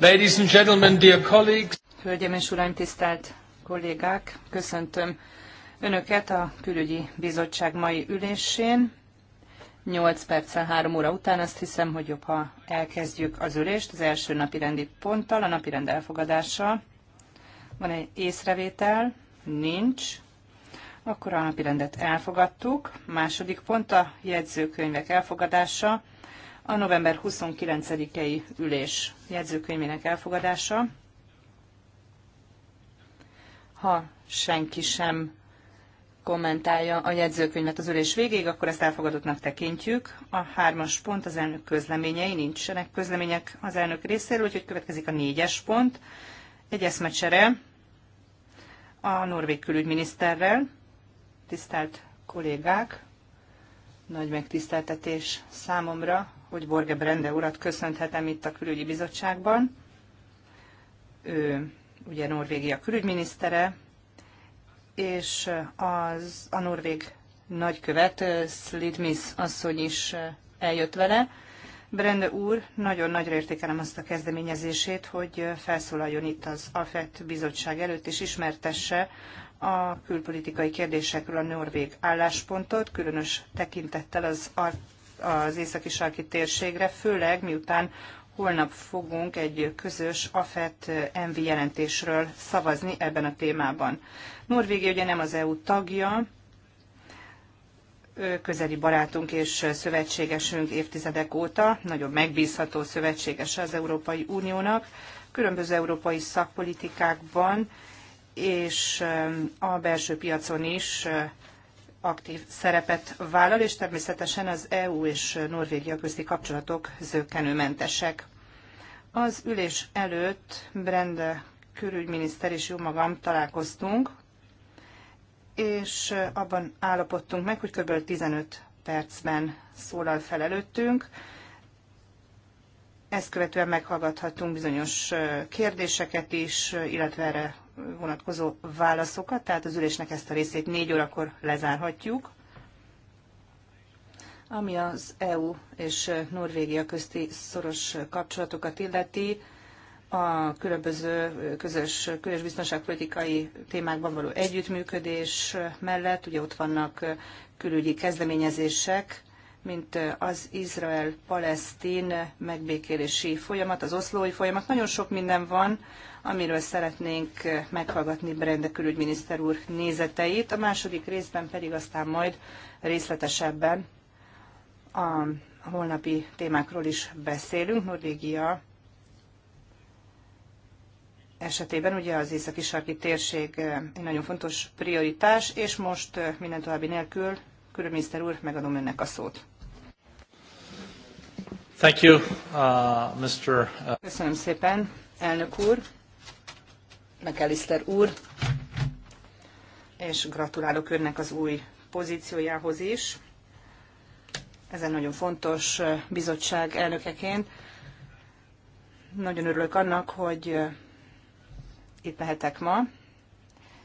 Ladies and gentlemen, dear colleagues. Hölgyeim és uraim, tisztelt kollégák, köszöntöm Önöket a Külügyi Bizottság mai ülésén. 8 perccel 3 óra után azt hiszem, hogy jobb, ha elkezdjük az ülést az első napi rendi ponttal, a napi rend elfogadása. Van egy észrevétel? Nincs. Akkor a napi rendet elfogadtuk. Második pont a jegyzőkönyvek elfogadása a november 29-i ülés jegyzőkönyvének elfogadása. Ha senki sem kommentálja a jegyzőkönyvet az ülés végéig, akkor ezt elfogadottnak tekintjük. A hármas pont az elnök közleményei, nincsenek közlemények az elnök részéről, úgyhogy következik a négyes pont. Egy eszmecsere a norvég külügyminiszterrel, tisztelt kollégák, nagy megtiszteltetés számomra, hogy Borge Brende urat köszönthetem itt a külügyi bizottságban. Ő ugye Norvégia külügyminisztere, és az, a norvég nagykövet, Slidmis asszony is eljött vele. Brende úr, nagyon nagyra értékelem azt a kezdeményezését, hogy felszólaljon itt az AFET bizottság előtt, és ismertesse a külpolitikai kérdésekről a norvég álláspontot, különös tekintettel az az északi sarki térségre, főleg miután holnap fogunk egy közös AFET MV jelentésről szavazni ebben a témában. Norvégia ugye nem az EU tagja, közeli barátunk és szövetségesünk évtizedek óta, nagyon megbízható szövetséges az Európai Uniónak, különböző európai szakpolitikákban és a belső piacon is aktív szerepet vállal, és természetesen az EU és Norvégia közti kapcsolatok zöggenőmentesek. Az ülés előtt Brende külügyminiszter és jó magam találkoztunk, és abban állapodtunk meg, hogy kb. 15 percben szólal fel előttünk. Ezt követően meghallgathatunk bizonyos kérdéseket is, illetve erre vonatkozó válaszokat, tehát az ülésnek ezt a részét négy órakor lezárhatjuk. Ami az EU és Norvégia közti szoros kapcsolatokat illeti, a különböző közös közös biztonságpolitikai témákban való együttműködés mellett, ugye ott vannak külügyi kezdeményezések, mint az Izrael-Palesztin megbékélési folyamat, az oszlói folyamat. Nagyon sok minden van, amiről szeretnénk meghallgatni Brende külügyminiszter úr nézeteit. A második részben pedig aztán majd részletesebben a holnapi témákról is beszélünk. Norvégia esetében ugye az északi sarki térség egy nagyon fontos prioritás, és most minden további nélkül külügyminiszter úr, megadom önnek a szót. Thank you, uh, Mr. Uh, Köszönöm szépen, elnök úr. McAllister úr, és gratulálok önnek az új pozíciójához is. Ezen nagyon fontos bizottság elnökeként. Nagyon örülök annak, hogy itt lehetek ma,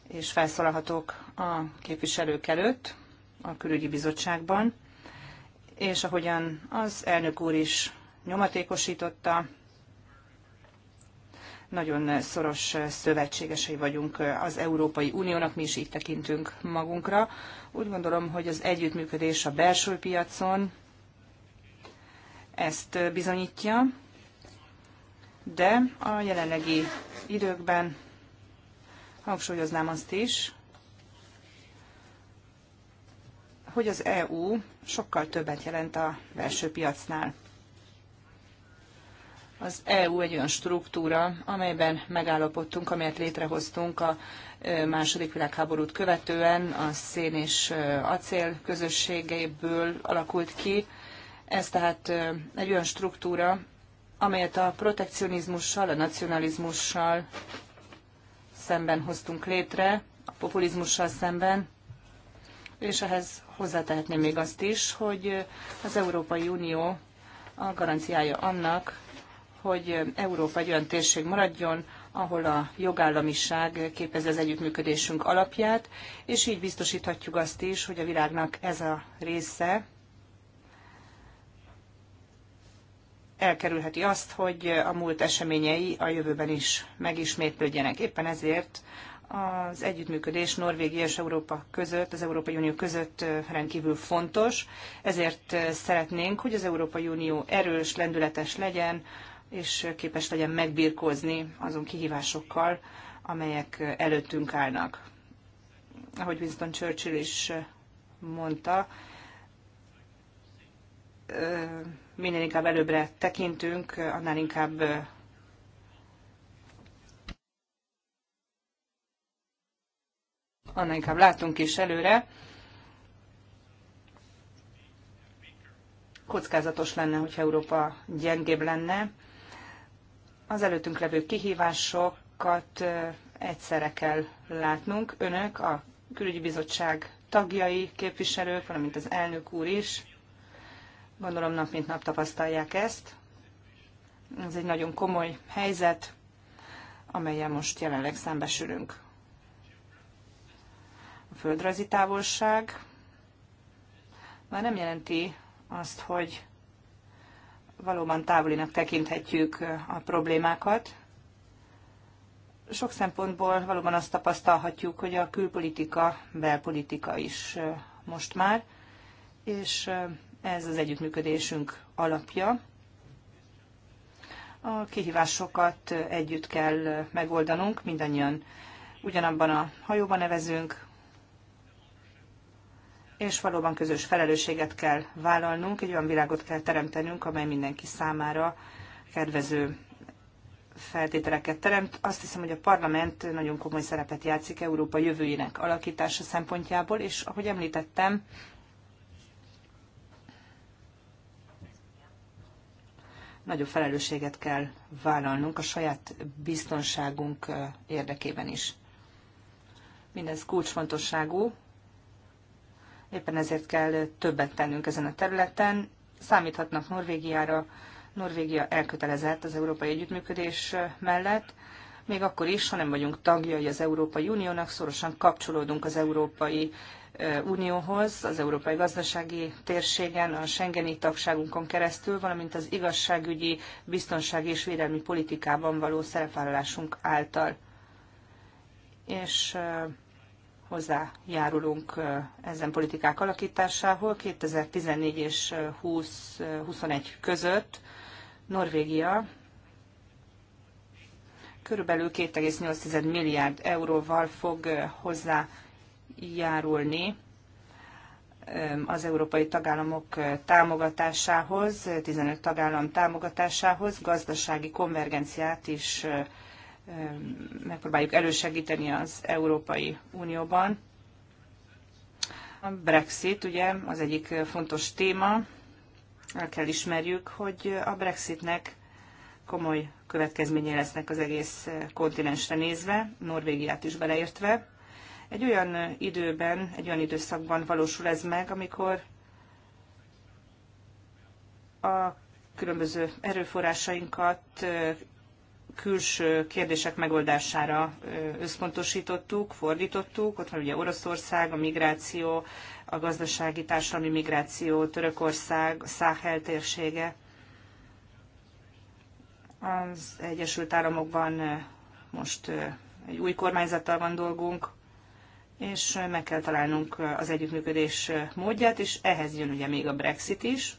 és felszólalhatok a képviselők előtt a külügyi bizottságban, és ahogyan az elnök úr is nyomatékosította, nagyon szoros eh, szövetségesei vagyunk eh, az Európai Uniónak, mi is így tekintünk magunkra. Úgy gondolom, hogy az együttműködés a belső piacon ezt eh, bizonyítja, de a jelenlegi időkben hangsúlyoznám azt is, hogy az EU sokkal többet jelent a belső piacnál. Az EU egy olyan struktúra, amelyben megállapodtunk, amelyet létrehoztunk a második világháborút követően, a szén és acél közösségéből alakult ki. Ez tehát egy olyan struktúra, amelyet a protekcionizmussal, a nacionalizmussal szemben hoztunk létre, a populizmussal szemben, és ehhez hozzátehetném még azt is, hogy az Európai Unió a garanciája annak, hogy Európa egy olyan térség maradjon, ahol a jogállamiság képezi az együttműködésünk alapját, és így biztosíthatjuk azt is, hogy a világnak ez a része elkerülheti azt, hogy a múlt eseményei a jövőben is megismétlődjenek. Éppen ezért az együttműködés Norvégia és Európa között, az Európai Unió között rendkívül fontos. Ezért szeretnénk, hogy az Európai Unió erős, lendületes legyen, és képes legyen megbirkózni azon kihívásokkal, amelyek előttünk állnak. Ahogy Winston Churchill is mondta, minél inkább előbbre tekintünk, annál inkább annál inkább látunk is előre. Kockázatos lenne, hogyha Európa gyengébb lenne, az előttünk levő kihívásokat egyszerre kell látnunk. Önök, a külügyi bizottság tagjai, képviselők, valamint az elnök úr is, gondolom nap mint nap tapasztalják ezt. Ez egy nagyon komoly helyzet, amelyen most jelenleg szembesülünk. A földrajzi távolság már nem jelenti azt, hogy valóban távolinak tekinthetjük a problémákat. Sok szempontból valóban azt tapasztalhatjuk, hogy a külpolitika, belpolitika is most már, és ez az együttműködésünk alapja. A kihívásokat együtt kell megoldanunk, mindannyian ugyanabban a hajóban nevezünk, és valóban közös felelősséget kell vállalnunk, egy olyan világot kell teremtenünk, amely mindenki számára kedvező feltételeket teremt. Azt hiszem, hogy a parlament nagyon komoly szerepet játszik Európa jövőjének alakítása szempontjából, és ahogy említettem, nagyobb felelősséget kell vállalnunk a saját biztonságunk érdekében is. Mindez kulcsfontosságú, Éppen ezért kell többet tennünk ezen a területen. Számíthatnak Norvégiára, Norvégia elkötelezett az európai együttműködés mellett, még akkor is, ha nem vagyunk tagjai az Európai Uniónak, szorosan kapcsolódunk az Európai Unióhoz, az Európai Gazdasági Térségen, a Schengeni tagságunkon keresztül, valamint az igazságügyi, biztonsági és védelmi politikában való szerepvállalásunk által. És hozzájárulunk ezen politikák alakításához. 2014 és 2021 között Norvégia körülbelül 2,8 milliárd euróval fog hozzájárulni az európai tagállamok támogatásához, 15 tagállam támogatásához, gazdasági konvergenciát is megpróbáljuk elősegíteni az Európai Unióban. A Brexit ugye az egyik fontos téma. El kell ismerjük, hogy a Brexitnek komoly következménye lesznek az egész kontinensre nézve, Norvégiát is beleértve. Egy olyan időben, egy olyan időszakban valósul ez meg, amikor a különböző erőforrásainkat külső kérdések megoldására összpontosítottuk, fordítottuk. Ott van ugye Oroszország, a migráció, a gazdasági társadalmi migráció, Törökország, Száhel térsége. Az Egyesült Államokban most egy új kormányzattal van dolgunk, és meg kell találnunk az együttműködés módját, és ehhez jön ugye még a Brexit is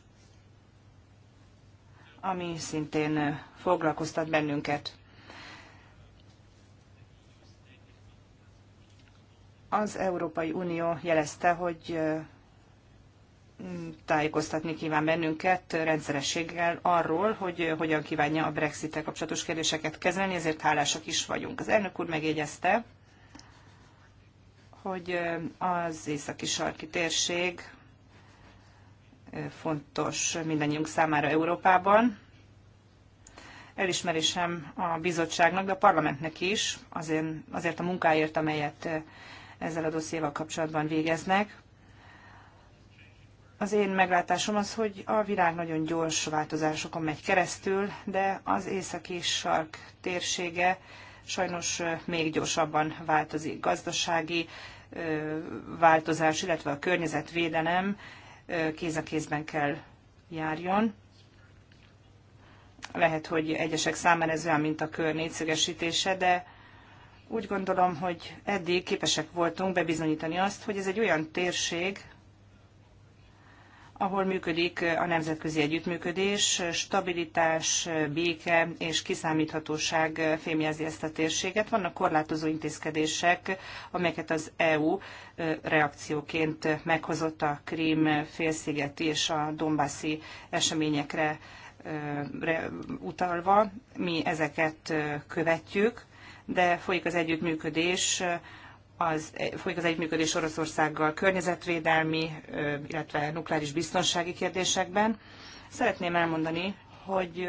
ami szintén eh, foglalkoztat bennünket. Az Európai Unió jelezte, hogy eh, mm, tájékoztatni kíván bennünket rendszerességgel arról, hogy eh, hogyan kívánja a brexit kapcsolatos kérdéseket kezelni, ezért hálásak is vagyunk. Az elnök úr megjegyezte, hogy az északi sarki térség fontos mindannyiunk számára Európában. Elismerésem a bizottságnak, de a parlamentnek is azért, azért a munkáért, amelyet eh, ezzel a dossziéval kapcsolatban végeznek. Az én meglátásom az, hogy a világ nagyon gyors változásokon megy keresztül, de az északi sark térsége sajnos eh, még gyorsabban változik gazdasági eh, változás, illetve a környezetvédelem kéz a kézben kell járjon. Lehet, hogy egyesek számára ez olyan, mint a kör négyszögesítése, de úgy gondolom, hogy eddig képesek voltunk bebizonyítani azt, hogy ez egy olyan térség, ahol működik a nemzetközi együttműködés, stabilitás, béke és kiszámíthatóság fémjelzi ezt a térséget. Vannak korlátozó intézkedések, amelyeket az EU reakcióként meghozott a Krím félszigeti és a Dombászi eseményekre utalva. Mi ezeket követjük, de folyik az együttműködés az, folyik az együttműködés Oroszországgal környezetvédelmi, illetve nukleáris biztonsági kérdésekben. Szeretném elmondani, hogy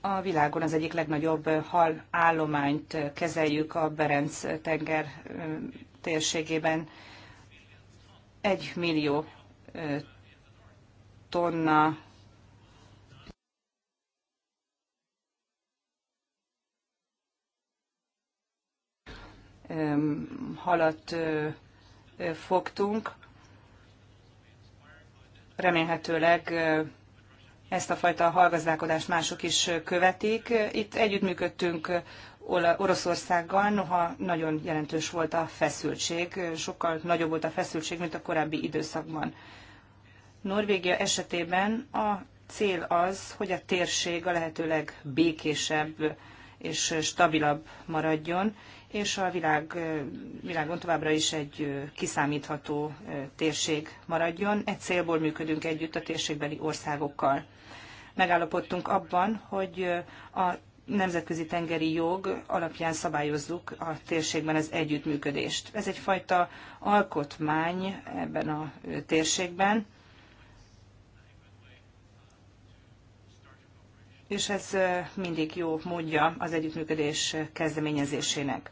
a világon az egyik legnagyobb hal állományt kezeljük a Berenc tenger térségében. Egy millió tonna halat fogtunk. Remélhetőleg ezt a fajta hallgazdálkodást mások is követik. Itt együttműködtünk Oroszországgal, noha nagyon jelentős volt a feszültség, sokkal nagyobb volt a feszültség, mint a korábbi időszakban. Norvégia esetében a cél az, hogy a térség a lehetőleg békésebb és stabilabb maradjon, és a világ, világon továbbra is egy kiszámítható térség maradjon. Egy célból működünk együtt a térségbeli országokkal. Megállapodtunk abban, hogy a nemzetközi tengeri jog alapján szabályozzuk a térségben az együttműködést. Ez egyfajta alkotmány ebben a térségben, és ez mindig jó módja az együttműködés kezdeményezésének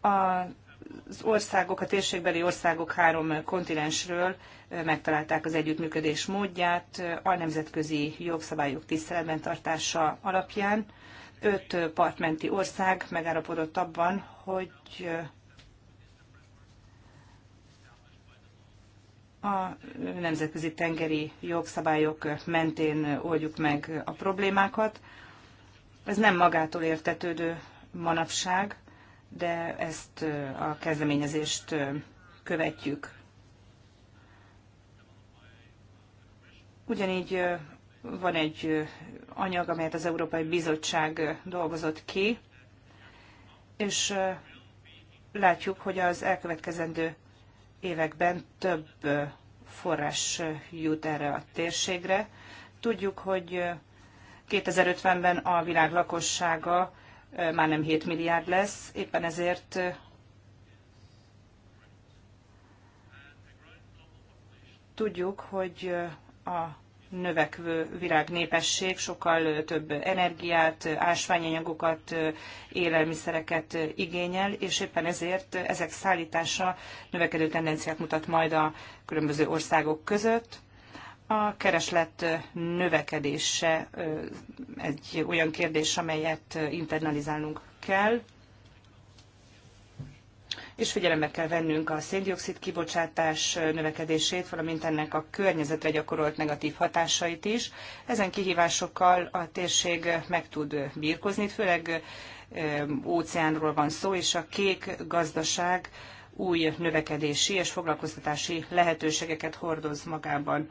az országok, a térségbeli országok három kontinensről megtalálták az együttműködés módját a nemzetközi jogszabályok tiszteletben tartása alapján. Öt partmenti ország megállapodott abban, hogy a nemzetközi tengeri jogszabályok mentén oldjuk meg a problémákat. Ez nem magától értetődő manapság de ezt a kezdeményezést követjük. Ugyanígy van egy anyag, amelyet az Európai Bizottság dolgozott ki, és látjuk, hogy az elkövetkezendő években több forrás jut erre a térségre. Tudjuk, hogy 2050-ben a világ lakossága már nem 7 milliárd lesz, éppen ezért tudjuk, hogy a növekvő virágnépesség sokkal több energiát, ásványanyagokat, élelmiszereket igényel, és éppen ezért ezek szállítása növekedő tendenciát mutat majd a különböző országok között. A kereslet növekedése egy olyan kérdés, amelyet internalizálnunk kell, és figyelembe kell vennünk a széndiokszid kibocsátás növekedését, valamint ennek a környezetre gyakorolt negatív hatásait is. Ezen kihívásokkal a térség meg tud birkozni, főleg óceánról van szó, és a kék gazdaság új növekedési és foglalkoztatási lehetőségeket hordoz magában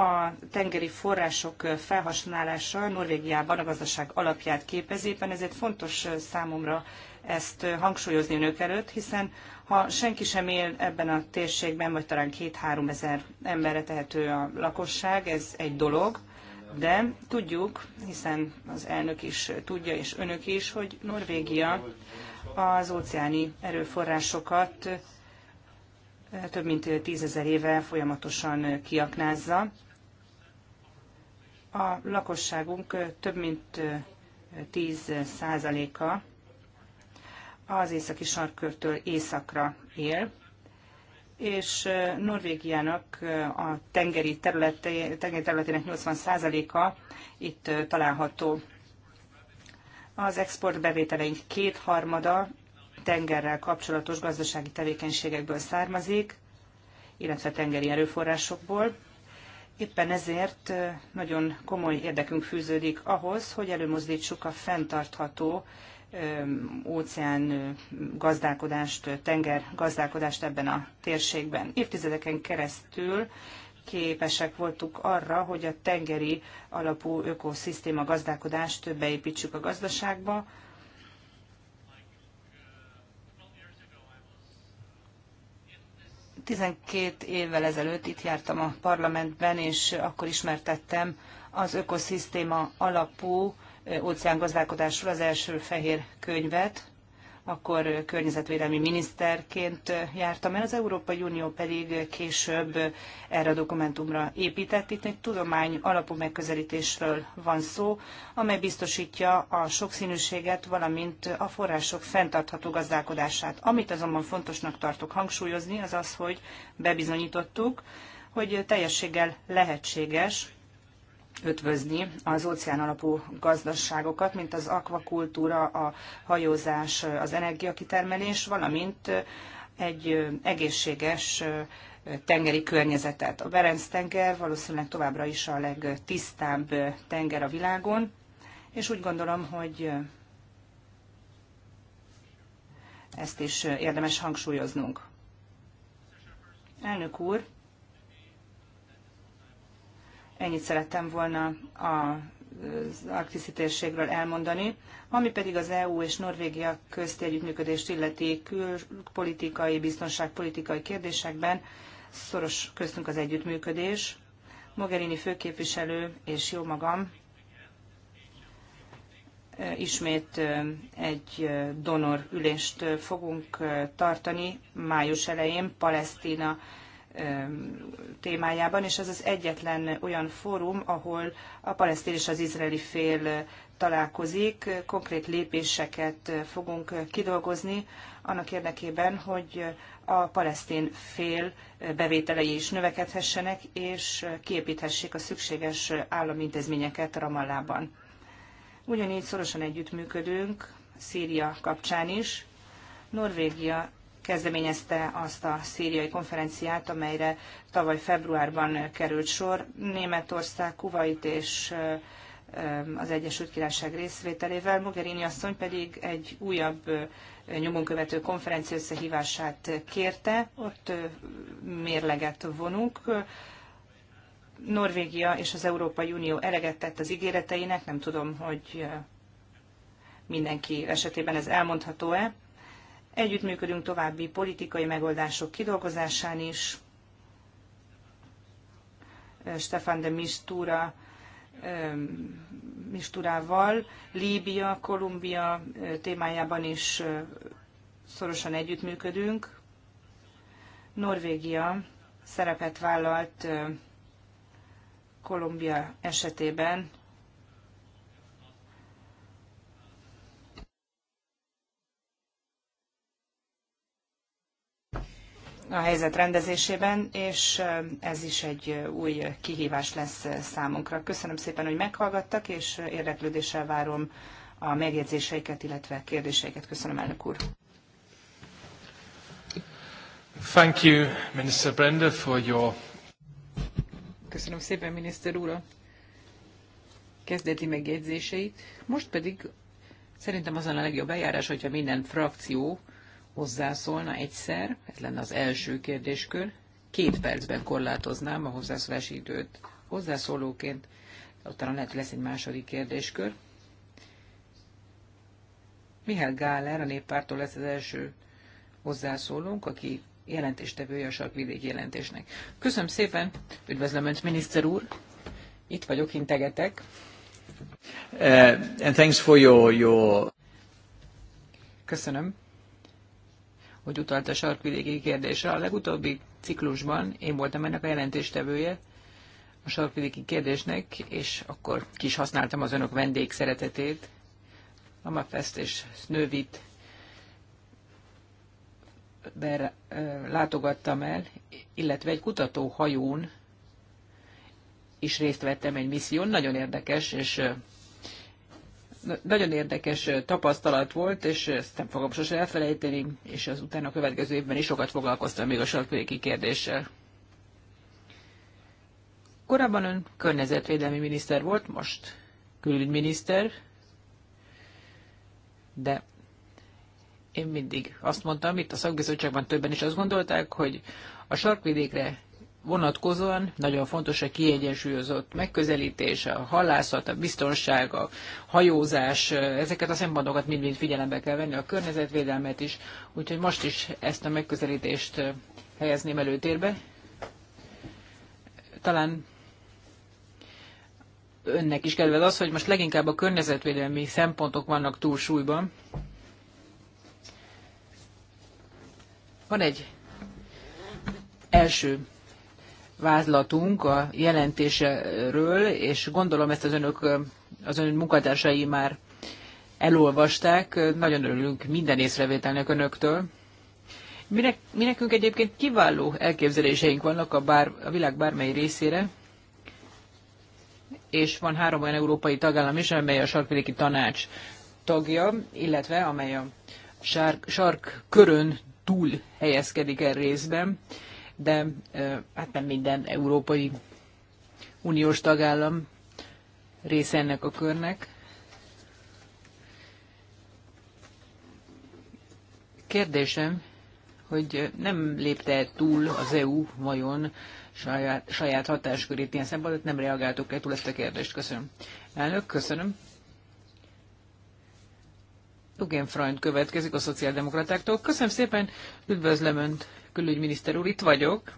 a tengeri források felhasználása Norvégiában a gazdaság alapját képezi, éppen ezért fontos számomra ezt hangsúlyozni önök előtt, hiszen ha senki sem él ebben a térségben, vagy talán két-három ezer emberre tehető a lakosság, ez egy dolog, de tudjuk, hiszen az elnök is tudja, és önök is, hogy Norvégia az óceáni erőforrásokat több mint tízezer éve folyamatosan kiaknázza, a lakosságunk több mint 10%-a az északi sarkörtől északra él, és Norvégiának a tengeri, területe, tengeri területének 80%-a itt található. Az export bevételeink kétharmada tengerrel kapcsolatos gazdasági tevékenységekből származik, illetve tengeri erőforrásokból. Éppen ezért nagyon komoly érdekünk fűződik ahhoz, hogy előmozdítsuk a fenntartható óceán gazdálkodást, tenger gazdálkodást ebben a térségben. Évtizedeken keresztül képesek voltuk arra, hogy a tengeri alapú ökoszisztéma gazdálkodást beépítsük a gazdaságba, 12 évvel ezelőtt itt jártam a parlamentben, és akkor ismertettem az ökoszisztéma alapú óceángazdálkodásról az első fehér könyvet, akkor környezetvédelmi miniszterként jártam el, az Európai Unió pedig később erre a dokumentumra épített. Itt egy tudomány alapú megközelítésről van szó, amely biztosítja a sokszínűséget, valamint a források fenntartható gazdálkodását. Amit azonban fontosnak tartok hangsúlyozni, az az, hogy bebizonyítottuk, hogy teljességgel lehetséges ötvözni az óceán alapú gazdaságokat, mint az akvakultúra, a hajózás, az energiakitermelés, valamint egy egészséges tengeri környezetet. A Berenc tenger valószínűleg továbbra is a legtisztább tenger a világon, és úgy gondolom, hogy ezt is érdemes hangsúlyoznunk. Elnök úr, Ennyit szerettem volna az arktiszi térségről elmondani. Ami pedig az EU és Norvégia közti együttműködést illeti külpolitikai, biztonságpolitikai kérdésekben, szoros köztünk az együttműködés. Mogherini főképviselő és jó magam ismét egy donor ülést fogunk tartani május elején Palesztina témájában, és ez az egyetlen olyan fórum, ahol a palesztin és az izraeli fél találkozik. Konkrét lépéseket fogunk kidolgozni annak érdekében, hogy a palesztin fél bevételei is növekedhessenek, és kiépíthessék a szükséges államintézményeket Ramallában. Ugyanígy szorosan együttműködünk Szíria kapcsán is. Norvégia kezdeményezte azt a szíriai konferenciát, amelyre tavaly februárban került sor. Németország, Kuwait és az Egyesült Királyság részvételével, Mogherini asszony pedig egy újabb követő konferencia összehívását kérte, ott mérleget vonunk. Norvégia és az Európai Unió eleget tett az ígéreteinek, nem tudom, hogy mindenki esetében ez elmondható-e. Együttműködünk további politikai megoldások kidolgozásán is. Stefan de Mistura, Misturával, Líbia, Kolumbia témájában is szorosan együttműködünk. Norvégia szerepet vállalt Kolumbia esetében a helyzet rendezésében, és ez is egy új kihívás lesz számunkra. Köszönöm szépen, hogy meghallgattak, és érdeklődéssel várom a megjegyzéseiket, illetve kérdéseiket. Köszönöm, elnök úr. Thank you, Minister Brenda, for your... Köszönöm szépen, miniszter úr, a kezdeti megjegyzéseit. Most pedig szerintem azon a legjobb eljárás, hogyha minden frakció hozzászólna egyszer, ez lenne az első kérdéskör, két percben korlátoznám a hozzászólási időt hozzászólóként, utána lehet, lesz egy második kérdéskör. Mihály Gáler a néppártól lesz az első hozzászólónk, aki jelentéstevője a sarkvidék jelentésnek. Köszönöm szépen, üdvözlöm Önt, miniszter úr! Itt vagyok, integetek. Uh, and thanks for your, your... Köszönöm hogy utalt a sarkvidéki kérdésre. A legutóbbi ciklusban én voltam ennek a jelentéstevője a sarkvidéki kérdésnek, és akkor kis használtam az önök vendég szeretetét. Amafest és Snövit ber, látogattam el, illetve egy kutató hajón is részt vettem egy misszión, nagyon érdekes és nagyon érdekes tapasztalat volt, és ezt nem fogom sose elfelejteni, és az utána következő évben is sokat foglalkoztam még a sarkvéki kérdéssel. Korábban ön környezetvédelmi miniszter volt, most külügyminiszter, de én mindig azt mondtam, itt a szakbizottságban többen is azt gondolták, hogy a sarkvidékre vonatkozóan nagyon fontos a kiegyensúlyozott megközelítés, a halászat, a biztonság, a hajózás, ezeket a szempontokat mind-mind figyelembe kell venni, a környezetvédelmet is, úgyhogy most is ezt a megközelítést helyezném előtérbe. Talán önnek is kedved az, hogy most leginkább a környezetvédelmi szempontok vannak túlsúlyban. Van egy első vázlatunk a jelentéséről, és gondolom ezt az önök, az ön munkatársai már elolvasták. Nagyon örülünk minden észrevételnek önöktől. Minek, minekünk egyébként kiváló elképzeléseink vannak a, bár, a világ bármely részére, és van három olyan európai tagállam is, amely a sarkvidéki tanács tagja, illetve amely a sark, sark körön túl helyezkedik el részben de hát nem minden európai uniós tagállam része ennek a körnek. Kérdésem, hogy nem lépte túl az EU vajon saját, saját hatáskörét ilyen szempontból, nem reagáltok le túl ezt a kérdést. Köszönöm. Elnök, köszönöm. Tugenfreund következik a szociáldemokratáktól. Köszönöm szépen, üdvözlöm Önt, külügyminiszter úr, itt vagyok.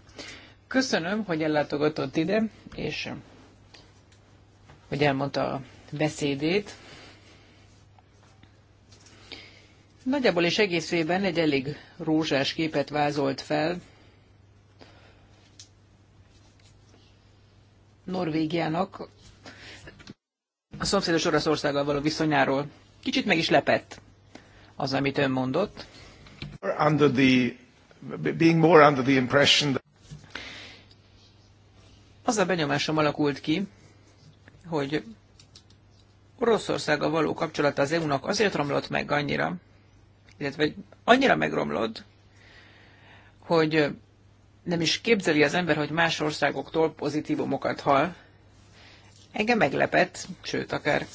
Köszönöm, hogy ellátogatott ide, és hogy elmondta a beszédét. Nagyjából és egészében egy elég rózsás képet vázolt fel Norvégiának a szomszédos Oroszországgal való viszonyáról. Kicsit meg is lepett az, amit ön mondott. Under the, being more under the impression that... Az a benyomásom alakult ki, hogy Oroszországgal való kapcsolata az EU-nak azért romlott meg annyira, illetve annyira megromlott, hogy nem is képzeli az ember, hogy más országoktól pozitívumokat hal. Engem meglepett, sőt, akár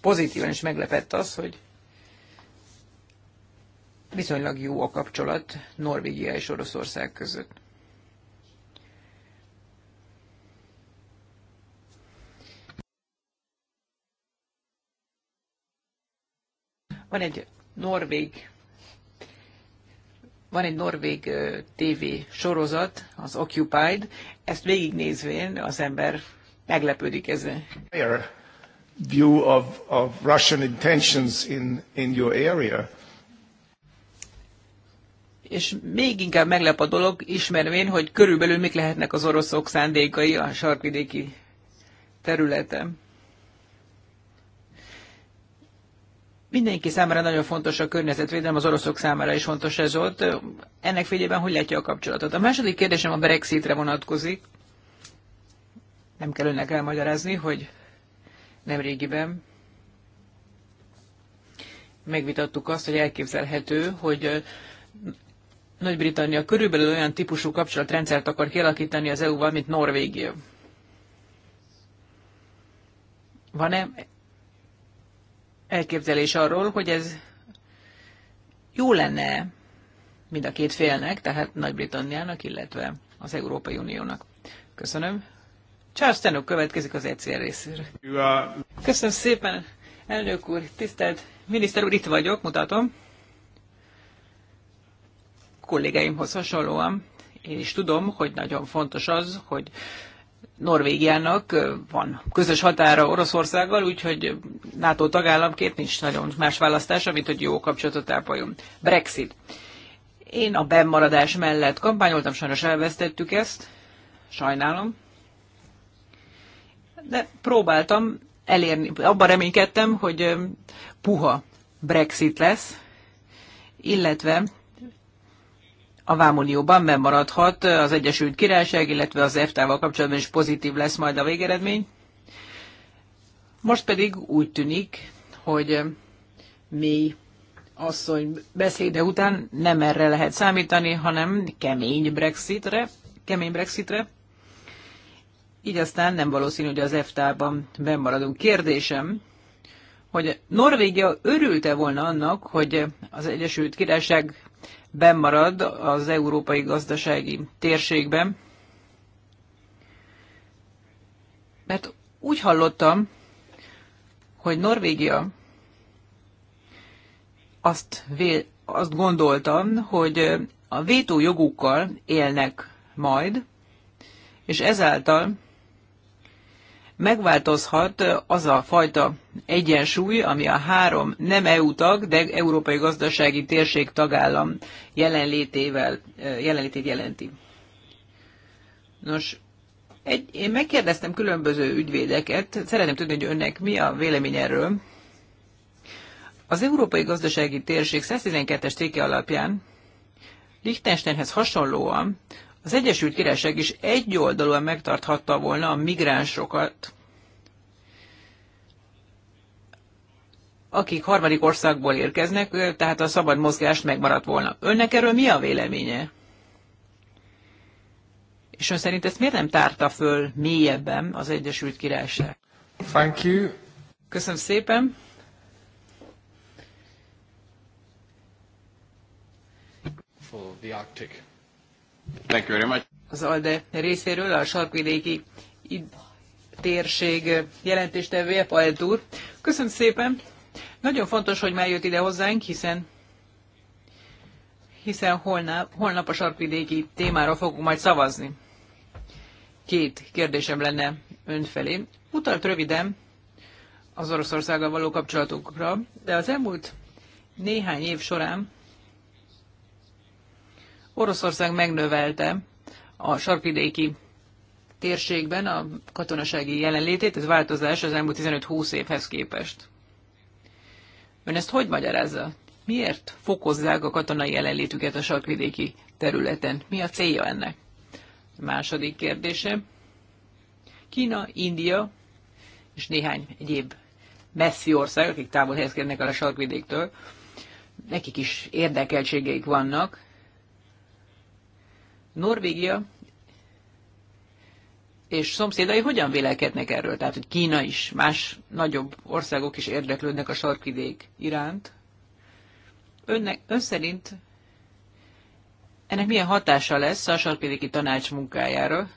pozitívan is meglepett az, hogy viszonylag jó a kapcsolat Norvégia és Oroszország között. Van egy norvég van egy norvég TV sorozat, az Occupied, ezt végignézvén az ember meglepődik ezen. View of, of Russian intentions in, in your area és még inkább meglep a dolog, ismervén, hogy körülbelül mik lehetnek az oroszok szándékai a sarkvidéki területen. Mindenki számára nagyon fontos a környezetvédelem, az oroszok számára is fontos ez ott. Ennek fényében hogy látja a kapcsolatot? A második kérdésem a Brexitre vonatkozik. Nem kell önnek elmagyarázni, hogy nem régiben megvitattuk azt, hogy elképzelhető, hogy nagy-Britannia körülbelül olyan típusú kapcsolatrendszert akar kialakítani az EU-val, mint Norvégia. Van-e elképzelés arról, hogy ez jó lenne mind a két félnek, tehát Nagy-Britanniának, illetve az Európai Uniónak. Köszönöm. Charles Tenok következik az ECR részéről. Köszönöm szépen, elnök úr, tisztelt miniszter úr, itt vagyok, mutatom kollégáimhoz hasonlóan én is tudom, hogy nagyon fontos az, hogy Norvégiának van közös határa Oroszországgal, úgyhogy NATO tagállamként nincs nagyon más választása, mint hogy jó kapcsolatot ápoljon. Brexit. Én a bennmaradás mellett kampányoltam, sajnos elvesztettük ezt, sajnálom. De próbáltam elérni, abban reménykedtem, hogy puha Brexit lesz, illetve a Vámunióban maradhat az Egyesült Királyság, illetve az EFTA-val kapcsolatban is pozitív lesz majd a végeredmény. Most pedig úgy tűnik, hogy mi asszony beszéde után nem erre lehet számítani, hanem kemény Brexitre, kemény Brexitre. Így aztán nem valószínű, hogy az EFTA-ban bennmaradunk. Kérdésem, hogy Norvégia örülte volna annak, hogy az Egyesült Királyság bennmarad az európai gazdasági térségben. Mert úgy hallottam, hogy Norvégia azt, vél, azt gondoltam, hogy a vétójogukkal élnek majd, és ezáltal megváltozhat az a fajta egyensúly, ami a három nem EU tag, de európai gazdasági térség tagállam jelenlétével, jelenlétét jelenti. Nos, egy, én megkérdeztem különböző ügyvédeket, szeretném tudni, hogy önnek mi a vélemény erről. Az Európai Gazdasági Térség 112-es cikke alapján Liechtensteinhez hasonlóan az Egyesült Királyság is egyoldalúan megtarthatta volna a migránsokat, akik harmadik országból érkeznek, tehát a szabad mozgást megmaradt volna. Önnek erről mi a véleménye? És ön szerint ezt miért nem tárta föl mélyebben az Egyesült Királyság? Thank you. Köszönöm szépen. For the Arctic. Thank you very much. Az ALDE részéről a sarkvidéki térség jelentéstevője, Paet úr. Köszönöm szépen. Nagyon fontos, hogy már jött ide hozzánk, hiszen hiszen holnap, holnap a sarkvidéki témára fogunk majd szavazni. Két kérdésem lenne ön felé. Utalt röviden az Oroszországgal való kapcsolatokra, de az elmúlt néhány év során Oroszország megnövelte a sarkvidéki térségben a katonasági jelenlétét, ez változás az elmúlt 15-20 évhez képest. Ön ezt hogy magyarázza? Miért fokozzák a katonai jelenlétüket a sarkvidéki területen? Mi a célja ennek? A második kérdése. Kína, India és néhány egyéb messzi ország, akik távol helyezkednek el a sarkvidéktől, nekik is érdekeltségeik vannak, Norvégia és szomszédai hogyan vélekednek erről? Tehát, hogy Kína is, más nagyobb országok is érdeklődnek a sarkvidék iránt. Önnek, ön szerint ennek milyen hatása lesz a sarkvidéki tanács munkájára,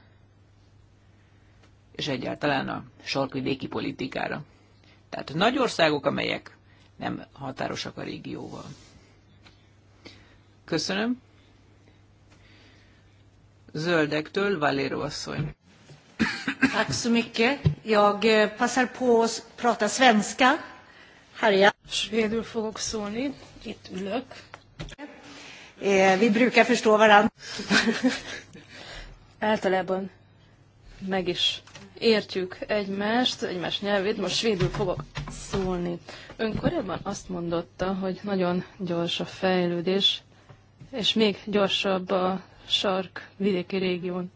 és egyáltalán a sarkvidéki politikára? Tehát nagy országok, amelyek nem határosak a régióval. Köszönöm zöldektől, Valéro asszony. Tack så mycket. Jag eh, passar på att prata svenska. Harja. Svédül fogok szólni. Itt ülök. Eh, vi brukar förstå varandra. Általában meg is értjük egymást, egymás nyelvét, most svédül fogok szólni. Ön korábban azt mondotta, hogy nagyon gyors a fejlődés, és még gyorsabb a sark vidéki régión.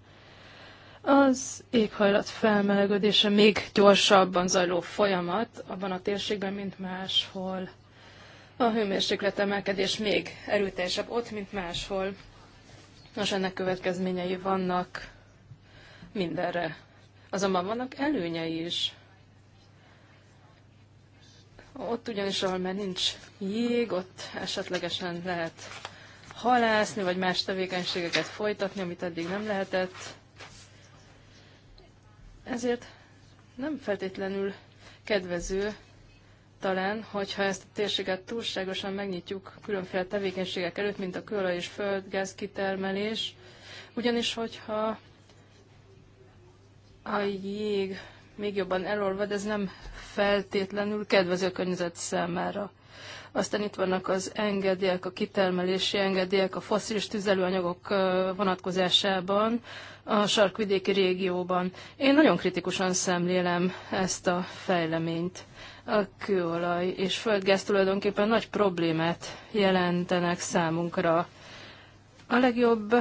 Az éghajlat felmelegedése még gyorsabban zajló folyamat abban a térségben, mint máshol. A hőmérséklet emelkedés még erőteljesebb ott, mint máshol. Nos, ennek következményei vannak mindenre. Azonban vannak előnyei is. Ott ugyanis, ahol már nincs jég, ott esetlegesen lehet halászni, vagy más tevékenységeket folytatni, amit eddig nem lehetett. Ezért nem feltétlenül kedvező talán, hogyha ezt a térséget túlságosan megnyitjuk különféle tevékenységek előtt, mint a kőolaj és földgáz kitermelés, ugyanis hogyha a jég még jobban elolvad, ez nem feltétlenül kedvező környezet számára. Aztán itt vannak az engedélyek, a kitermelési engedélyek, a foszilis tüzelőanyagok vonatkozásában a sarkvidéki régióban. Én nagyon kritikusan szemlélem ezt a fejleményt. A kőolaj és földgáz tulajdonképpen nagy problémát jelentenek számunkra. A legjobb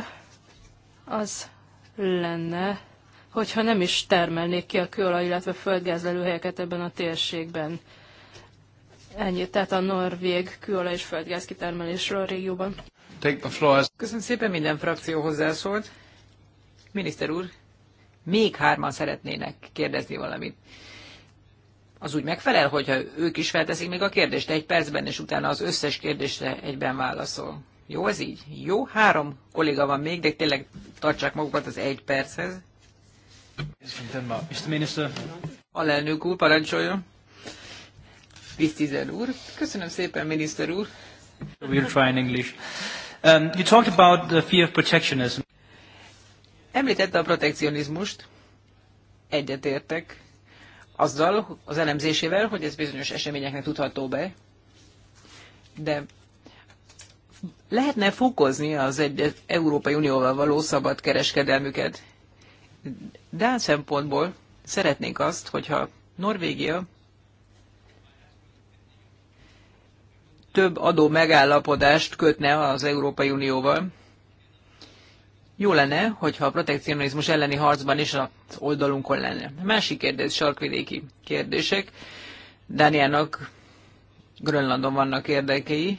az lenne, hogyha nem is termelnék ki a kőolaj, illetve földgázlelőhelyeket ebben a térségben. Ennyi, tehát a norvég kőolaj és földgáz kitermelésről a régióban. Take the floor. Köszönöm szépen, minden frakció hozzászólt. Miniszter úr, még hárman szeretnének kérdezni valamit. Az úgy megfelel, hogyha ők is felteszik még a kérdést egy percben, és utána az összes kérdésre egyben válaszol. Jó az így? Jó, három kolléga van még, de tényleg tartsák magukat az egy perchez. Mr. Minister. Alelnök úr, parancsoljon. Viztizel úr. Köszönöm szépen, miniszter úr. We'll try in English. Um, you talked about the fear of protectionism. Említette a protekcionizmust. Egyetértek azzal az elemzésével, hogy ez bizonyos eseményeknek tudható be. De lehetne fokozni az egy Európai Unióval való szabad kereskedelmüket. Dán szempontból szeretnénk azt, hogyha Norvégia több adó megállapodást kötne az Európai Unióval. Jó lenne, hogyha a protekcionizmus elleni harcban is az oldalunkon lenne. Másik kérdés, sarkvidéki kérdések. Dániának Grönlandon vannak érdekei,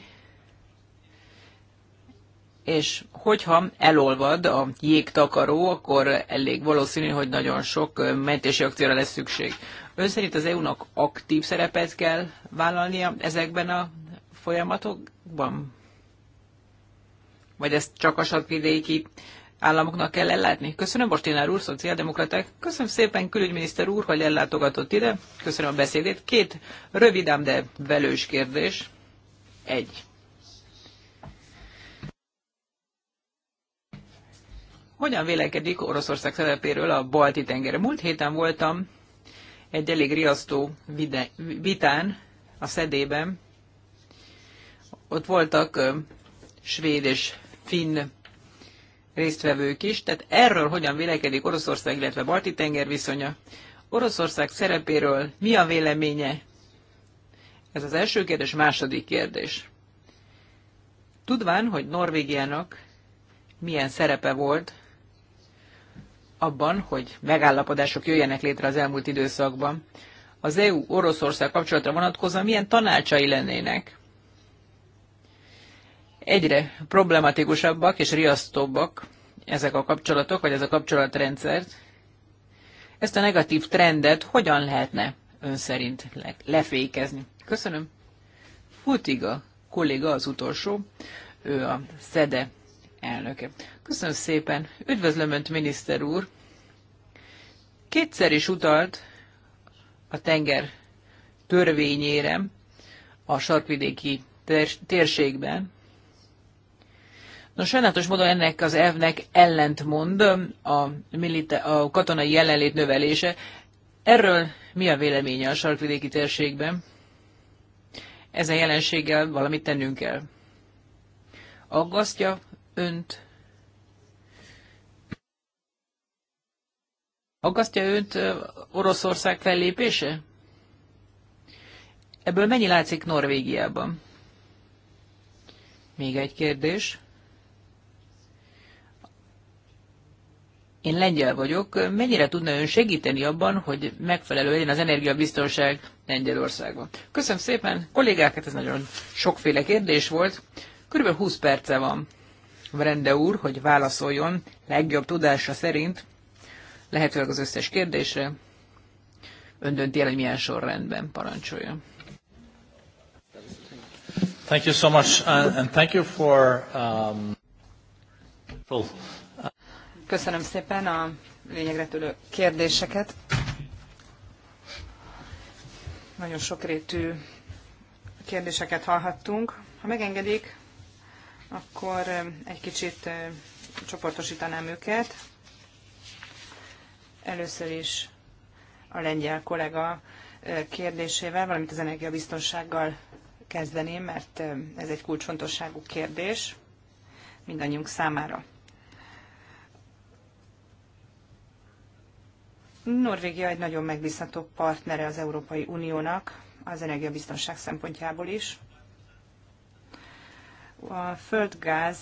és hogyha elolvad a jégtakaró, akkor elég valószínű, hogy nagyon sok mentési akcióra lesz szükség. Ön szerint az EU-nak aktív szerepet kell vállalnia ezekben a folyamatokban? Vagy ezt csak a sarkvidéki államoknak kell ellátni? Köszönöm, Bostinár úr, szociáldemokraták. Köszönöm szépen, külügyminiszter úr, hogy ellátogatott ide. Köszönöm a beszédét. Két rövidám, de velős kérdés. Egy. Hogyan vélekedik Oroszország szerepéről a balti tengere? Múlt héten voltam egy elég riasztó vitán a szedében ott voltak svéd és finn résztvevők is, tehát erről hogyan vélekedik Oroszország, illetve Balti-tenger viszonya, Oroszország szerepéről mi a véleménye? Ez az első kérdés, második kérdés. Tudván, hogy Norvégiának milyen szerepe volt abban, hogy megállapodások jöjjenek létre az elmúlt időszakban, az EU-Oroszország kapcsolatra vonatkozóan milyen tanácsai lennének? Egyre problematikusabbak és riasztóbbak ezek a kapcsolatok, vagy ez a kapcsolatrendszer. Ezt a negatív trendet hogyan lehetne ön szerint lefékezni? Köszönöm. Futiga kolléga az utolsó, ő a SZEDE elnöke. Köszönöm szépen. Üdvözlöm Önt, miniszter úr. Kétszer is utalt a tenger törvényére a sarkvidéki térségben. Nos, sajnálatos módon ennek az elvnek ellentmond a, milita- a katonai jelenlét növelése. Erről mi a véleménye a sarkvidéki térségben? Ezen jelenséggel valamit tennünk kell. Aggasztja önt? Aggasztja önt Oroszország fellépése? Ebből mennyi látszik Norvégiában? Még egy kérdés. én lengyel vagyok, mennyire tudna ön segíteni abban, hogy megfelelő legyen az energiabiztonság Lengyelországban? Köszönöm szépen, kollégák, hát ez nagyon sokféle kérdés volt. Körülbelül 20 perce van Vrende úr, hogy válaszoljon legjobb tudása szerint, lehetőleg az összes kérdésre. Ön dönti el, hogy milyen sorrendben parancsoljon. Thank you so much, uh, and thank you for um, Köszönöm szépen a lényegre tülő kérdéseket. Nagyon sokrétű kérdéseket hallhattunk. Ha megengedik, akkor egy kicsit csoportosítanám őket. Először is a lengyel kollega kérdésével, valamint az energiabiztonsággal kezdeném, mert ez egy kulcsfontosságú kérdés mindannyiunk számára. Norvégia egy nagyon megbízható partnere az Európai Uniónak, az energiabiztonság szempontjából is. A földgáz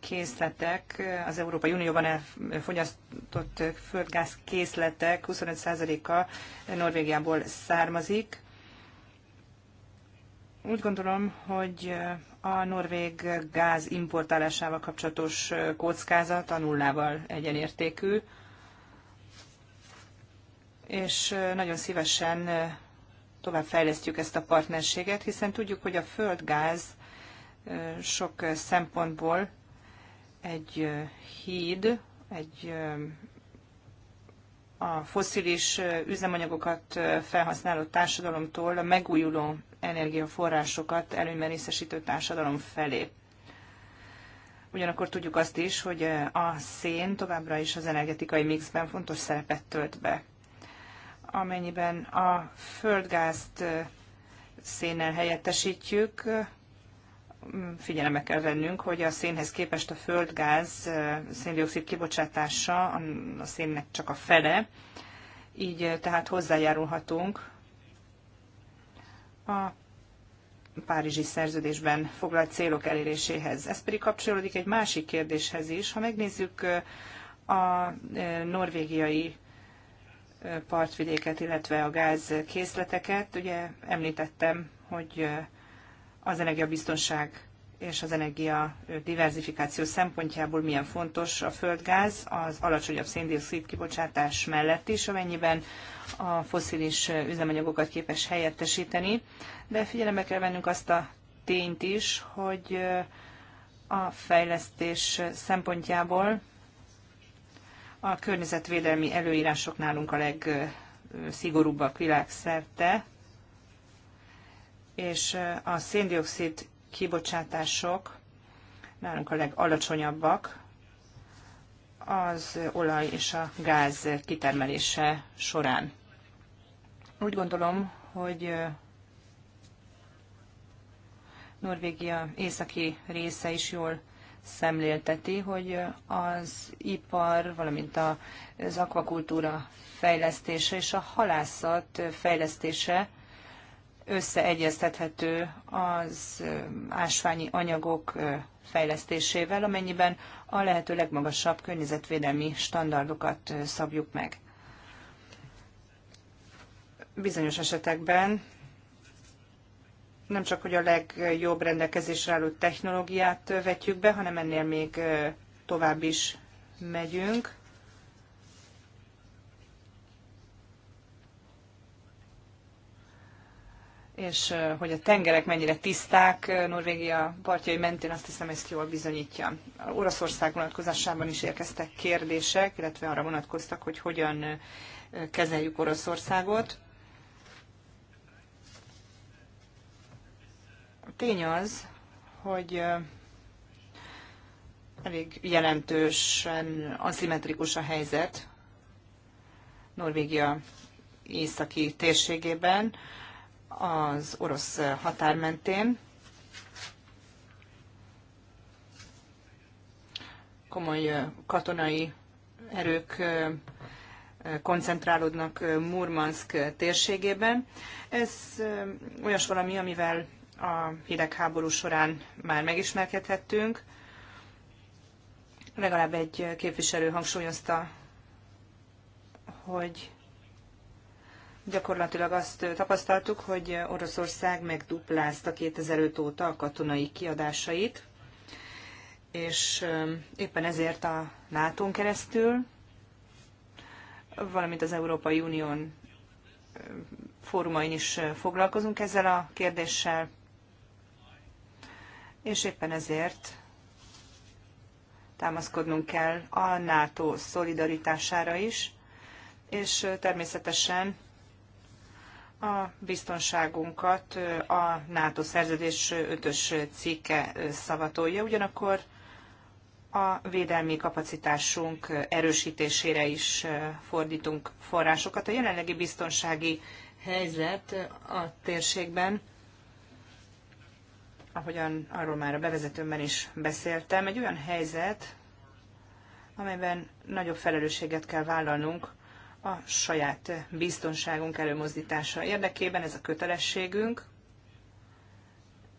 készletek, az Európai Unióban elfogyasztott földgáz készletek 25%-a Norvégiából származik. Úgy gondolom, hogy a norvég gáz importálásával kapcsolatos kockázat a nullával egyenértékű és nagyon szívesen továbbfejlesztjük ezt a partnerséget, hiszen tudjuk, hogy a földgáz sok szempontból egy híd, egy a foszilis üzemanyagokat felhasználó társadalomtól a megújuló energiaforrásokat előnyben részesítő társadalom felé. Ugyanakkor tudjuk azt is, hogy a szén továbbra is az energetikai mixben fontos szerepet tölt be amennyiben a földgázt szénnel helyettesítjük, figyelembe kell vennünk, hogy a szénhez képest a földgáz széndiokszid kibocsátása a szénnek csak a fele, így tehát hozzájárulhatunk a Párizsi szerződésben foglalt célok eléréséhez. Ez pedig kapcsolódik egy másik kérdéshez is. Ha megnézzük a norvégiai partvidéket, illetve a gázkészleteket. Ugye említettem, hogy az energiabiztonság és az energia diversifikáció szempontjából milyen fontos a földgáz az alacsonyabb széndiokszid kibocsátás mellett is, amennyiben a foszilis üzemanyagokat képes helyettesíteni. De figyelembe kell vennünk azt a tényt is, hogy a fejlesztés szempontjából a környezetvédelmi előírások nálunk a legszigorúbbak világszerte, és a széndiokszid kibocsátások nálunk a legalacsonyabbak, az olaj és a gáz kitermelése során. Úgy gondolom, hogy Norvégia északi része is jól szemlélteti, hogy az ipar, valamint az akvakultúra fejlesztése és a halászat fejlesztése összeegyeztethető az ásványi anyagok fejlesztésével, amennyiben a lehető legmagasabb környezetvédelmi standardokat szabjuk meg. Bizonyos esetekben nem csak, hogy a legjobb rendelkezésre álló technológiát vetjük be, hanem ennél még tovább is megyünk. És hogy a tengerek mennyire tiszták Norvégia partjai mentén, azt hiszem ezt jól bizonyítja. A Oroszország vonatkozásában is érkeztek kérdések, illetve arra vonatkoztak, hogy hogyan kezeljük Oroszországot. Tény az, hogy elég jelentősen aszimmetrikus a helyzet Norvégia északi térségében, az orosz határ mentén. Komoly katonai erők koncentrálódnak Murmansk térségében. Ez olyas valami, amivel a hidegháború során már megismerkedhettünk. Legalább egy képviselő hangsúlyozta, hogy gyakorlatilag azt tapasztaltuk, hogy Oroszország megduplázta 2005 óta a katonai kiadásait, és éppen ezért a nato keresztül, valamint az Európai Unión fórumain is foglalkozunk ezzel a kérdéssel és éppen ezért támaszkodnunk kell a NATO szolidaritására is, és természetesen a biztonságunkat a NATO szerződés 5-ös cikke szavatolja, ugyanakkor a védelmi kapacitásunk erősítésére is fordítunk forrásokat. A jelenlegi biztonsági helyzet a térségben ahogyan arról már a bevezetőmben is beszéltem, egy olyan helyzet, amelyben nagyobb felelősséget kell vállalnunk a saját biztonságunk előmozdítása érdekében, ez a kötelességünk,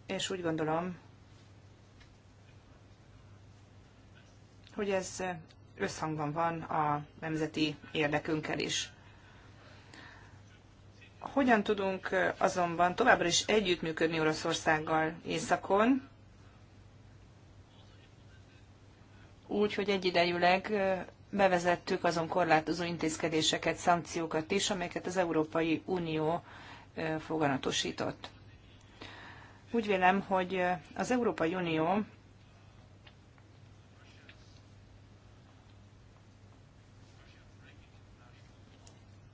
és úgy gondolom, hogy ez összhangban van a nemzeti érdekünkkel is. Hogyan tudunk azonban továbbra is együttműködni Oroszországgal északon, úgy, hogy egyidejűleg bevezettük azon korlátozó intézkedéseket, szankciókat is, amelyeket az Európai Unió foganatosított. Úgy vélem, hogy az Európai Unió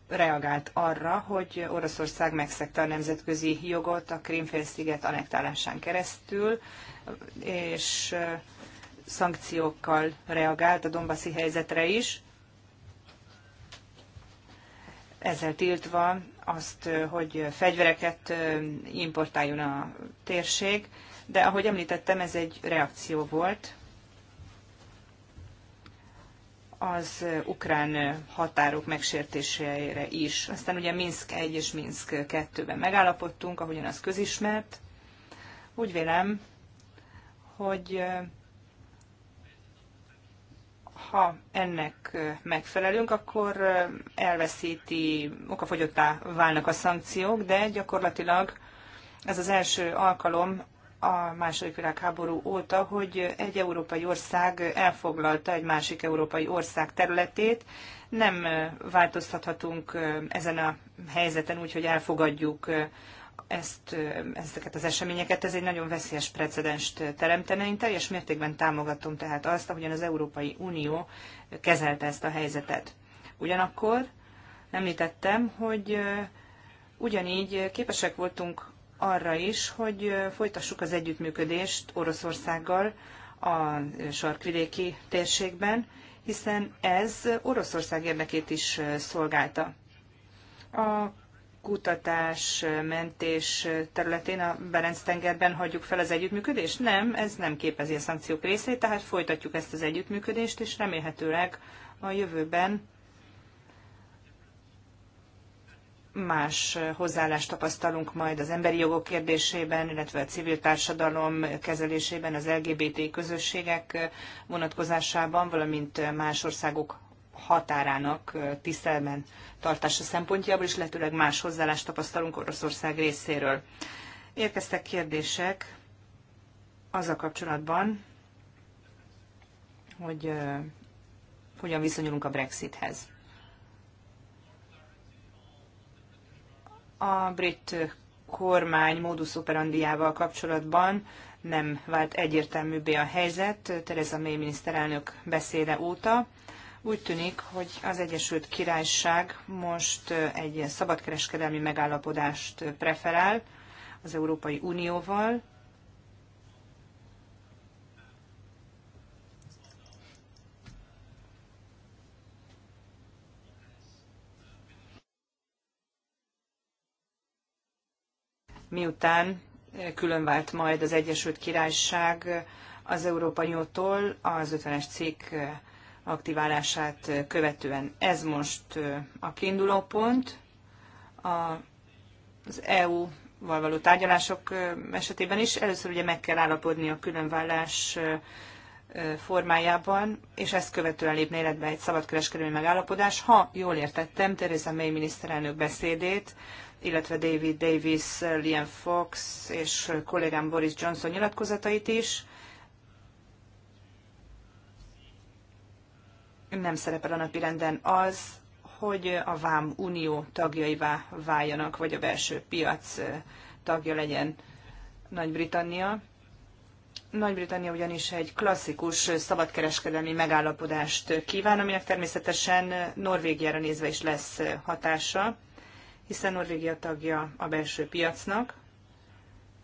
reagált arra, hogy Oroszország megszegte a nemzetközi jogot a Krímfélsziget anektálásán keresztül, és szankciókkal reagált a Dombaszi helyzetre is, ezzel tiltva azt, hogy fegyvereket importáljon a térség, de ahogy említettem, ez egy reakció volt az ukrán határok megsértésére is. Aztán ugye Minsk 1 és Minsk 2-ben megállapodtunk, ahogyan az közismert. Úgy vélem, hogy ha ennek megfelelünk, akkor elveszíti, okafogyottá válnak a szankciók, de gyakorlatilag ez az első alkalom, a második világháború óta, hogy egy európai ország elfoglalta egy másik európai ország területét. Nem változtathatunk ezen a helyzeten úgy, hogy elfogadjuk ezt, ezeket az eseményeket, ez egy nagyon veszélyes precedenst teremtene. Én teljes mértékben támogatom tehát azt, ahogyan az Európai Unió kezelte ezt a helyzetet. Ugyanakkor említettem, hogy ugyanígy képesek voltunk arra is, hogy folytassuk az együttműködést Oroszországgal a sarkvidéki térségben, hiszen ez Oroszország érdekét is szolgálta. A kutatás, mentés területén a Berenc-tengerben hagyjuk fel az együttműködést? Nem, ez nem képezi a szankciók részét, tehát folytatjuk ezt az együttműködést, és remélhetőleg a jövőben más hozzáállást tapasztalunk majd az emberi jogok kérdésében, illetve a civil társadalom kezelésében, az LGBT közösségek vonatkozásában, valamint más országok határának tisztelben tartása szempontjából, és lehetőleg más hozzáállást tapasztalunk Oroszország részéről. Érkeztek kérdések az a kapcsolatban, hogy uh, hogyan viszonyulunk a Brexithez. a brit kormány módusz operandiával kapcsolatban nem vált egyértelműbbé a helyzet Tereza May miniszterelnök beszéde óta. Úgy tűnik, hogy az Egyesült Királyság most egy szabadkereskedelmi megállapodást preferál az Európai Unióval, miután eh, különvált majd az Egyesült Királyság az Európai Uniótól az 50-es cikk eh, aktiválását eh, követően. Ez most a kiinduló pont. Az EU val való tárgyalások esetében is. Először ugye meg kell állapodni a különvállás formájában, és ezt követően lépne életbe egy szabadkereskedelmi megállapodás. Ha jól értettem Theresa May miniszterelnök beszédét, illetve David Davis, Liam Fox és kollégám Boris Johnson nyilatkozatait is. Nem szerepel a napirenden az, hogy a Vám Unió tagjaivá váljanak, vagy a belső piac tagja legyen Nagy-Britannia. Nagy-Britannia ugyanis egy klasszikus szabadkereskedelmi megállapodást kíván, aminek természetesen Norvégiára nézve is lesz hatása hiszen Norvégia tagja a belső piacnak.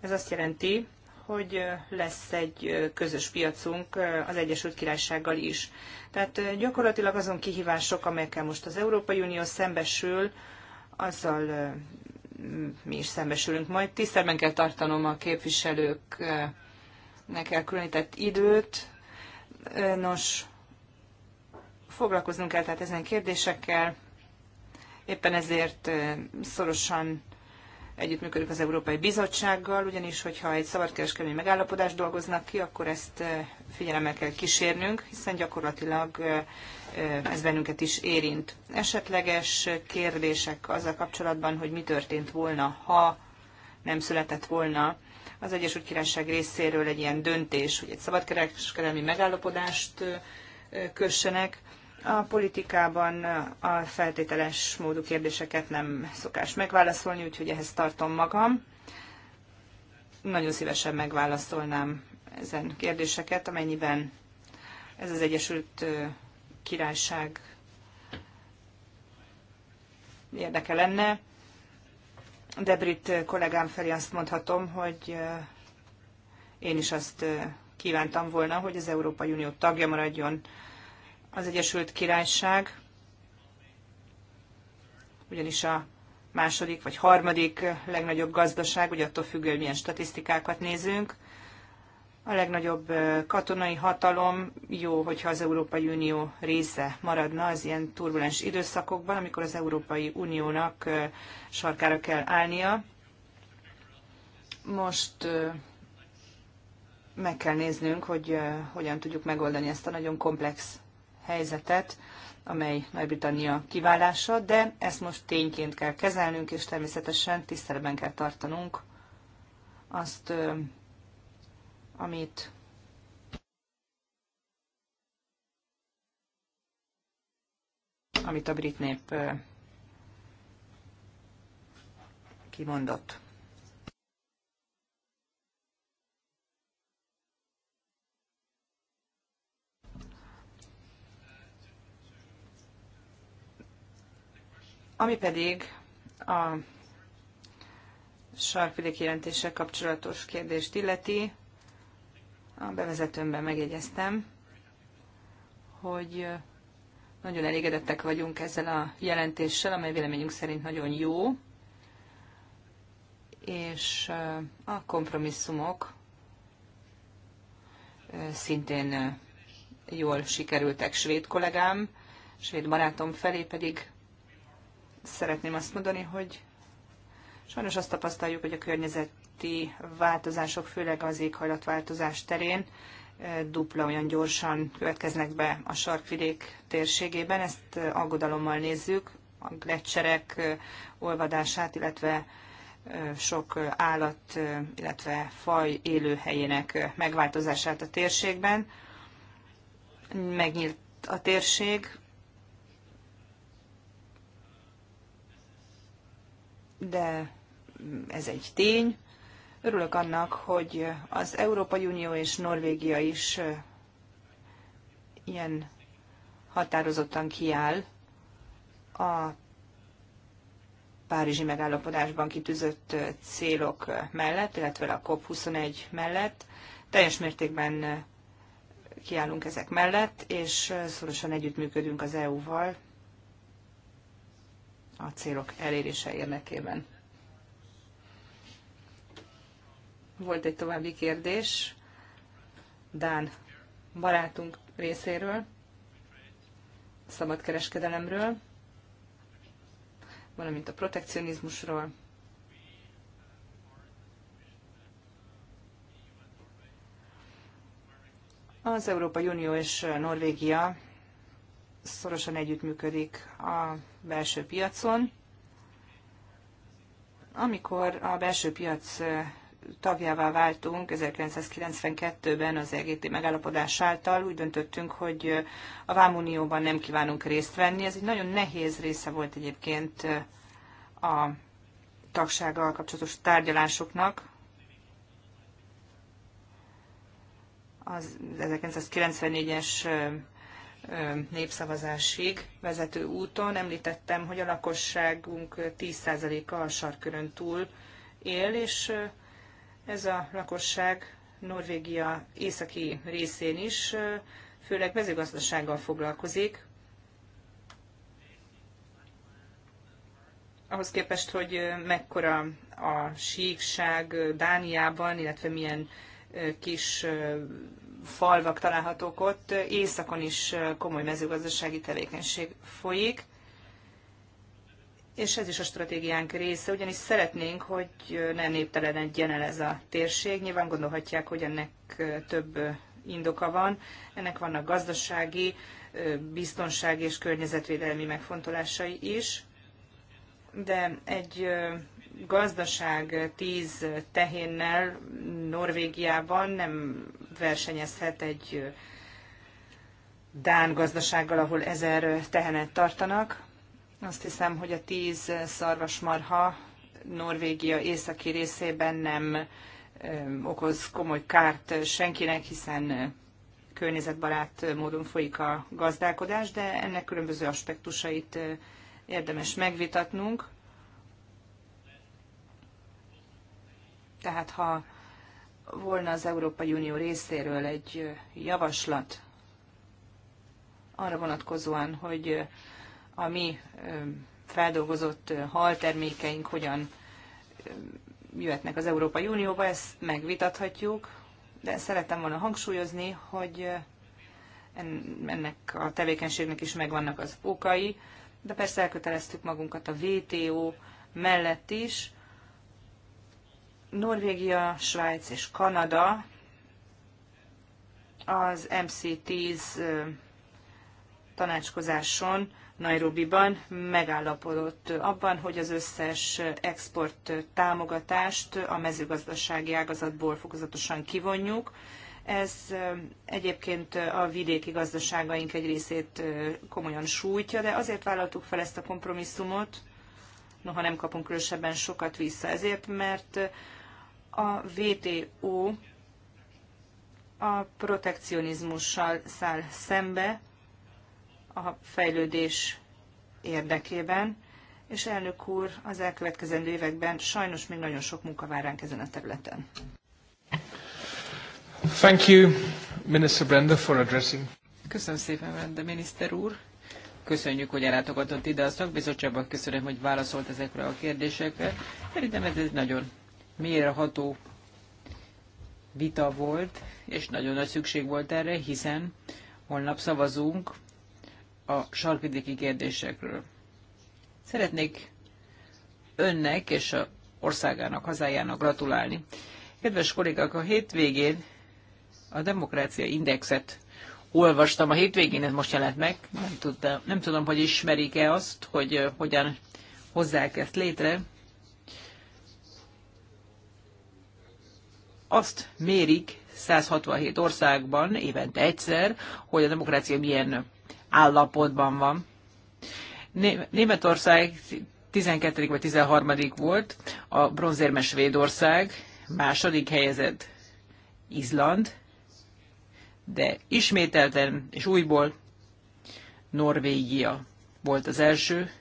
Ez azt jelenti, hogy lesz egy közös piacunk az Egyesült Királysággal is. Tehát eh, gyakorlatilag azon kihívások, amelyekkel most az Európai Unió szembesül, azzal eh, mi is szembesülünk majd. Tisztelben kell tartanom a képviselőknek elkülönített időt. Eh, nos, foglalkoznunk kell tehát ezen kérdésekkel, Éppen ezért szorosan együttműködünk az Európai Bizottsággal, ugyanis hogyha egy szabadkereskedelmi megállapodást dolgoznak ki, akkor ezt figyelemmel kell kísérnünk, hiszen gyakorlatilag ez bennünket is érint. Esetleges kérdések azzal kapcsolatban, hogy mi történt volna, ha nem született volna az Egyesült Királyság részéről egy ilyen döntés, hogy egy szabadkereskedelmi megállapodást kössenek, a politikában a feltételes módú kérdéseket nem szokás megválaszolni, úgyhogy ehhez tartom magam. Nagyon szívesen megválaszolnám ezen kérdéseket, amennyiben ez az Egyesült Királyság érdeke lenne. De kollégám felé azt mondhatom, hogy én is azt kívántam volna, hogy az Európai Unió tagja maradjon az Egyesült Királyság, ugyanis a második vagy harmadik legnagyobb gazdaság, ugye attól függő, hogy milyen statisztikákat nézünk, a legnagyobb katonai hatalom jó, hogyha az Európai Unió része maradna az ilyen turbulens időszakokban, amikor az Európai Uniónak sarkára kell állnia. Most meg kell néznünk, hogy hogyan tudjuk megoldani ezt a nagyon komplex helyzetet, amely Nagy-Britannia kiválása, de ezt most tényként kell kezelnünk, és természetesen tiszteletben kell tartanunk azt, amit amit a brit nép kimondott. Ami pedig a sarkvidék jelentéssel kapcsolatos kérdést illeti, a bevezetőmben megjegyeztem, hogy nagyon elégedettek vagyunk ezzel a jelentéssel, amely véleményünk szerint nagyon jó, és a kompromisszumok szintén jól sikerültek svéd kollégám, svéd barátom felé pedig szeretném azt mondani, hogy sajnos azt tapasztaljuk, hogy a környezeti változások, főleg az éghajlatváltozás terén eh, dupla olyan gyorsan következnek be a sarkvidék térségében. Ezt eh, aggodalommal nézzük, a gletszerek eh, olvadását, illetve sok állat, illetve faj élőhelyének megváltozását a térségben. Megnyílt a térség, de ez egy tény. Örülök annak, hogy az Európai Unió és Norvégia is ilyen határozottan kiáll a Párizsi megállapodásban kitűzött célok mellett, illetve a COP21 mellett. Teljes mértékben kiállunk ezek mellett, és szorosan együttműködünk az EU-val a célok elérése érdekében. Volt egy további kérdés Dán barátunk részéről, szabadkereskedelemről, valamint a protekcionizmusról. Az Európai Unió és Norvégia szorosan együttműködik a belső piacon. Amikor a belső piac tagjává váltunk 1992-ben az EGT megállapodás által, úgy döntöttünk, hogy a Vámunióban nem kívánunk részt venni. Ez egy nagyon nehéz része volt egyébként a tagsággal kapcsolatos tárgyalásoknak. Az 1994-es népszavazásig vezető úton. Említettem, hogy a lakosságunk 10%-a a sarkörön túl él, és ez a lakosság Norvégia északi részén is főleg mezőgazdasággal foglalkozik. Ahhoz képest, hogy mekkora a síkság Dániában, illetve milyen kis falvak találhatók ott, északon is komoly mezőgazdasági tevékenység folyik, és ez is a stratégiánk része, ugyanis szeretnénk, hogy ne néptelenedjen el ez a térség. Nyilván gondolhatják, hogy ennek több indoka van. Ennek vannak gazdasági, biztonsági és környezetvédelmi megfontolásai is, de egy gazdaság tíz tehénnel Norvégiában nem versenyezhet egy Dán gazdasággal, ahol ezer tehenet tartanak. Azt hiszem, hogy a tíz szarvasmarha Norvégia északi részében nem okoz komoly kárt senkinek, hiszen környezetbarát módon folyik a gazdálkodás, de ennek különböző aspektusait érdemes megvitatnunk. Tehát ha volna az Európai Unió részéről egy javaslat arra vonatkozóan, hogy a mi feldolgozott haltermékeink hogyan jöhetnek az Európai Unióba, ezt megvitathatjuk, de szerettem volna hangsúlyozni, hogy ennek a tevékenységnek is megvannak az okai, de persze elköteleztük magunkat a WTO mellett is, Norvégia, Svájc és Kanada az MC10 tanácskozáson Nairobiban megállapodott abban, hogy az összes export támogatást a mezőgazdasági ágazatból fokozatosan kivonjuk. Ez egyébként a vidéki gazdaságaink egy részét komolyan sújtja, de azért vállaltuk fel ezt a kompromisszumot, noha nem kapunk különösebben sokat vissza. Ezért, mert a VTO a protekcionizmussal száll szembe a fejlődés érdekében, és elnök úr, az elkövetkezendő években sajnos még nagyon sok munka vár ránk ezen a területen. Thank you, Minister Brenda, for addressing. Köszönöm szépen, Brenda miniszter úr. Köszönjük, hogy elátogatott ide a szakbizottságban, köszönöm, hogy válaszolt ezekre a kérdésekre. Szerintem ez egy nagyon mérható vita volt, és nagyon nagy szükség volt erre, hiszen holnap szavazunk a sarkvidéki kérdésekről. Szeretnék önnek és a országának, hazájának gratulálni. Kedves kollégák, a hétvégén a Demokrácia Indexet olvastam a hétvégén, ez most jelent meg, nem, tudta, nem tudom, hogy ismerik-e azt, hogy eh, hogyan hozzák ezt létre. azt mérik 167 országban évente egyszer, hogy a demokrácia milyen állapotban van. Németország 12. vagy 13. volt, a bronzérmes Svédország, második helyezett Izland, de ismételten és újból Norvégia volt az első.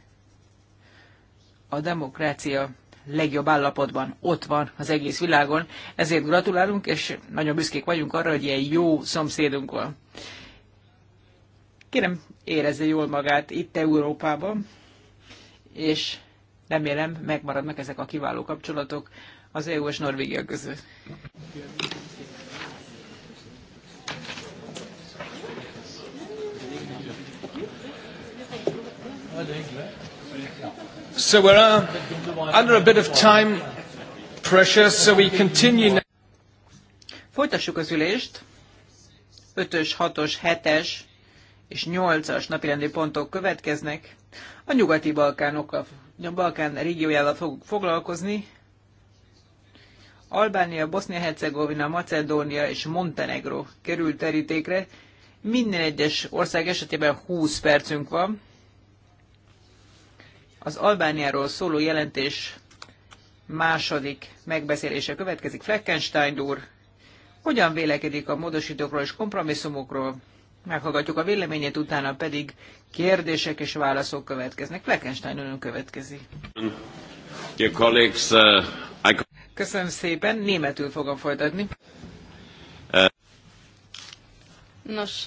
A demokrácia legjobb állapotban ott van az egész világon. Ezért gratulálunk, és nagyon büszkék vagyunk arra, hogy ilyen jó szomszédunk van. Kérem, érezze jól magát itt Európában, és remélem megmaradnak ezek a kiváló kapcsolatok az EU és Norvégia között. Thank you. So we're uh, under a bit of time pressure, so we continue now. Folytassuk az ülést. 5-ös, 6-os, 7-es és 8-as napirendi pontok következnek. A nyugati Balkánokkal, a Balkán régiójával fogunk foglalkozni. Albánia, Bosznia-Hercegovina, Macedónia és Montenegro került terítékre. Minden egyes ország esetében 20 percünk van. Az Albániáról szóló jelentés második megbeszélése következik. Fleckenstein úr hogyan vélekedik a módosítókról és kompromisszumokról, meghallgatjuk a véleményét, utána pedig kérdések és válaszok következnek. Fleckenstein úr következik. Uh, Köszönöm szépen, németül fogom folytatni. Nos,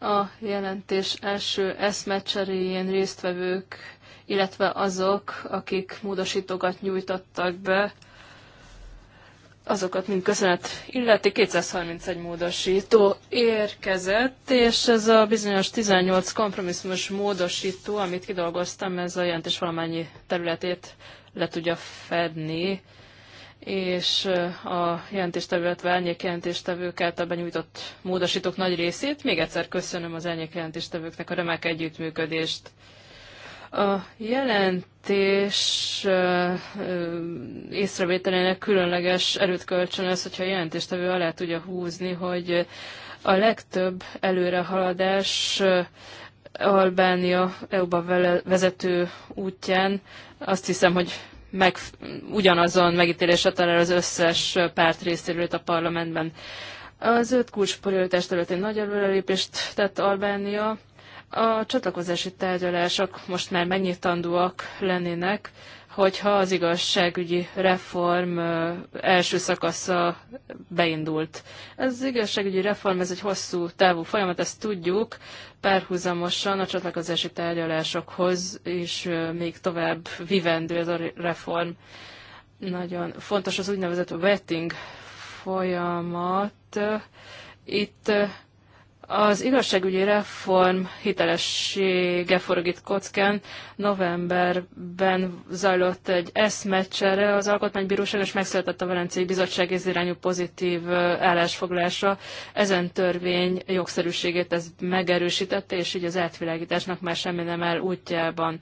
a jelentés első eszmecseréjén résztvevők illetve azok, akik módosítókat nyújtottak be, azokat mind köszönet illeti, 231 módosító érkezett, és ez a bizonyos 18 kompromisszumos módosító, amit kidolgoztam, ez a jelentés valamennyi területét le tudja fedni, és a jelentéstevőt, vagy elnyék jelentéstevőket, a benyújtott módosítók nagy részét. Még egyszer köszönöm az elnyék jelentéstevőknek a remek együttműködést. A jelentés észrevételének különleges erőt az, hogyha a jelentéstevő alá tudja húzni, hogy a legtöbb előrehaladás Albánia EU-ba vezető útján azt hiszem, hogy meg, ugyanazon megítélésre talál az összes párt részéről a parlamentben. Az öt kulcs prioritás területén nagy előrelépést tett Albánia, a csatlakozási tárgyalások most már megnyitandóak lennének, hogyha az igazságügyi reform első szakasza beindult. Ez az igazságügyi reform, ez egy hosszú távú folyamat, ezt tudjuk, párhuzamosan a csatlakozási tárgyalásokhoz, is még tovább vivendő ez a reform. Nagyon fontos az úgynevezett vetting folyamat. Itt az igazságügyi reform hitelessége forog itt kockán. Novemberben zajlott egy eszmeccsere az Alkotmánybíróság, és megszületett a Velencei Bizottság irányú pozitív állásfoglalása. Ezen törvény jogszerűségét ez megerősítette, és így az átvilágításnak már semmi nem áll útjában.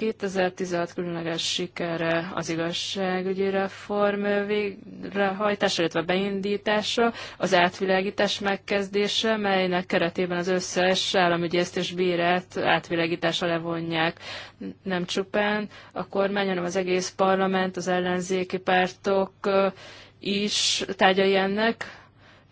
2016 különleges sikere az igazságügyi reform végrehajtása, illetve beindítása, az átvilágítás megkezdése, melynek keretében az összes államügyészt és bírát átvilágításra levonják. Nem csupán a kormány, hanem az egész parlament, az ellenzéki pártok is tárgyai ennek,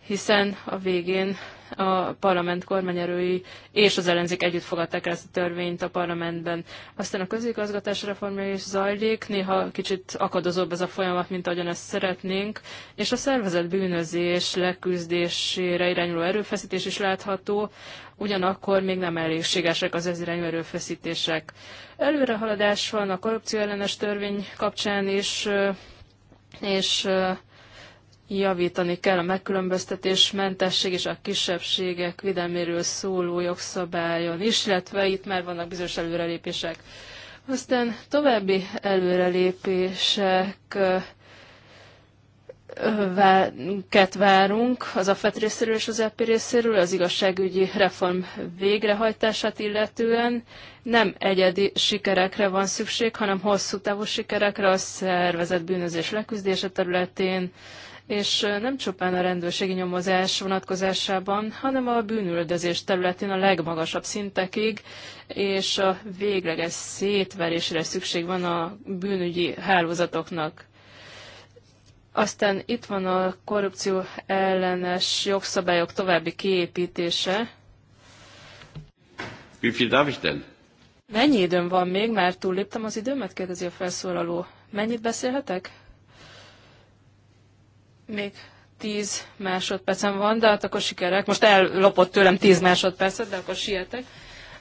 hiszen a végén a parlament kormányerői és az ellenzék együtt fogadták el ezt a törvényt a parlamentben. Aztán a közigazgatás reformja is zajlik, néha kicsit akadozóbb ez a folyamat, mint ahogyan ezt szeretnénk, és a szervezet bűnözés leküzdésére irányuló erőfeszítés is látható, ugyanakkor még nem elégségesek az ez irányú erőfeszítések. Előrehaladás van a korrupció ellenes törvény kapcsán is, és, és javítani kell a megkülönböztetés, mentesség és a kisebbségek védelméről szóló jogszabályon is, illetve itt már vannak bizonyos előrelépések. Aztán további előrelépések ket várunk az FET részéről és az EP részéről az igazságügyi reform végrehajtását illetően. Nem egyedi sikerekre van szükség, hanem hosszú távú sikerekre a szervezett bűnözés leküzdése területén, és nem csupán a rendőrségi nyomozás vonatkozásában, hanem a bűnüldözés területén a legmagasabb szintekig, és a végleges szétverésre szükség van a bűnügyi hálózatoknak. Aztán itt van a korrupció ellenes jogszabályok további kiépítése. Mennyi időm van még? Már túlléptem az időmet, kérdezi a felszólaló. Mennyit beszélhetek? Még tíz másodpercem van, de hát akkor sikerek. Most ellopott tőlem tíz másodpercet, de akkor sietek.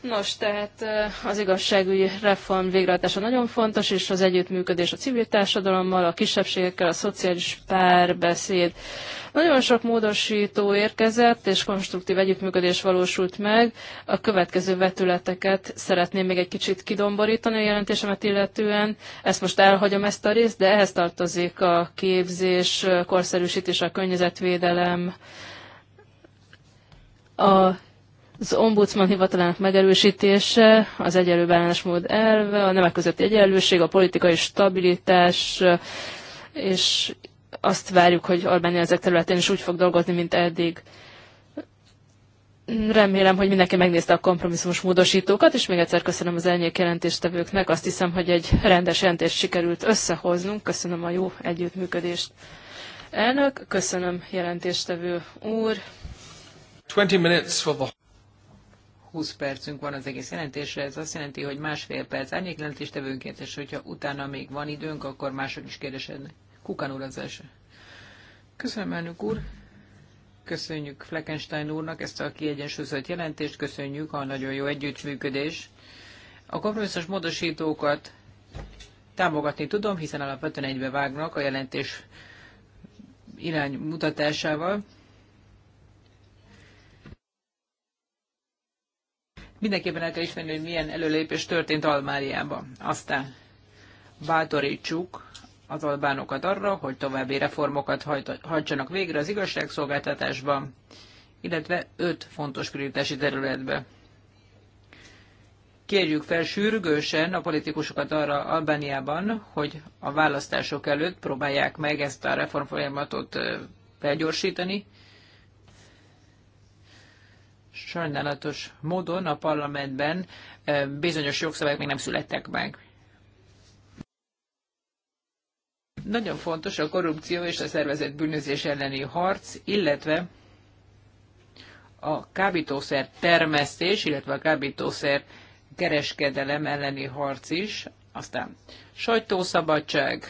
Nos, tehát eh, az igazságügyi reform végrehajtása nagyon fontos, és az együttműködés a civil társadalommal, a kisebbségekkel, a szociális párbeszéd. Nagyon sok módosító érkezett, és konstruktív együttműködés valósult meg. A következő vetületeket szeretném még egy kicsit kidomborítani a jelentésemet illetően. Ezt most elhagyom ezt a részt, de ehhez tartozik a képzés, korszerűsítés, a környezetvédelem, a az ombudsman hivatalának megerősítése, az egyenlő bánásmód elve, a nemek közötti egyenlőség, a politikai stabilitás, és azt várjuk, hogy Albánia ezek területén is úgy fog dolgozni, mint eddig. Remélem, hogy mindenki megnézte a kompromisszumos módosítókat, és még egyszer köszönöm az elnyék jelentéstevőknek. Azt hiszem, hogy egy rendes jelentést sikerült összehoznunk. Köszönöm a jó együttműködést. Elnök, köszönöm jelentéstevő úr. 20 minutes for the... 20 percünk van az egész jelentésre, ez azt jelenti, hogy másfél perc tevőnként, és hogyha utána még van időnk, akkor mások is kérdezhetnek. Kukan úr az első. Köszönöm, elnök úr. Köszönjük Fleckenstein úrnak ezt a kiegyensúlyozott jelentést, köszönjük a nagyon jó együttműködés. A kompromisszos módosítókat támogatni tudom, hiszen alapvetően vágnak a jelentés irány mutatásával. mindenképpen el kell ismerni, hogy milyen előlépés történt Almáriában. Aztán bátorítsuk az albánokat arra, hogy további reformokat hajtsanak végre az igazságszolgáltatásban, illetve öt fontos prioritási területbe. Kérjük fel sürgősen a politikusokat arra Albániában, hogy a választások előtt próbálják meg ezt a reformfolyamatot felgyorsítani, sajnálatos módon a parlamentben bizonyos jogszabályok még nem születtek meg. Nagyon fontos a korrupció és a szervezett bűnözés elleni harc, illetve a kábítószer termesztés, illetve a kábítószer kereskedelem elleni harc is, aztán sajtószabadság,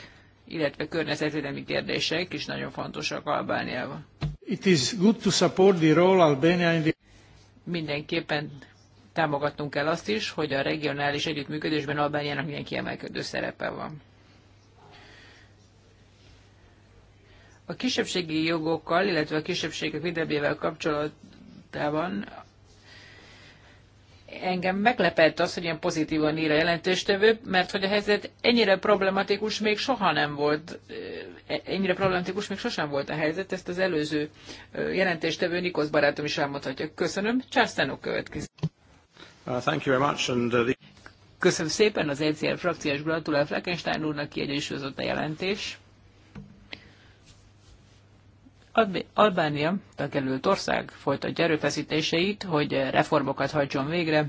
illetve környezetvédelmi kérdések is nagyon fontosak Albániában. It is good to support the role Albania in the mindenképpen támogatnunk kell azt is, hogy a regionális együttműködésben Albániának milyen kiemelkedő szerepe van. A kisebbségi jogokkal, illetve a kisebbségek védelmével kapcsolatában engem meglepett az, hogy ilyen pozitívan ír a jelentéstevő, mert hogy a helyzet ennyire problematikus még soha nem volt, eh, ennyire problematikus még sosem volt a helyzet, ezt az előző eh, jelentéstevő Nikos barátom is elmondhatja. Köszönöm, Császtánok következik. Uh, thank you very much, and, uh, the... Köszönöm szépen az ECR frakciós gratulál Fleckenstein úrnak kiegyensúlyozott a jelentés. Albánia, tagjelölt ország folytatja erőfeszítéseit, hogy reformokat hajtson végre,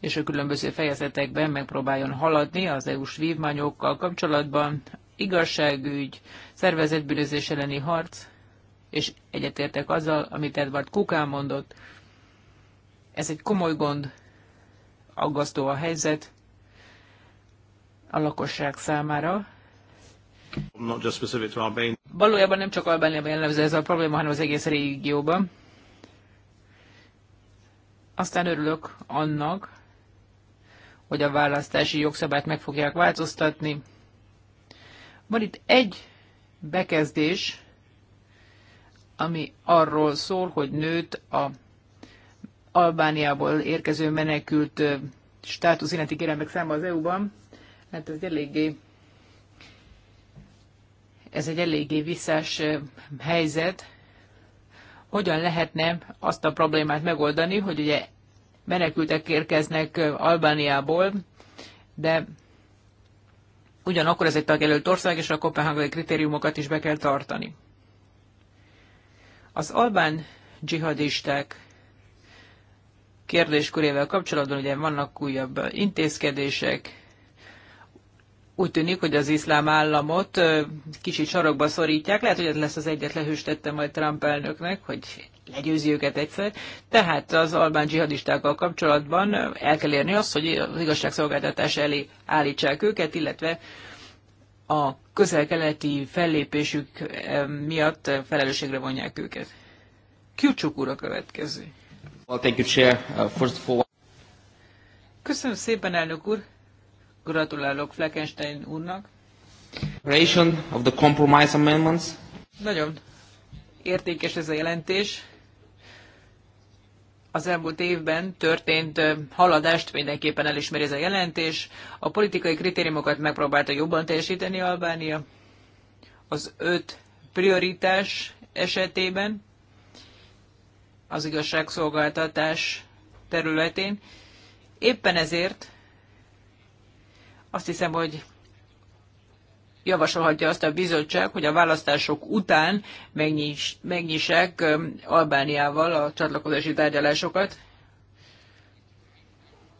és a különböző fejezetekben megpróbáljon haladni az EU-s vívmányokkal kapcsolatban, igazságügy, szervezetbűnözés elleni harc, és egyetértek azzal, amit Edward Kukán mondott. Ez egy komoly gond, aggasztó a helyzet a lakosság számára, Valójában nem csak Albániában jellemző ez a probléma, hanem az egész régióban. Aztán örülök annak, hogy a választási jogszabályt meg fogják változtatni. Van itt egy bekezdés, ami arról szól, hogy nőtt a Albániából érkező menekült státusz illeti kérelmek száma az EU-ban. Hát ez eléggé ez egy eléggé visszás helyzet. Hogyan lehetne azt a problémát megoldani, hogy ugye menekültek érkeznek Albániából, de ugyanakkor ez egy tagjelölt ország, és a kopenhágai kritériumokat is be kell tartani. Az albán dzsihadisták kérdéskörével kapcsolatban ugye vannak újabb intézkedések, úgy tűnik, hogy az iszlám államot kicsit sarokba szorítják. Lehet, hogy ez lesz az egyetlen hőstette majd Trump elnöknek, hogy legyőzi őket egyszer. Tehát az albán dzsihadistákkal kapcsolatban el kell érni azt, hogy az igazságszolgáltatás elé állítsák őket, illetve a közel-keleti fellépésük miatt felelősségre vonják őket. Kyucsuk úr a következő. Well, thank you, Chair. Uh, first of all... Köszönöm szépen, elnök úr. Gratulálok Fleckenstein úrnak. Of the compromise amendments. Nagyon értékes ez a jelentés. Az elmúlt évben történt haladást mindenképpen elismeri ez a jelentés. A politikai kritériumokat megpróbálta jobban teljesíteni Albánia. Az öt prioritás esetében az igazságszolgáltatás területén. Éppen ezért azt hiszem, hogy javasolhatja azt a bizottság, hogy a választások után megnyis, megnyissák Albániával a csatlakozási tárgyalásokat.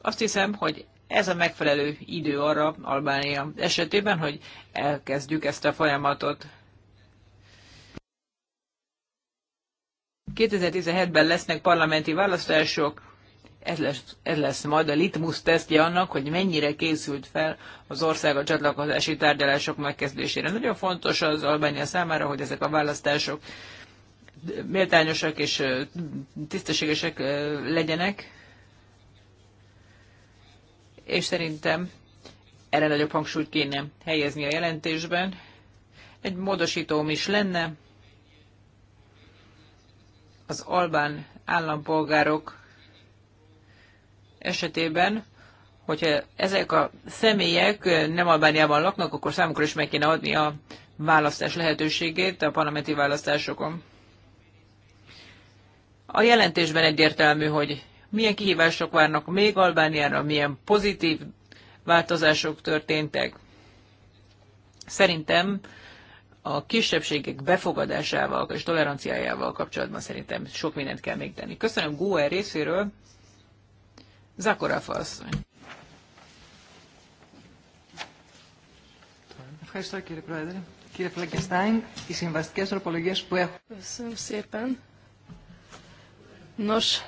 Azt hiszem, hogy ez a megfelelő idő arra Albánia esetében, hogy elkezdjük ezt a folyamatot. 2017-ben lesznek parlamenti választások, ez lesz, ez lesz majd a litmus tesztje annak, hogy mennyire készült fel az ország a csatlakozási tárgyalások megkezdésére. Nagyon fontos az Albánia számára, hogy ezek a választások méltányosak és tisztességesek legyenek, és szerintem erre nagyobb hangsúlyt kéne helyezni a jelentésben. Egy módosítóm is lenne, az albán állampolgárok esetében, hogyha ezek a személyek nem Albániában laknak, akkor számukra is meg kéne adni a választás lehetőségét a parlamenti választásokon. A jelentésben egyértelmű, hogy milyen kihívások várnak még Albániára, milyen pozitív változások történtek. Szerintem a kisebbségek befogadásával és toleranciájával kapcsolatban szerintem sok mindent kell még tenni. Köszönöm Góer részéről, Zakorafa asszony. Köszönöm szépen. Nos,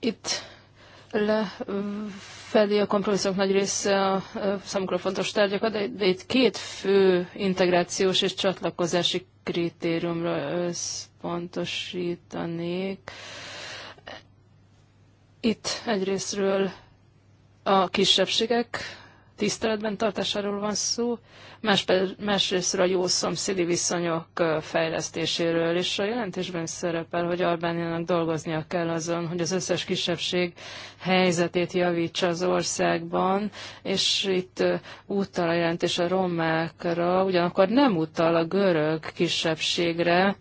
itt lefedi a kompromisszumok nagy része a számunkra fontos tárgyakat, de, de itt két fő integrációs és csatlakozási kritériumra összpontosítanék. Uh, itt egyrésztről a kisebbségek tiszteletben tartásáról van szó, más, másrésztről a jó szomszédi viszonyok fejlesztéséről, és a jelentésben szerepel, hogy Albániának dolgoznia kell azon, hogy az összes kisebbség helyzetét javítsa az országban, és itt utal a jelentés a romákra, ugyanakkor nem utal a görög kisebbségre,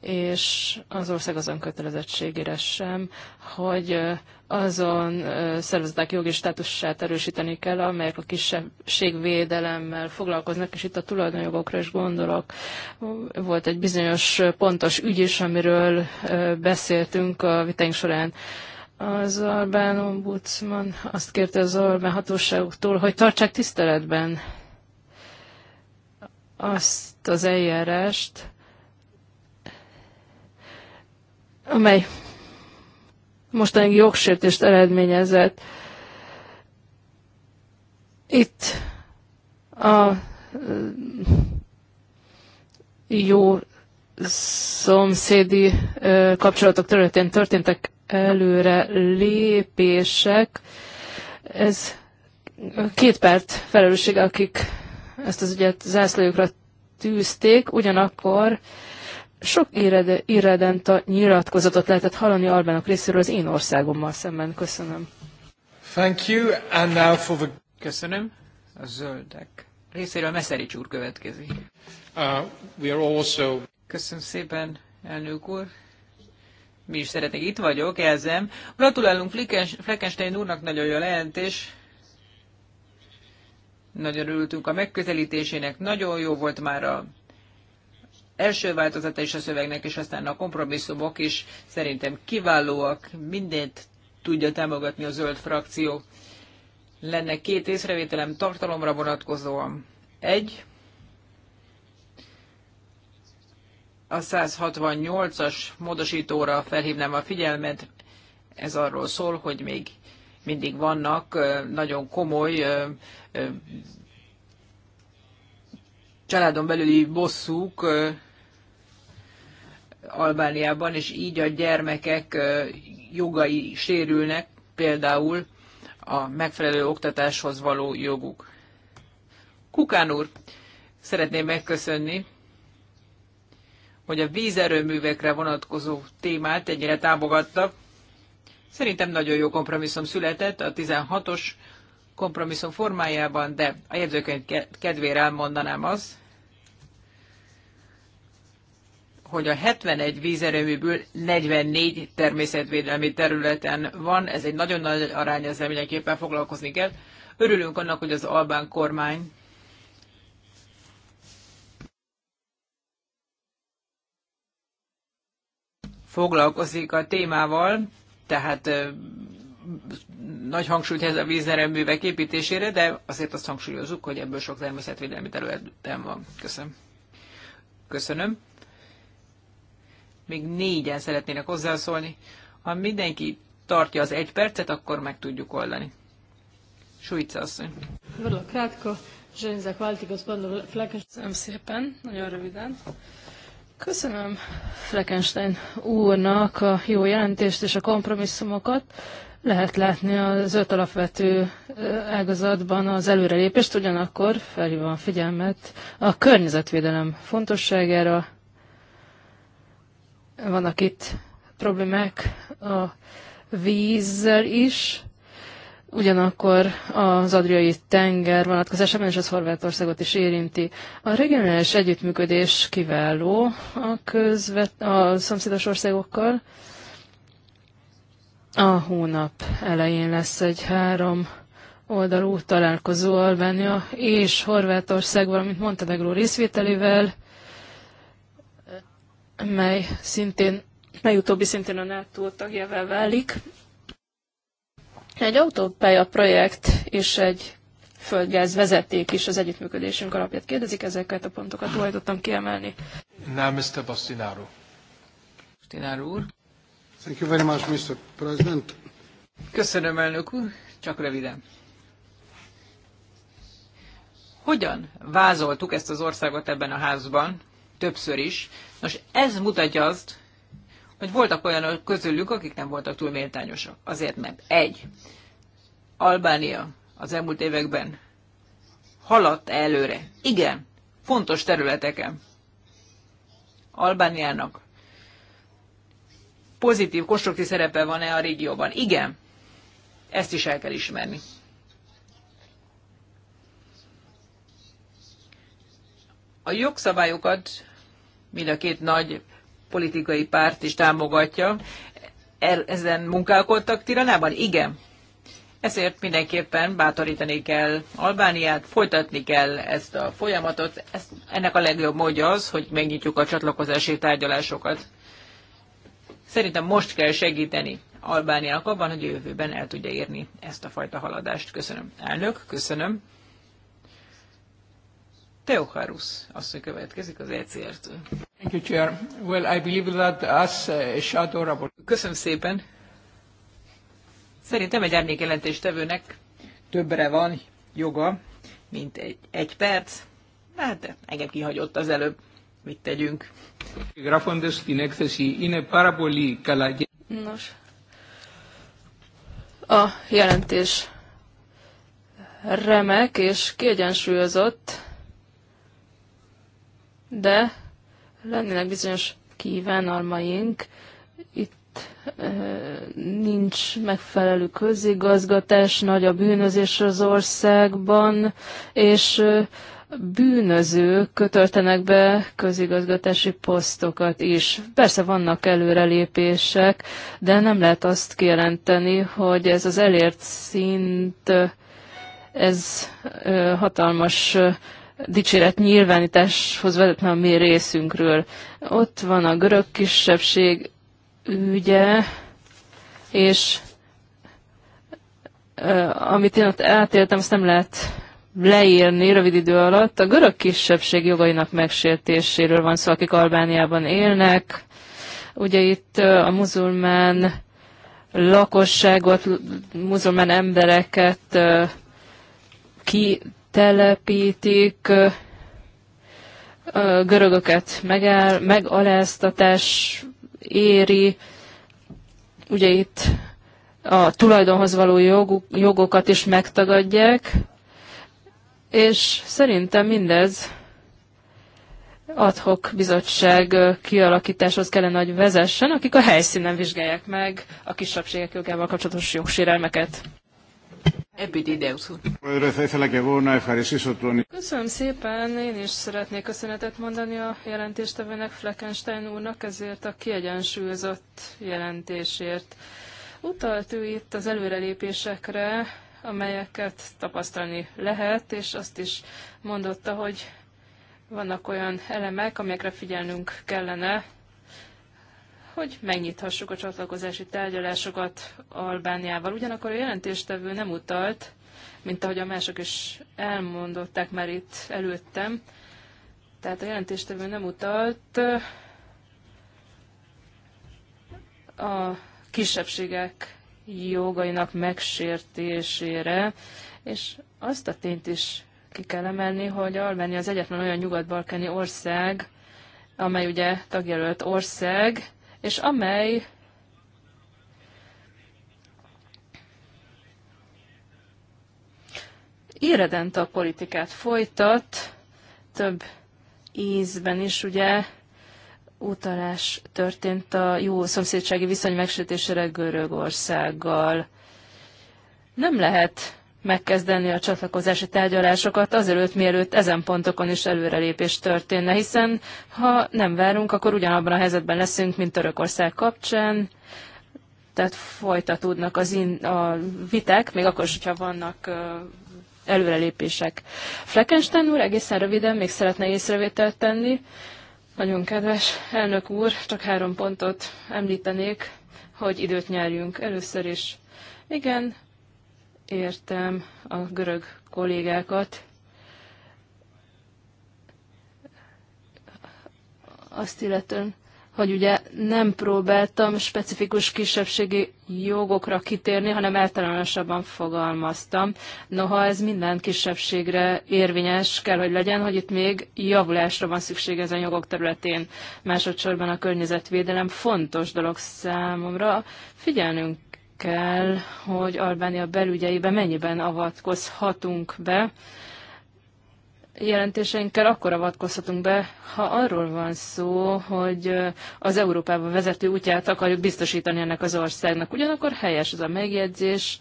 és az ország azon kötelezettségére sem, hogy azon szervezetek jogi státusát erősíteni kell, amelyek a kisebbségvédelemmel foglalkoznak, és itt a tulajdonjogokra is gondolok. Volt egy bizonyos pontos ügy is, amiről beszéltünk a vitánk során. Az Albán ombudsman azt kérte az Albán hatóságoktól, hogy tartsák tiszteletben azt az eljárást, amely mostani jogsértést eredményezett. Itt a jó szomszédi kapcsolatok területén történtek előre lépések. Ez két párt felelőssége, akik ezt az ügyet zászlójukra tűzték, ugyanakkor sok irredenta nyilatkozatot lehetett hallani Albánok részéről az én országommal szemben. Köszönöm. Thank you, and now for the... Köszönöm. A zöldek részéről Meszerics úr következik. Uh, we are also... Köszönöm szépen, elnök úr. Mi is szeretnék, itt vagyok, jelzem. Gratulálunk Fleckenstein úrnak, nagyon jó lehetés. Nagyon örültünk a megközelítésének, nagyon jó volt már a első változata is a szövegnek, és aztán a kompromisszumok is szerintem kiválóak, mindent tudja támogatni a zöld frakció. Lenne két észrevételem tartalomra vonatkozóan. Egy, a 168-as módosítóra felhívnám a figyelmet. Ez arról szól, hogy még mindig vannak nagyon komoly családon belüli bosszúk Albániában, és így a gyermekek jogai sérülnek, például a megfelelő oktatáshoz való joguk. Kukán úr, szeretném megköszönni, hogy a vízerőművekre vonatkozó témát ennyire támogatta. Szerintem nagyon jó kompromisszum született a 16-os kompromisszum formájában, de a jegyzőkönyv kedvére elmondanám azt, hogy a 71 vízerőműből 44 természetvédelmi területen van. Ez egy nagyon nagy arány, ezzel mindenképpen foglalkozni kell. Örülünk annak, hogy az Albán kormány foglalkozik a témával, tehát nagy hangsúlyt ez a vízerőművek építésére, de azért azt hangsúlyozzuk, hogy ebből sok természetvédelmi területen van. Köszönöm. Köszönöm még négyen szeretnének hozzászólni. Ha mindenki tartja az egy percet, akkor meg tudjuk oldani. Sújca asszony. Vrlo krátko, želim zahvaliti gospodinu Fleckenstein. szépen, nagyon röviden. Köszönöm Fleckenstein úrnak a jó jelentést és a kompromisszumokat. Lehet látni az öt alapvető ágazatban az előrelépést, ugyanakkor felhívom a figyelmet a környezetvédelem fontosságára, vannak itt problémák a vízzel is, ugyanakkor az adriai tenger vonatkozásában és az Horvátországot is érinti. A regionális együttműködés kiváló a, közvet, a szomszédos országokkal. A hónap elején lesz egy három oldalú találkozó Albánia és Horvátország, valamint Montenegró részvételével mely szintén, mely utóbbi szintén a NATO tagjává válik. Egy autópálya projekt és egy földgáz vezeték is az együttműködésünk alapját kérdezik, ezeket a pontokat tulajdottam kiemelni. Now, Mr. Bastinaro. Bastinaro úr. Thank you very much, Mr. President. Köszönöm, elnök úr. Csak röviden. Hogyan vázoltuk ezt az országot ebben a házban, többször is, Nos, ez mutatja azt, hogy voltak olyanok közülük, akik nem voltak túl méltányosak. Azért, mert egy, Albánia az elmúlt években haladt előre. Igen, fontos területeken. Albániának pozitív, konstruktív szerepe van-e a régióban? Igen, ezt is el kell ismerni. A jogszabályokat mind a két nagy politikai párt is támogatja. Ezen munkálkodtak Tiranában? Igen. Ezért mindenképpen bátorítani kell Albániát, folytatni kell ezt a folyamatot. Ezt, ennek a legjobb módja az, hogy megnyitjuk a csatlakozási tárgyalásokat. Szerintem most kell segíteni Albániának abban, hogy a jövőben el tudja érni ezt a fajta haladást. Köszönöm. Elnök, köszönöm. Teocharusz asszony következik az ECR-től. Thank you, Chair. Well, I believe that as a shadow Köszönöm szépen. Szerintem egy árnyékjelentéstevőnek többre van joga, mint egy, egy perc. Hát, de engem kihagyott az előbb. Mit tegyünk? Γράφοντας την έκθεση είναι πάρα Nos. A jelentés remek és kiegyensúlyozott de lennének bizonyos kívánalmaink. Itt nincs megfelelő közigazgatás, nagy a bűnözés az országban, és bűnözők kötöltenek be közigazgatási posztokat is. Persze vannak előrelépések, de nem lehet azt kijelenteni, hogy ez az elért szint, ez hatalmas dicséret nyilvánításhoz vezetne a mi részünkről. Ott van a görög kisebbség ügye, és amit én ott átéltem, azt nem lehet leírni rövid idő alatt. A görög kisebbség jogainak megsértéséről van szó, akik Albániában élnek. Ugye itt a muzulmán lakosságot, muzulmán embereket ki telepítik, a görögöket megáll, megaláztatás éri, ugye itt a tulajdonhoz való joguk, jogokat is megtagadják, és szerintem mindez adhok bizottság kialakításhoz kellene, hogy vezessen, akik a helyszínen vizsgálják meg a kisebbségek jogával kapcsolatos jogsérelmeket. Epidideusz Köszönöm szépen, én is szeretnék köszönetet mondani a jelentéstevőnek Fleckenstein úrnak ezért a kiegyensúlyozott jelentésért. Utalt ő itt az előrelépésekre, amelyeket tapasztalni lehet, és azt is mondotta, hogy vannak olyan elemek, amelyekre figyelnünk kellene, hogy megnyithassuk a csatlakozási tárgyalásokat Albániával. Ugyanakkor a jelentéstevő nem utalt, mint ahogy a mások is elmondották már itt előttem, tehát a jelentéstevő nem utalt a kisebbségek jogainak megsértésére, és azt a tényt is ki kell emelni, hogy Albánia az egyetlen olyan nyugat-balkáni ország, amely ugye tagjelölt ország, és amely éredent a politikát folytat, több ízben is ugye utalás történt a jó szomszédsági viszony megsütésére Görögországgal. Nem lehet megkezdeni a csatlakozási tárgyalásokat azelőtt, mielőtt ezen pontokon is előrelépés történne, hiszen ha nem várunk, akkor ugyanabban a helyzetben leszünk, mint Törökország kapcsán, tehát folytatódnak az in, a viták, még akkor is, hogyha vannak uh, előrelépések. Fleckenstein úr egészen röviden még szeretne észrevételt tenni. Nagyon kedves elnök úr, csak három pontot említenék, hogy időt nyerjünk először is. Igen, értem a görög kollégákat. Azt illetően, hogy ugye nem próbáltam specifikus kisebbségi jogokra kitérni, hanem általánosabban fogalmaztam. Noha ez minden kisebbségre érvényes kell, hogy legyen, hogy itt még javulásra van szükség ezen jogok területén. Másodszorban a környezetvédelem fontos dolog számomra. Figyelnünk kell, hogy Albánia belügyeibe mennyiben avatkozhatunk be. Jelentéseinkkel akkor avatkozhatunk be, ha arról van szó, hogy az Európába vezető útját akarjuk biztosítani ennek az országnak. Ugyanakkor helyes ez a megjegyzés.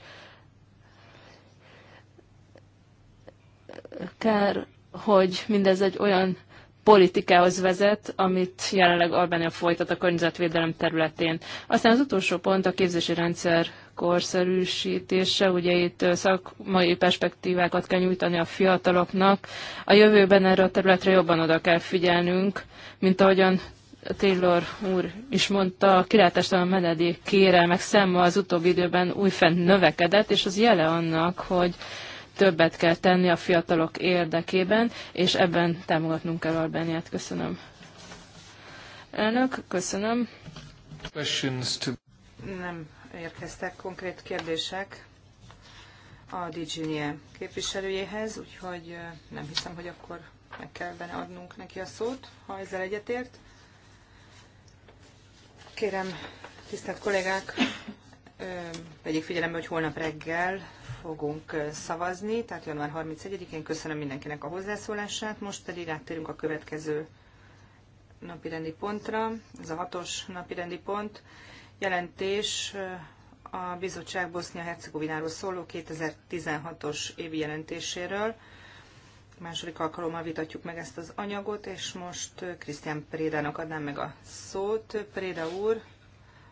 Kár, hogy mindez egy olyan politikához vezet, amit jelenleg Albánia folytat a környezetvédelem területén. Aztán az utolsó pont a képzési rendszer korszerűsítése, ugye itt szakmai perspektívákat kell nyújtani a fiataloknak. A jövőben erre a területre jobban oda kell figyelnünk, mint ahogyan Taylor úr is mondta, a kilátástalan menedék kérelmek száma az utóbbi időben újfent növekedett, és az jele annak, hogy többet kell tenni a fiatalok érdekében, és ebben támogatnunk kell Albániát. Köszönöm. Elnök, köszönöm. Nem érkeztek konkrét kérdések a DGNIE képviselőjéhez, úgyhogy nem hiszem, hogy akkor meg kell benne adnunk neki a szót, ha ezzel egyetért. Kérem, tisztelt kollégák, vegyék figyelembe, hogy holnap reggel fogunk szavazni, tehát január 31-én köszönöm mindenkinek a hozzászólását, most pedig áttérünk a következő rendi pontra, ez a hatos rendi pont, jelentés a bizottság Bosznia-Hercegovináról szóló 2016-os évi jelentéséről. Második alkalommal vitatjuk meg ezt az anyagot, és most Krisztián Prédának adnám meg a szót. Préda úr,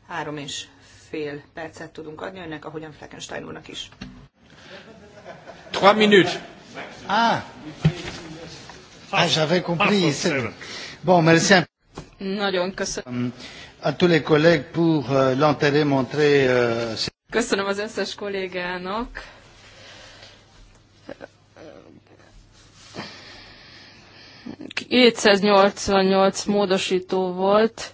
három és fél percet tudunk adni önnek, ahogyan Fleckenstein úrnak is. 3 minutes. Ah. Ah, j'avais compris. Bon, merci. Nagyon köszönöm. Um, A tous les collègues pour euh, l'intérêt montré. Euh, köszönöm az összes kollégának. ...288 módosító volt,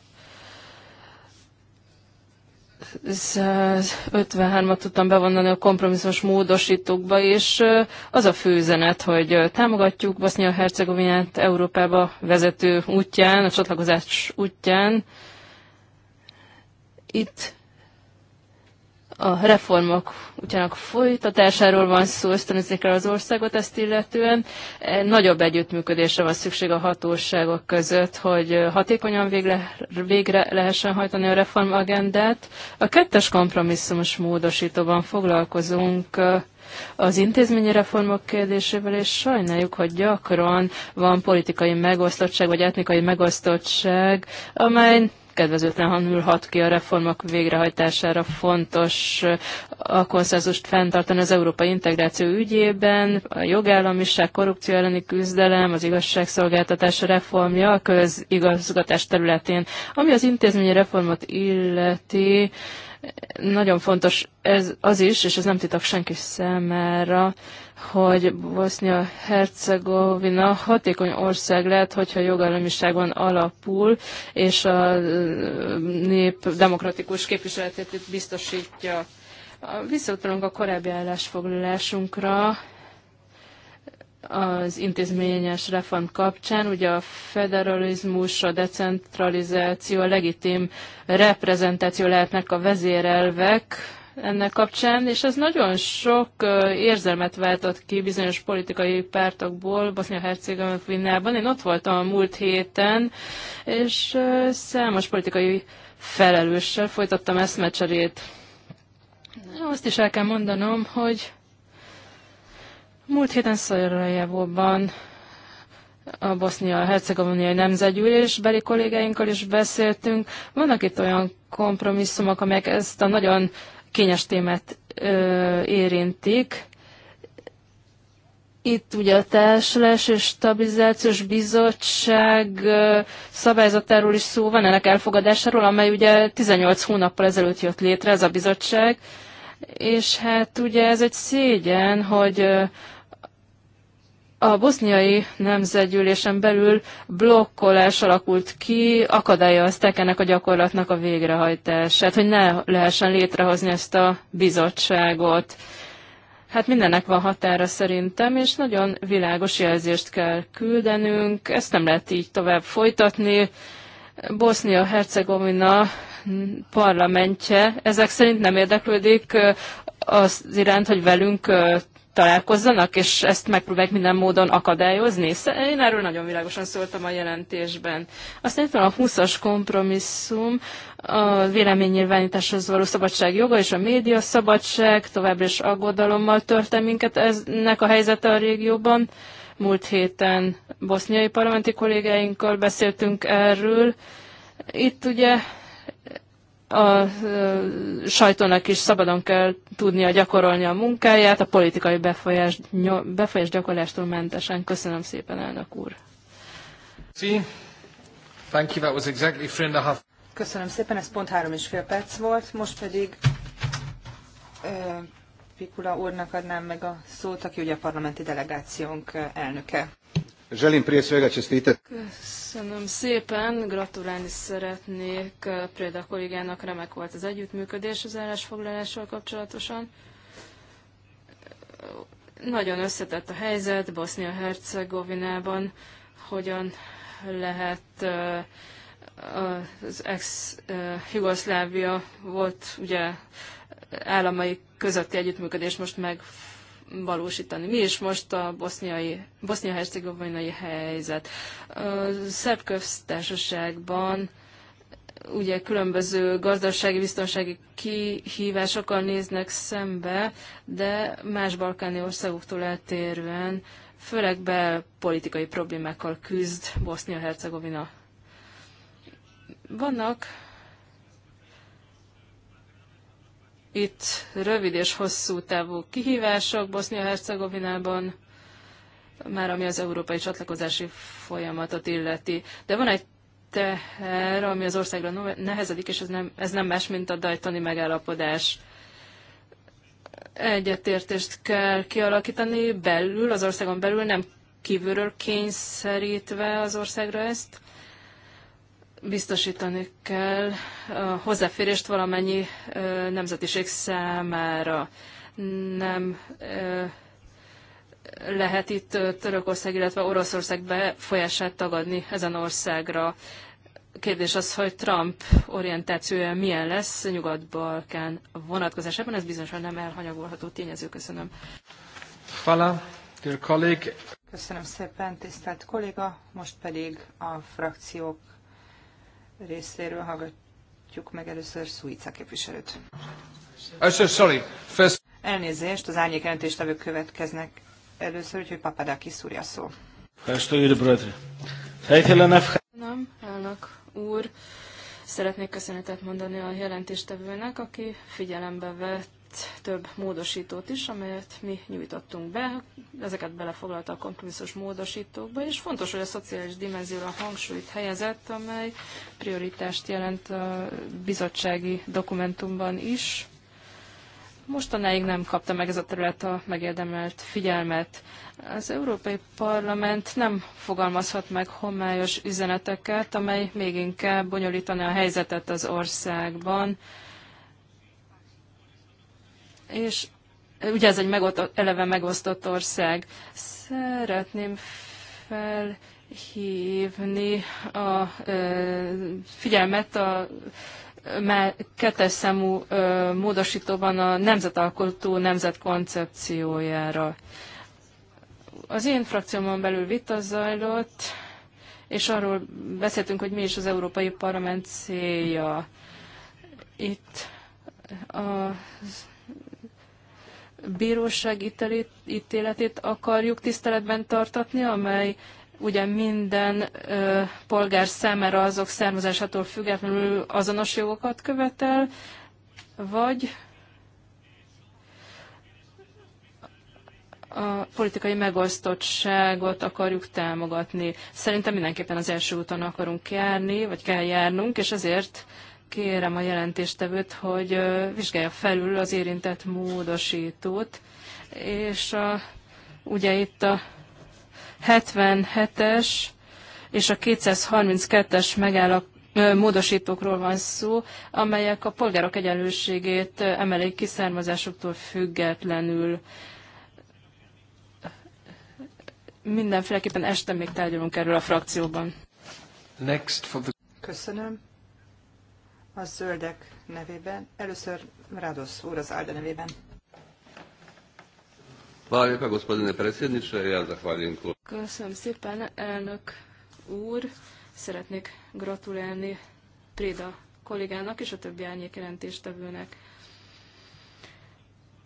53 at tudtam bevonni a kompromisszumos módosítókba, és az a üzenet, hogy támogatjuk Bosznia-Hercegovinát Európába vezető útján, a csatlakozás útján. Itt a reformok ugyanak folytatásáról van szó, ösztönözni kell az országot ezt illetően. E, nagyobb együttműködésre van szükség a hatóságok között, hogy e, hatékonyan végre, végre lehessen hajtani a reformagendát. A kettes kompromisszumos módosítóban foglalkozunk e, az intézményi reformok kérdésével, és sajnáljuk, hogy gyakran van politikai megosztottság, vagy etnikai megosztottság, amely kedvezőtlen hanul hat ki a reformok végrehajtására. Fontos a konszenzust fenntartani az európai integráció ügyében, a jogállamiság, korrupció elleni küzdelem, az igazságszolgáltatás reformja a közigazgatás területén. Ami az intézményi reformot illeti, nagyon fontos ez az is, és ez nem titok senki számára, hogy Bosznia-Hercegovina hatékony ország lehet, hogyha jogállamiságon alapul, és a nép demokratikus képviseletét biztosítja. Visszautalunk a korábbi állásfoglalásunkra, az intézményes reform kapcsán. Ugye a federalizmus, a decentralizáció, a legitim reprezentáció lehetnek a vezérelvek ennek kapcsán, és ez nagyon sok érzelmet váltott ki bizonyos politikai pártokból bosnia hercegovinában Én ott voltam a múlt héten, és számos politikai felelőssel folytattam eszmecserét. Azt is el kell mondanom, hogy múlt héten Szajrajevóban a bosznia-hercegoviniai nemzetgyűlés beli kollégáinkkal is beszéltünk. Vannak itt olyan kompromisszumok, amelyek ezt a nagyon kényes témát ö, érintik. Itt ugye a Társulás és Stabilizációs Bizottság szabályzatáról is szó van, ennek elfogadásáról, amely ugye 18 hónappal ezelőtt jött létre ez a bizottság, és hát ugye ez egy szégyen, hogy a boszniai nemzetgyűlésen belül blokkolás alakult ki, akadálya az tekenek a gyakorlatnak a végrehajtását, hogy ne lehessen létrehozni ezt a bizottságot. Hát mindennek van határa szerintem, és nagyon világos jelzést kell küldenünk, ezt nem lehet így tovább folytatni. Bosznia-Hercegovina parlamentje ezek szerint nem érdeklődik az iránt, hogy velünk találkozzanak, és ezt megpróbálják minden módon akadályozni. Én erről nagyon világosan szóltam a jelentésben. Aztán itt van a 20-as kompromisszum, a véleménynyilvánításhoz való szabadság joga és a média szabadság továbbra is aggodalommal törte minket ennek a helyzete a régióban. Múlt héten boszniai parlamenti kollégáinkkal beszéltünk erről. Itt ugye a sajtónak is szabadon kell tudnia gyakorolni a munkáját, a politikai befolyás, befolyás gyakorlástól mentesen. Köszönöm szépen, elnök úr. Köszönöm szépen, ez pont három és fél perc volt. Most pedig Pikula úrnak adnám meg a szót, aki ugye a parlamenti delegációnk elnöke. Želim prije svega čestitati. Köszönöm szépen, gratulálni szeretnék Préda kollégának, remek volt az együttműködés az állásfoglalással kapcsolatosan. Nagyon összetett a helyzet Bosznia-Hercegovinában, hogyan lehet az ex-Jugoszlávia volt ugye államai közötti együttműködés most meg valósítani. Mi is most a boszniai, bosznia-hercegovinai helyzet. A szerb köztársaságban ugye különböző gazdasági, biztonsági kihívásokkal néznek szembe, de más balkáni országoktól eltérően főleg belpolitikai problémákkal küzd Bosznia-Hercegovina. Vannak Itt rövid és hosszú távú kihívások Bosznia-Hercegovinában, már ami az európai csatlakozási folyamatot illeti. De van egy teher, ami az országra nehezedik, és ez nem, ez nem más, mint a dajtoni megállapodás egyetértést kell kialakítani belül, az országon belül, nem kívülről kényszerítve az országra ezt biztosítani kell a hozzáférést valamennyi nemzetiség számára. Nem lehet itt Törökország, illetve Oroszország befolyását tagadni ezen országra. Kérdés az, hogy Trump orientációja milyen lesz Nyugat-Balkán vonatkozásában. Ez bizonyosan nem elhanyagolható tényező. Köszönöm. Fala, dear colleague. Köszönöm szépen, tisztelt kolléga. Most pedig a frakciók részéről hallgatjuk meg először Szuica képviselőt. Oh, Elnézést, az árnyék jelentéstevők következnek először, úgyhogy Papadakis szúrja szó. Nem, elnök úr. Szeretnék köszönetet mondani a jelentéstevőnek, aki figyelembe vett több módosítót is, amelyet mi nyújtottunk be. Ezeket belefoglalta a kompromisszus módosítókba, és fontos, hogy a szociális dimenzióra hangsúlyt helyezett, amely prioritást jelent a bizottsági dokumentumban is. Mostanáig nem kapta meg ez a terület a megérdemelt figyelmet. Az Európai Parlament nem fogalmazhat meg homályos üzeneteket, amely még inkább bonyolítaná a helyzetet az országban és ugye ez egy megosztott, eleve megosztott ország. Szeretném felhívni a ö, figyelmet a már kettes számú ö, módosítóban a nemzetalkotó nemzet koncepciójára. Az én frakciómon belül vita zajlott, és arról beszéltünk, hogy mi is az Európai Parlament célja. Itt az bíróság ítéletét akarjuk tiszteletben tartatni, amely ugye minden ö, polgár számára azok származásától függetlenül azonos jogokat követel, vagy a politikai megosztottságot akarjuk támogatni. Szerintem mindenképpen az első úton akarunk járni, vagy kell járnunk, és ezért kérem a jelentéstevőt, hogy vizsgálja felül az érintett módosítót, és a, ugye itt a 77-es és a 232-es megállap, módosítókról van szó, amelyek a polgárok egyenlőségét emelik ki származásuktól függetlenül. Mindenféleképpen este még tárgyalunk erről a frakcióban. Next for the... Köszönöm a zöldek nevében. Először Rados úr az Alde nevében. Köszönöm szépen, elnök úr. Szeretnék gratulálni Préda kollégának és a többi árnyék jelentéstevőnek.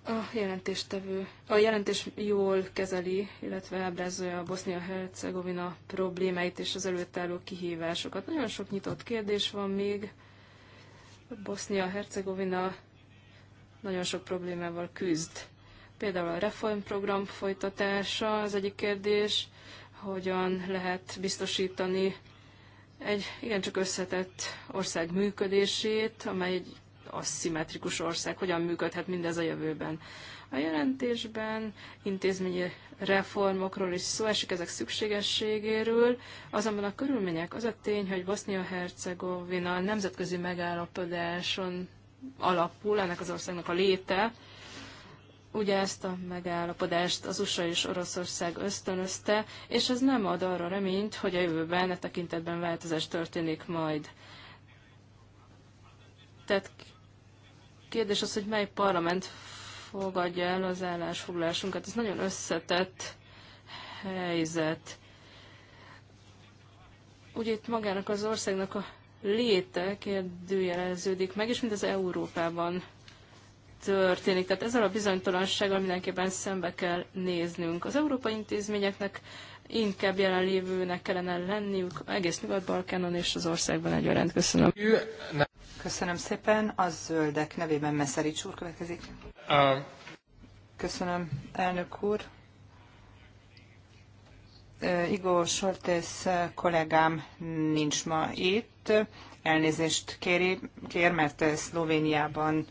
A, jelentéstevő, a jelentés jól kezeli, illetve ábrázolja a Bosznia-Hercegovina problémáit és az előtt álló kihívásokat. Nagyon sok nyitott kérdés van még, Bosznia-Hercegovina nagyon sok problémával küzd. Például a reformprogram folytatása az egyik kérdés, hogyan lehet biztosítani egy igencsak összetett ország működését, amely egy aszimmetrikus ország, hogyan működhet mindez a jövőben. A jelentésben intézményi reformokról is szó esik, ezek szükségességéről, azonban a körülmények az a tény, hogy Bosznia-Hercegovina nemzetközi megállapodáson alapul ennek az országnak a léte, ugye ezt a megállapodást az USA és Oroszország ösztönözte, és ez nem ad arra reményt, hogy a jövőben a e tekintetben változás történik majd. Tehát kérdés az, hogy mely parlament fogadja el az állásfoglalásunkat. Ez nagyon összetett helyzet. Ugye itt magának az országnak a léte kérdőjeleződik meg, és mint az Európában történik. Tehát ezzel a bizonytalansággal mindenképpen szembe kell néznünk. Az európai intézményeknek inkább jelenlévőnek kellene lenniük egész Nyugat-Balkánon és az országban egyaránt. Köszönöm. Köszönöm szépen. A zöldek nevében Meszerics úr következik. Köszönöm, elnök úr. Igor Soltész kollégám nincs ma itt. Elnézést kéri, kér, mert Szlovéniában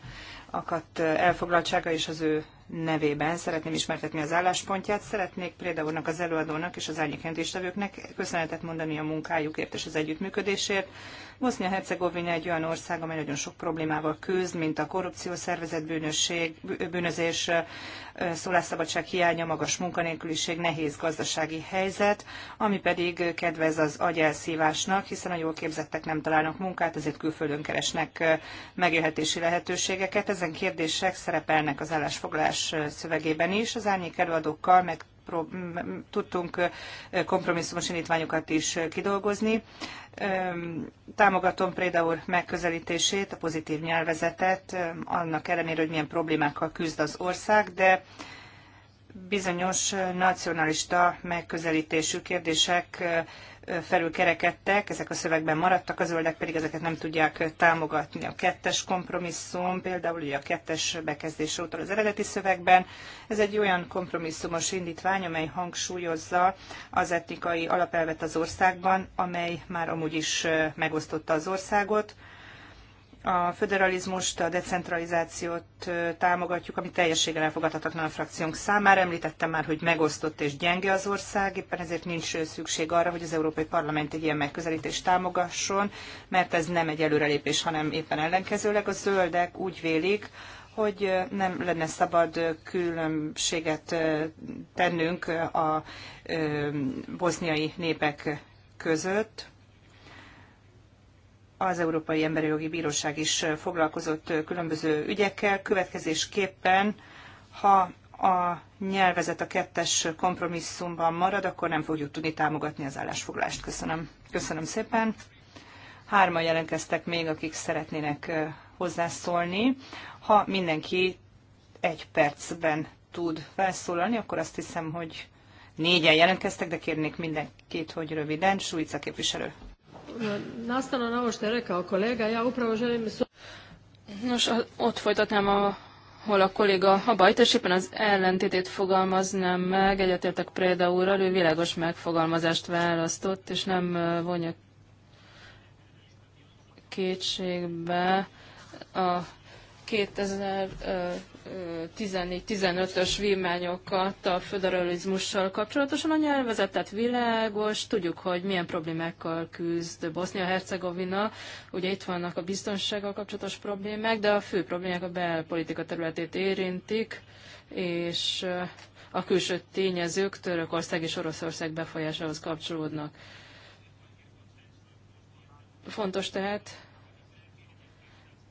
akadt elfoglaltsága, és az ő nevében szeretném ismertetni az álláspontját. Szeretnék Préda úrnak, az előadónak és az árnyékentéstevőknek köszönetet mondani a munkájukért és az együttműködésért. Bosznia-Hercegovina egy olyan ország, amely nagyon sok problémával küzd, mint a korrupció, szervezetbűnösség, bűnözés, szólásszabadság hiánya, magas munkanélküliség, nehéz gazdasági helyzet, ami pedig kedvez az agyelszívásnak, hiszen a jól képzettek nem találnak munkát, ezért külföldön keresnek megélhetési lehetőségeket. Ezen kérdések szerepelnek az állásfoglalás szövegében is. Az árnyék előadókkal meg tudtunk kompromisszumos indítványokat is kidolgozni. Támogatom Préda úr megközelítését, a pozitív nyelvezetet, annak ellenére, hogy milyen problémákkal küzd az ország, de bizonyos nacionalista megközelítésű kérdések felülkerekedtek, ezek a szövegben maradtak, a zöldek pedig ezeket nem tudják támogatni. A kettes kompromisszum, például ugye a kettes bekezdés óta az eredeti szövegben, ez egy olyan kompromisszumos indítvány, amely hangsúlyozza az etnikai alapelvet az országban, amely már amúgy is megosztotta az országot, a föderalizmust, a decentralizációt támogatjuk, ami teljességgel elfogadhatatlan a frakciónk számára. Említettem már, hogy megosztott és gyenge az ország, éppen ezért nincs szükség arra, hogy az Európai Parlament egy ilyen megközelítést támogasson, mert ez nem egy előrelépés, hanem éppen ellenkezőleg a zöldek úgy vélik, hogy nem lenne szabad különbséget tennünk a boszniai népek között, az Európai Emberi Jogi Bíróság is foglalkozott különböző ügyekkel. Következésképpen, ha a nyelvezet a kettes kompromisszumban marad, akkor nem fogjuk tudni támogatni az állásfoglalást. Köszönöm. Köszönöm szépen. Hárman jelentkeztek még, akik szeretnének hozzászólni. Ha mindenki egy percben tud felszólalni, akkor azt hiszem, hogy négyen jelentkeztek, de kérnék mindenkit, hogy röviden. Sújca képviselő nastavno na ovo što je rekao kolega, ja upravo želim... Nos, ott folytatnám, ahol hol a kolléga a bajt, és éppen az ellentétét fogalmaznám meg. Egyetértek Préda úrral, ő világos megfogalmazást választott, és nem vonja kétségbe a 2000 14-15-ös vívmányokat a föderalizmussal kapcsolatosan a nyelvezetet világos, tudjuk, hogy milyen problémákkal küzd bosnia hercegovina ugye itt vannak a biztonsággal kapcsolatos problémák, de a fő problémák a belpolitika területét érintik, és eh, a külső tényezők Törökország és Oroszország befolyásához kapcsolódnak. Fontos tehát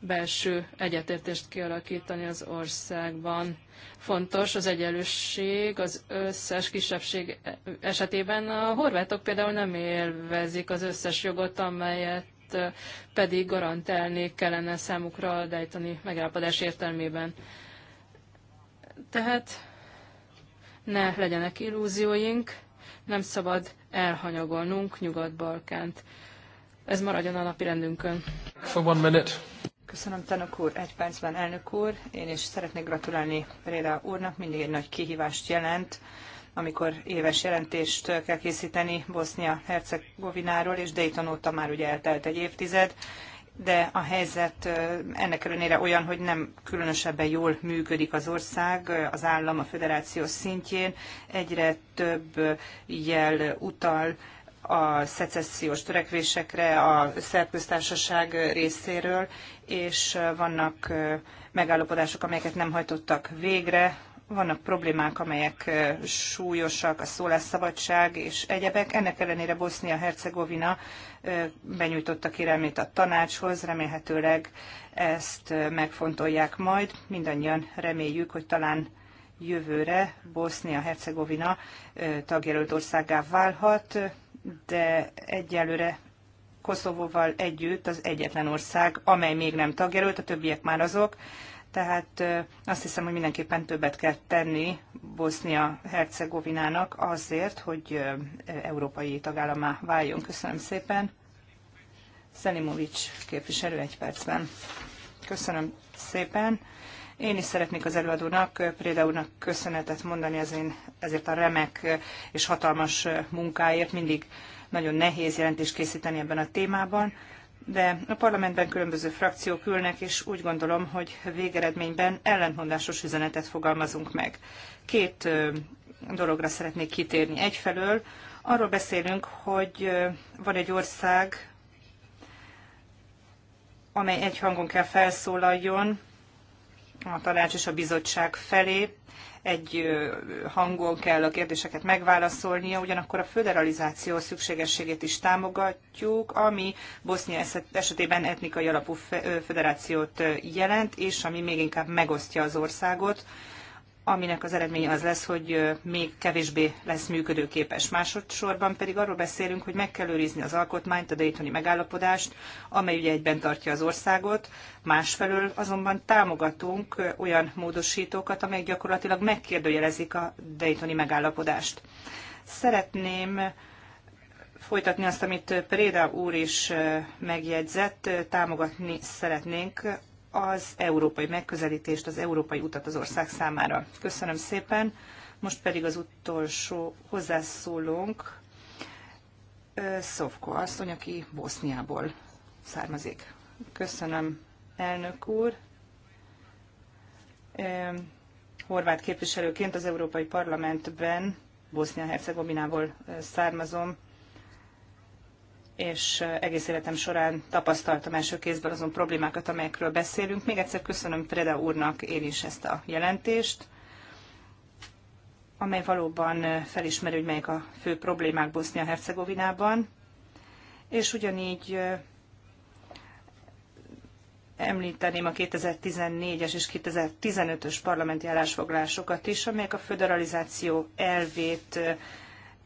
belső egyetértést kialakítani az országban. Fontos az egyenlőség az összes kisebbség esetében. A horvátok például nem élvezik az összes jogot, amelyet pedig garantálni kellene számukra a Daytoni megállapodás értelmében. Tehát ne legyenek illúzióink, nem szabad elhanyagolnunk Nyugat-Balkánt. Ez maradjon a napi rendünkön. For one minute. Köszönöm, tanok úr. Egy percben, elnök úr. Én is szeretnék gratulálni Pereira úrnak. Mindig egy nagy kihívást jelent, amikor éves jelentést kell készíteni Bosznia-Hercegovináról, és Dayton óta már ugye eltelt egy évtized de a helyzet ennek ellenére olyan, hogy nem különösebben jól működik az ország, az állam a föderáció szintjén. Egyre több jel utal a szecessziós törekvésekre a szerköztársaság részéről, és vannak megállapodások, amelyeket nem hajtottak végre, vannak problémák, amelyek súlyosak, a szólásszabadság és egyebek. Ennek ellenére Bosznia-Hercegovina benyújtotta kérelmét a tanácshoz, remélhetőleg ezt megfontolják majd. Mindannyian reméljük, hogy talán jövőre Bosznia-Hercegovina tagjelölt országá válhat de egyelőre Koszovóval együtt az egyetlen ország, amely még nem tagjelölt, a többiek már azok. Tehát azt hiszem, hogy mindenképpen többet kell tenni Bosznia-Hercegovinának azért, hogy európai tagállamá váljon. Köszönöm szépen. Szenimovics képviselő egy percben. Köszönöm szépen. Én is szeretnék az előadónak, Préda úrnak köszönetet mondani az én, ezért a remek és hatalmas munkáért. Mindig nagyon nehéz jelentést készíteni ebben a témában, de a parlamentben különböző frakciók ülnek, és úgy gondolom, hogy végeredményben ellentmondásos üzenetet fogalmazunk meg. Két dologra szeretnék kitérni. Egyfelől arról beszélünk, hogy van egy ország, amely egy hangon kell felszólaljon, a tanács és a bizottság felé. Egy hangon kell a kérdéseket megválaszolnia, ugyanakkor a föderalizáció szükségességét is támogatjuk, ami Bosznia esetében etnikai alapú federációt jelent, és ami még inkább megosztja az országot aminek az eredménye az lesz, hogy még kevésbé lesz működőképes. Másodszorban pedig arról beszélünk, hogy meg kell őrizni az alkotmányt, a Daytoni megállapodást, amely ugye egyben tartja az országot, másfelől azonban támogatunk olyan módosítókat, amelyek gyakorlatilag megkérdőjelezik a Daytoni megállapodást. Szeretném folytatni azt, amit Préda úr is megjegyzett, támogatni szeretnénk az európai megközelítést, az európai utat az ország számára. Köszönöm szépen. Most pedig az utolsó hozzászólónk, Szovko asszony, aki Boszniából származik. Köszönöm, elnök úr. Horvát képviselőként az Európai Parlamentben Bosznia-Hercegovinából származom, és egész életem során tapasztaltam első kézből azon problémákat, amelyekről beszélünk. Még egyszer köszönöm Preda úrnak én is ezt a jelentést, amely valóban felismeri, hogy melyek a fő problémák Bosznia-Hercegovinában, és ugyanígy említeném a 2014-es és 2015-ös parlamenti állásfoglalásokat is, amelyek a föderalizáció elvét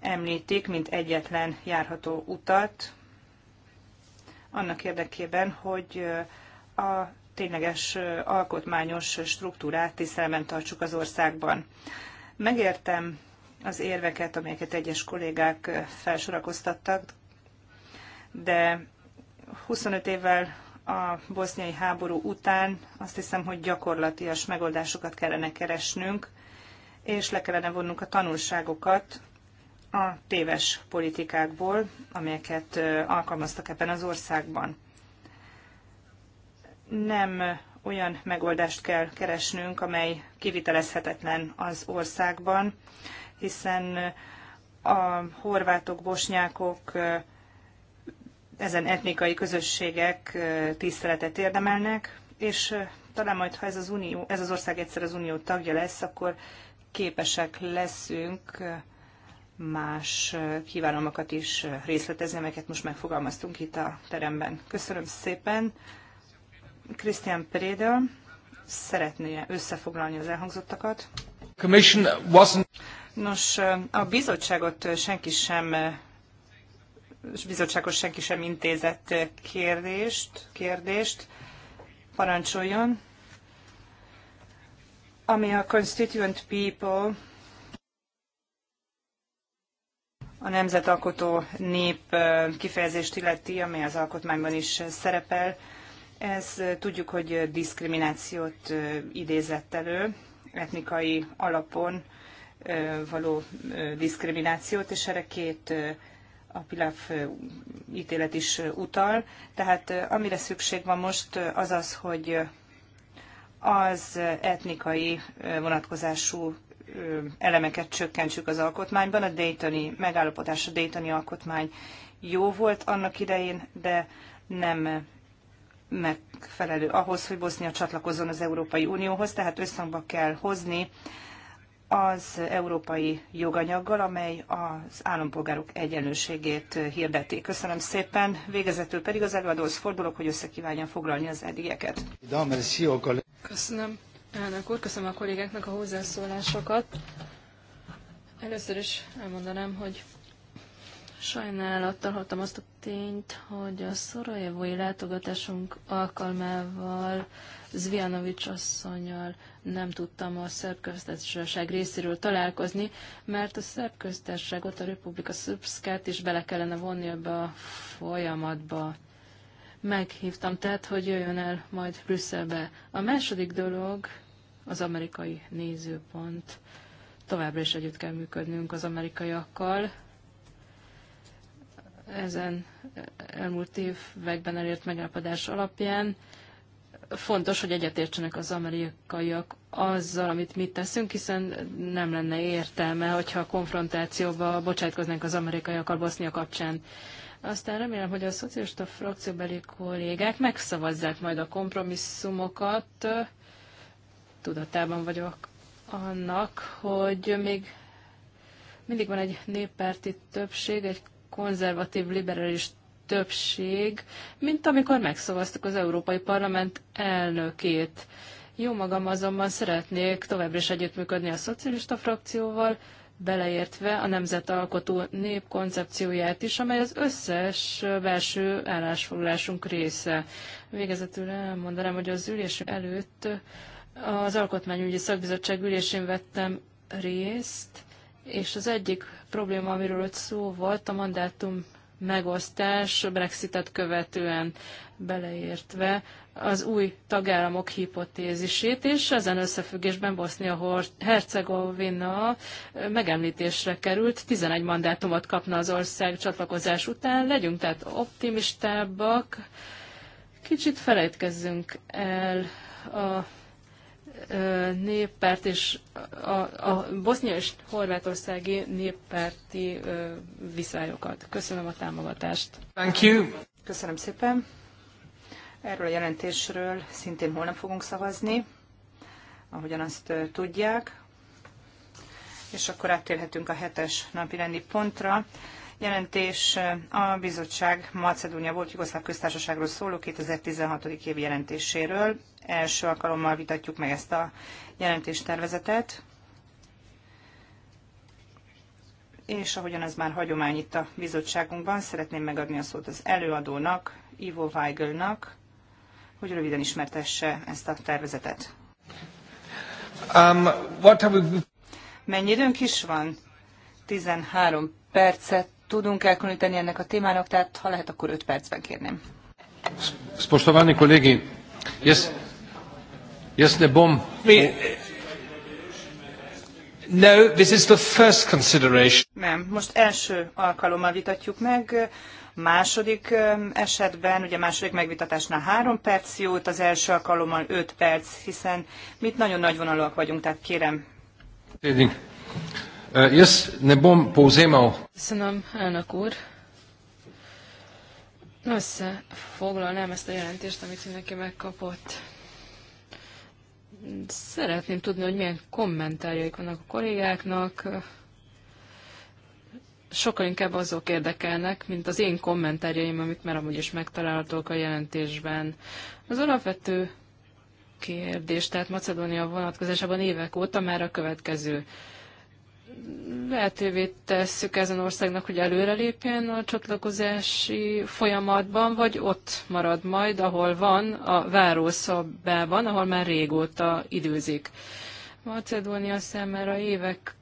említik, mint egyetlen járható utat annak érdekében, hogy a tényleges alkotmányos struktúrát tisztelben tartsuk az országban. Megértem az érveket, amelyeket egyes kollégák felsorakoztattak, de 25 évvel a boszniai háború után azt hiszem, hogy gyakorlatias megoldásokat kellene keresnünk, és le kellene vonnunk a tanulságokat a téves politikákból, amelyeket alkalmaztak ebben az országban. Nem olyan megoldást kell keresnünk, amely kivitelezhetetlen az országban, hiszen a horvátok, bosnyákok, ezen etnikai közösségek tiszteletet érdemelnek, és talán majd, ha ez az, unió, ez az ország egyszer az unió tagja lesz, akkor képesek leszünk más kívánomokat is részletezni, amelyeket most megfogalmaztunk itt a teremben. Köszönöm szépen. Christian Preda szeretné összefoglalni az elhangzottakat. Nos, a bizottságot senki sem bizottságos senki sem intézett kérdést, kérdést parancsoljon. Ami a Constituent People a nemzetalkotó nép kifejezést illeti, ami az alkotmányban is szerepel, ez tudjuk, hogy diszkriminációt idézett elő, etnikai alapon való diszkriminációt, és erre két a Pilaf ítélet is utal. Tehát amire szükség van most az az, hogy az etnikai vonatkozású elemeket csökkentsük az alkotmányban. A Daytoni megállapodás, a Daytoni alkotmány jó volt annak idején, de nem megfelelő ahhoz, hogy Bosznia csatlakozzon az Európai Unióhoz, tehát összhangba kell hozni az európai joganyaggal, amely az állampolgárok egyenlőségét hirdeti. Köszönöm szépen, végezetül pedig az előadóhoz fordulok, hogy összekívánja foglalni az eddigeket. Köszönöm Elnök úr, köszönöm a kollégáknak a hozzászólásokat. Először is elmondanám, hogy sajnálattal hallottam azt a tényt, hogy a szorajevói látogatásunk alkalmával Zvjanovics asszonyjal nem tudtam a szerb köztársaság részéről találkozni, mert a szerb ott a Republika Szöbszkát is bele kellene vonni ebbe a folyamatba. Meghívtam tehát, hogy jöjjön el majd Brüsszelbe. A második dolog, az amerikai nézőpont. Továbbra is együtt kell működnünk az amerikaiakkal. Ezen elmúlt években elért megállapodás alapján fontos, hogy egyetértsenek az amerikaiak azzal, amit mi teszünk, hiszen nem lenne értelme, hogyha a konfrontációba bocsátkoznánk az amerikaiakkal Bosznia kapcsán. Aztán remélem, hogy a szocialista frakcióbeli kollégák megszavazzák majd a kompromisszumokat, tudatában vagyok annak, hogy még mindig van egy néppárti többség, egy konzervatív, liberális többség, mint amikor megszavaztuk az Európai Parlament elnökét. Jó magam azonban szeretnék továbbra is együttműködni a szocialista frakcióval, beleértve a nemzetalkotó nép koncepcióját is, amely az összes belső állásfoglalásunk része. Végezetül elmondanám, hogy az ülés előtt az Alkotmányügyi Szakbizottság ülésén vettem részt, és az egyik probléma, amiről ott szó volt, a mandátum megosztás Brexitet követően beleértve az új tagállamok hipotézisét, és ezen összefüggésben Bosznia-Hercegovina megemlítésre került, 11 mandátumot kapna az ország csatlakozás után, legyünk tehát optimistábbak, kicsit felejtkezzünk el a néppárt és a, a bosznia és horvátországi néppárti viszályokat. Köszönöm a támogatást. Thank you. Köszönöm szépen. Erről a jelentésről szintén holnap fogunk szavazni, ahogyan azt tudják. És akkor áttérhetünk a hetes napi rendi pontra jelentés a bizottság Macedónia volt Jugoszláv köztársaságról szóló 2016. évi jelentéséről. Első alkalommal vitatjuk meg ezt a jelentéstervezetet. És ahogyan az már hagyomány itt a bizottságunkban, szeretném megadni a szót az előadónak, Ivo Weigelnak, hogy röviden ismertesse ezt a tervezetet. Um, what have we... Mennyi időnk is van? 13 percet tudunk elkülöníteni ennek a témának, tehát ha lehet, akkor 5 percben kérném. Spoštovani kolegi, jaz, jaz ne bom... Mi... No, this is the first consideration. Nem, most első alkalommal vitatjuk meg. Második um, esetben, ugye második megvitatásnál három perc jót, az első alkalommal öt perc, hiszen mit nagyon nagyon nagyvonalúak vagyunk, tehát kérem. Tényleg. Jaz ne bom povzemal. Köszönöm, elnök úr. Összefoglalnám ezt a jelentést, amit mindenki megkapott. Szeretném tudni, hogy milyen kommentárjaik vannak a kollégáknak. Sokkal inkább azok érdekelnek, mint az én kommentárjaim, amik már amúgy is megtalálhatók a jelentésben. Az alapvető kérdés, tehát Macedónia vonatkozásában évek óta már a következő lehetővé tesszük ezen országnak, hogy előrelépjen a csatlakozási folyamatban, vagy ott marad majd, ahol van, a várószabában, ahol már régóta időzik. Macedónia számára évek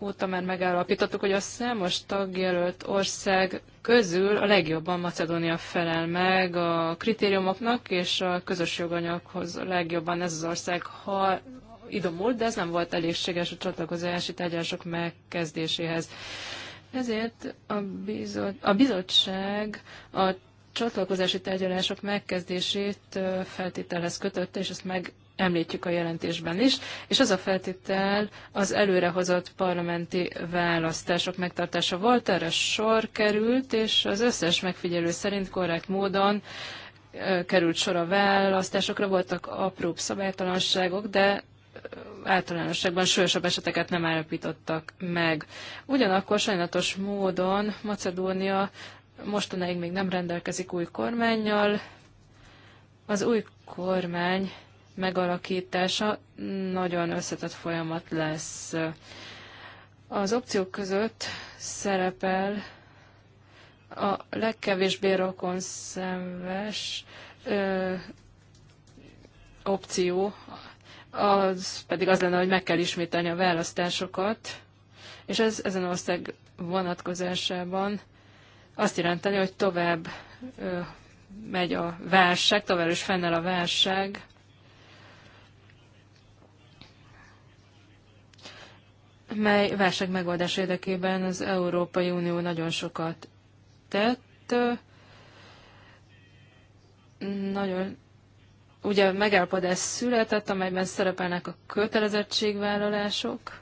óta már megállapítottuk, hogy a számos tagjelölt ország közül a legjobban Macedónia felel meg a kritériumoknak, és a közös joganyaghoz legjobban ez az ország idomult, de ez nem volt elégséges a csatlakozási tárgyalások megkezdéséhez. Ezért a, bizot, a bizottság a csatlakozási tárgyalások megkezdését feltételhez kötötte, és ezt meg említjük a jelentésben is, és az a feltétel az előrehozott parlamenti választások megtartása volt, erre sor került, és az összes megfigyelő szerint korrekt módon került sor a választásokra, voltak apróbb szabálytalanságok, de általánosságban súlyosabb eseteket nem állapítottak meg. Ugyanakkor sajnálatos módon Macedónia mostanáig még nem rendelkezik új kormányjal. Az új kormány megalakítása nagyon összetett folyamat lesz. Az opciók között szerepel a legkevésbé rokon szemves ö, opció, az pedig az lenne, hogy meg kell ismételni a választásokat, és ez ezen ország vonatkozásában azt jelenteni, hogy tovább ö, megy a válság, tovább is fennel a válság. mely válság megoldás érdekében az Európai Unió nagyon sokat tett, nagyon ugye megállapodás született, amelyben szerepelnek a kötelezettségvállalások,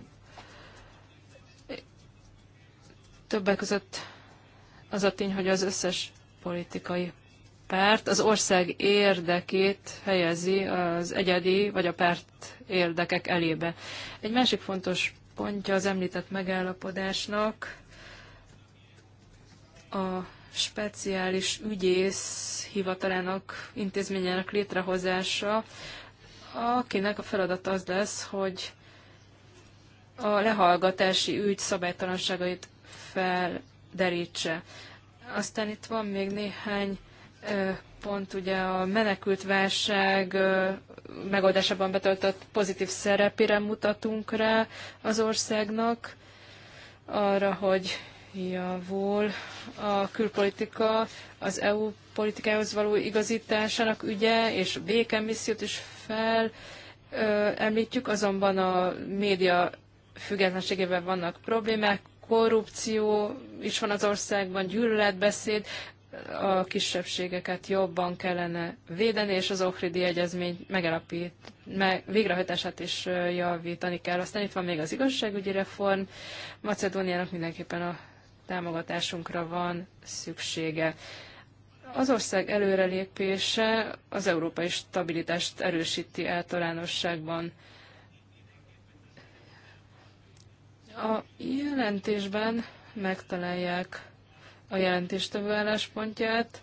többek között az a tény, hogy az összes politikai párt az ország érdekét helyezi az egyedi vagy a párt érdekek elébe. Egy másik fontos pontja az említett megállapodásnak a speciális ügyész hivatalának, intézményének létrehozása, akinek a feladata az lesz, hogy a lehallgatási ügy szabálytalanságait felderítse. Aztán itt van még néhány pont ugye a menekült válság megoldásában betöltött pozitív szerepére mutatunk rá az országnak, arra, hogy javul a külpolitika az EU politikához való igazításának ügye, és békemissziót is fel ö, említjük, azonban a média függetlenségében vannak problémák, korrupció is van az országban, gyűlöletbeszéd, a kisebbségeket jobban kellene védeni, és az Ohridi Egyezmény megalapít, meg, végrehajtását is javítani kell. Aztán itt van még az igazságügyi reform. Macedóniának mindenképpen a támogatásunkra van szüksége. Az ország előrelépése az európai stabilitást erősíti általánosságban. A jelentésben megtalálják a jelentéstevő álláspontját,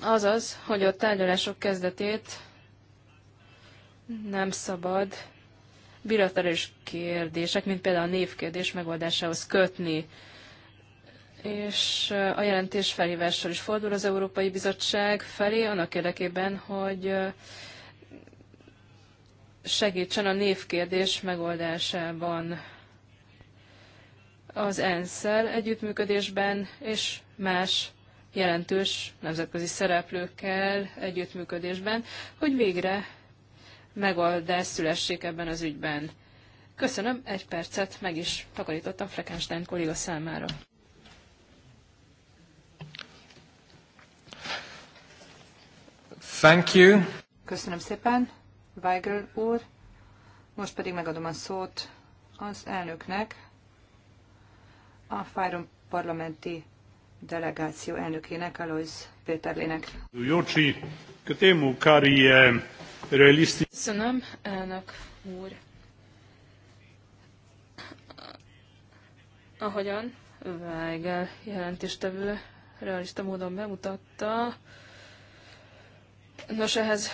azaz, hogy a tárgyalások kezdetét nem szabad bilaterális kérdések, mint például a névkérdés megoldásához kötni. És eh, a jelentés felhívással is fordul az Európai Bizottság felé, annak érdekében, hogy eh, segítsen a névkérdés megoldásában az ENSZ-szel együttműködésben és más jelentős nemzetközi szereplőkkel együttműködésben, hogy végre megoldás szülessék ebben az ügyben. Köszönöm, egy percet meg is takarítottam Frekenstein kolléga számára. Thank you. Köszönöm szépen, Weigel úr. Most pedig megadom a szót az elnöknek, a Fájron parlamenti delegáció elnökének, Alois Péterlének. Jócsi, kötémú temu, kari eh, realisztikus. Köszönöm, elnök úr. Ahogyan Weigel jelentéstevő realista módon bemutatta, Nos, ehhez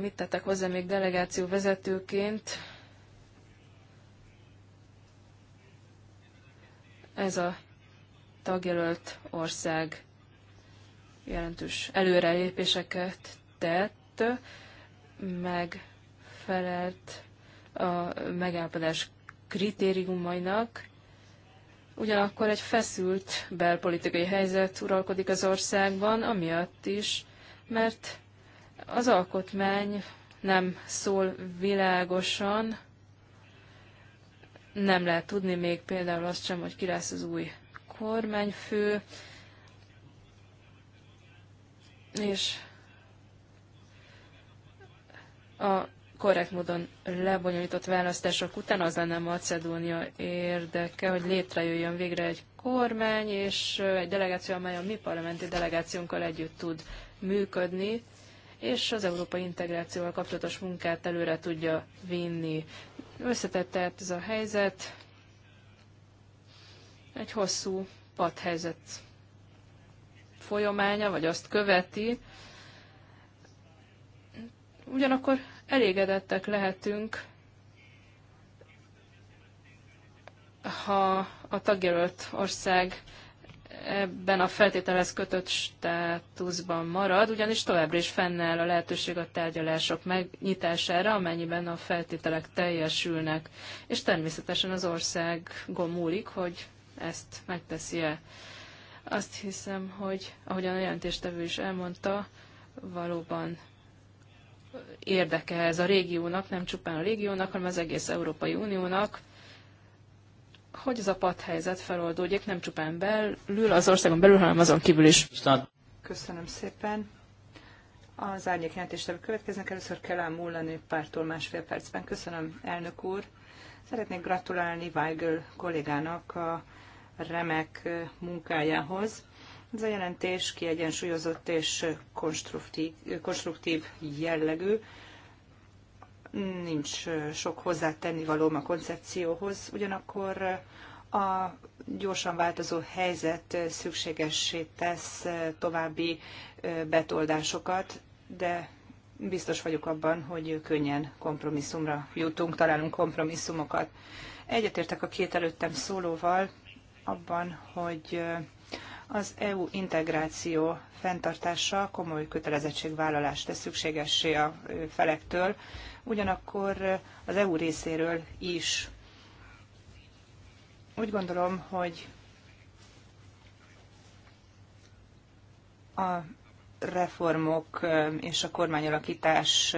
mit tettek hozzá még delegáció vezetőként? Ez a tagjelölt ország jelentős előrelépéseket tett megfelelt a megállapodás kritériumainak, ugyanakkor egy feszült belpolitikai helyzet uralkodik az országban, amiatt is, mert az alkotmány nem szól világosan, nem lehet tudni még például azt sem, hogy ki lesz az új kormányfő, és a korrekt módon lebonyolított választások után az lenne Macedónia érdeke, hogy létrejöjjön végre egy kormány és egy delegáció, amely a mi parlamenti delegációnkkal együtt tud működni, és az európai integrációval kapcsolatos munkát előre tudja vinni. Összetett ez a helyzet, egy hosszú padhelyzet folyamánya, vagy azt követi, Ugyanakkor elégedettek lehetünk, ha a tagjelölt ország ebben a feltételhez kötött státuszban marad, ugyanis továbbra is fennáll a lehetőség a tárgyalások megnyitására, amennyiben a feltételek teljesülnek, és természetesen az ország gomulik, hogy ezt megteszi-e. Azt hiszem, hogy ahogyan a jelentéstevő is elmondta, valóban érdeke ez a régiónak, nem csupán a régiónak, hanem az egész Európai Uniónak, hogy ez a padhelyzet feloldódjék, nem csupán belül, az országon belül, hanem azon kívül is. Köszönöm szépen. Az árnyék jelentéstevő következnek. Először Kelem Mulla néppártól másfél percben. Köszönöm, elnök úr. Szeretnék gratulálni Weigel kollégának a remek munkájához. Ez a jelentés kiegyensúlyozott és konstruktív, konstruktív jellegű. Nincs sok hozzátenni valóm a koncepcióhoz, ugyanakkor a gyorsan változó helyzet szükségessé tesz további betoldásokat, de biztos vagyok abban, hogy könnyen kompromisszumra jutunk, találunk kompromisszumokat. Egyetértek a két előttem szólóval abban, hogy az EU integráció fenntartása komoly kötelezettségvállalást tesz szükségessé a felektől, ugyanakkor az EU részéről is. Úgy gondolom, hogy a reformok és a kormányalakítás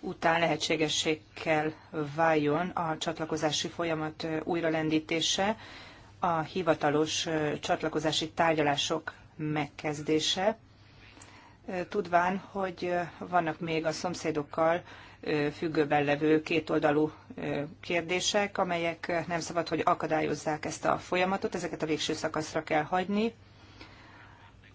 után lehetségessé kell váljon a csatlakozási folyamat újralendítése, a hivatalos csatlakozási tárgyalások megkezdése, tudván, hogy vannak még a szomszédokkal függőben levő kétoldalú kérdések, amelyek nem szabad, hogy akadályozzák ezt a folyamatot, ezeket a végső szakaszra kell hagyni.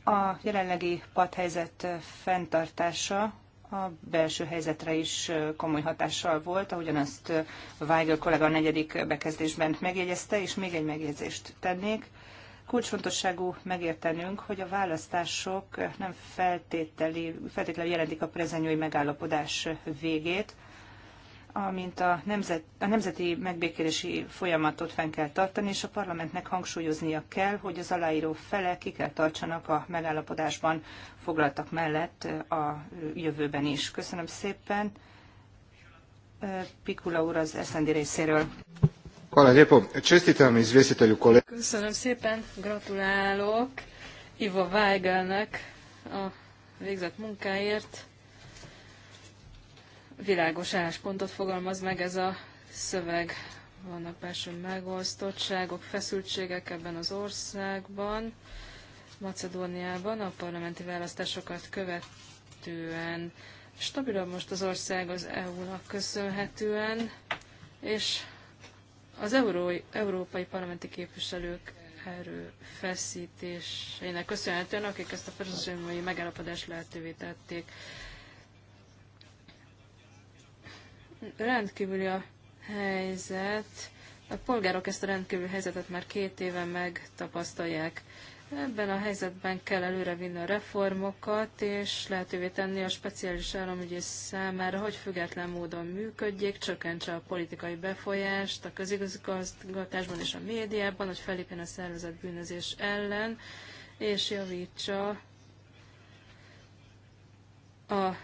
A jelenlegi padhelyzet fenntartása a belső helyzetre is komoly hatással volt, ahogyan azt Weigel kollega a negyedik bekezdésben megjegyezte, és még egy megjegyzést tennék. Kulcsfontosságú megértenünk, hogy a választások nem feltételi, feltétlenül jelentik a prezenyői megállapodás végét, amint a, nemzet, a nemzeti megbékélési folyamatot fenn kell tartani, és a parlamentnek hangsúlyoznia kell, hogy az aláíró fele ki kell tartsanak a megállapodásban foglaltak mellett a jövőben is. Köszönöm szépen. Pikula úr az SZND részéről. Köszönöm szépen, gratulálok Ivo Weigelnek a végzett munkáért világos álláspontot fogalmaz meg ez a szöveg. Vannak persze megosztottságok, feszültségek ebben az országban. Macedóniában a parlamenti választásokat követően stabilabb most az ország az EU-nak köszönhetően, és az Euró európai parlamenti képviselők erőfeszítéseinek köszönhetően, akik ezt a prezsőmői megállapodást lehetővé tették. rendkívüli a helyzet, a polgárok ezt a rendkívüli helyzetet már két éve megtapasztalják. Ebben a helyzetben kell előrevinni a reformokat, és lehetővé tenni a speciális államügyi számára, hogy független módon működjék, csökkentse a politikai befolyást a közigazgatásban és a médiában, hogy felépjen a szervezet bűnözés ellen, és javítsa a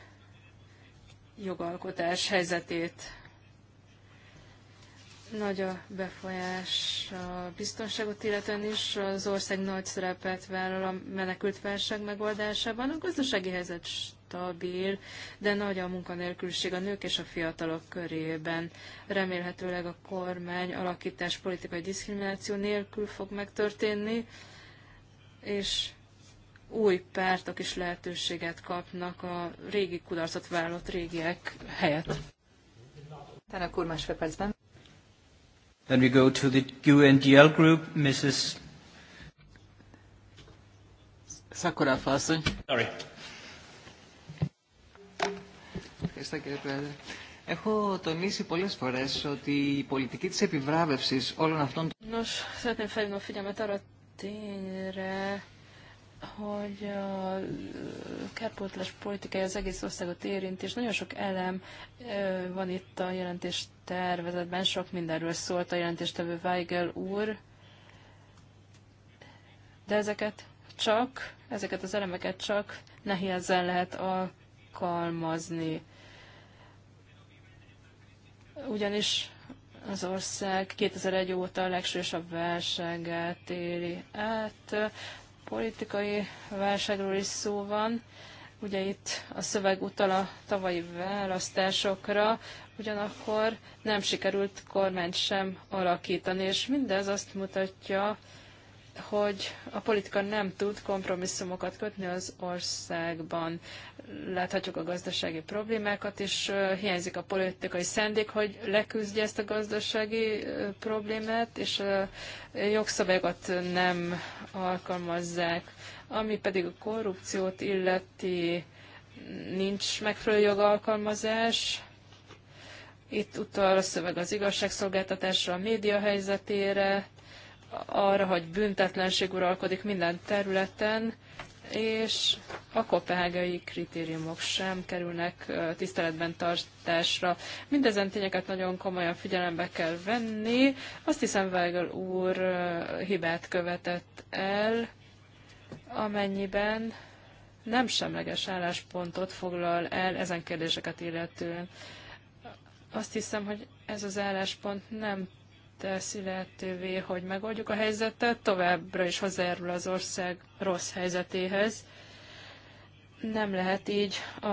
jogalkotás helyzetét. Nagy a befolyás a biztonságot illetően is, az ország nagy szerepet vállal a menekült válság megoldásában. A gazdasági helyzet stabil, de nagy a munkanélküliség a nők és a fiatalok körében. Remélhetőleg a kormány alakítás politikai diszkrimináció nélkül fog megtörténni, és új pártok is lehetőséget kapnak a régi kudarcot vállott régiek helyett. Tának úr másfélpercben. Then we go to the UNDL group, Mrs. Sakura Fasson. Sorry. Ευχαριστώ κύριε Πρόεδρε. Έχω τονίσει πολλές φορές ότι η πολιτική της επιβράβευσης όλων αυτών... των. Nos, να felhívni a figyelmet arra tényre, hogy a kárpótlás politikája az egész országot érint, és nagyon sok elem van itt a jelentés tervezetben, sok mindenről szólt a jelentéstevő Weigel úr, de ezeket csak, ezeket az elemeket csak nehézen lehet alkalmazni. Ugyanis az ország 2001 óta a legsősabb válságát éli át politikai válságról is szó van. Ugye itt a szöveg utal a tavalyi választásokra, ugyanakkor nem sikerült kormányt sem alakítani, és mindez azt mutatja, hogy a politika nem tud kompromisszumokat kötni az országban. Láthatjuk a gazdasági problémákat, és hiányzik a politikai szendék, hogy leküzdje ezt a gazdasági problémát, és a jogszabályokat nem alkalmazzák. Ami pedig a korrupciót illeti, nincs megfelelő jogalkalmazás. Itt utal a szöveg az igazságszolgáltatásra, a média helyzetére, arra, hogy büntetlenség uralkodik minden területen, és a kopenhágai kritériumok sem kerülnek tiszteletben tartásra. Mindezen tényeket nagyon komolyan figyelembe kell venni. Azt hiszem, Weigel úr hibát követett el, amennyiben nem semleges álláspontot foglal el ezen kérdéseket illetően. Azt hiszem, hogy ez az álláspont nem teszi lehetővé, hogy megoldjuk a helyzetet, továbbra is hozzájárul az ország rossz helyzetéhez. Nem lehet így a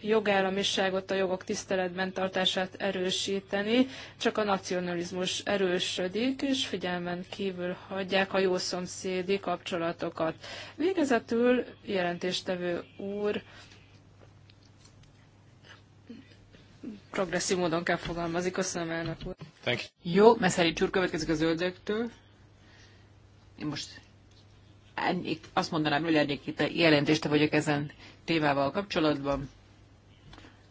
jogállamiságot, a jogok tiszteletben tartását erősíteni, csak a nacionalizmus erősödik, és figyelmen kívül hagyják a jószomszédi kapcsolatokat. Végezetül jelentéstevő úr progresszív módon kell fogalmazni. Köszönöm elnök úr. Thank you. Jó, Meszeri Csúr következik a zöldektől. Én most ennyit, azt mondanám, hogy ennyi itt a jelentéste vagyok ezen témával kapcsolatban.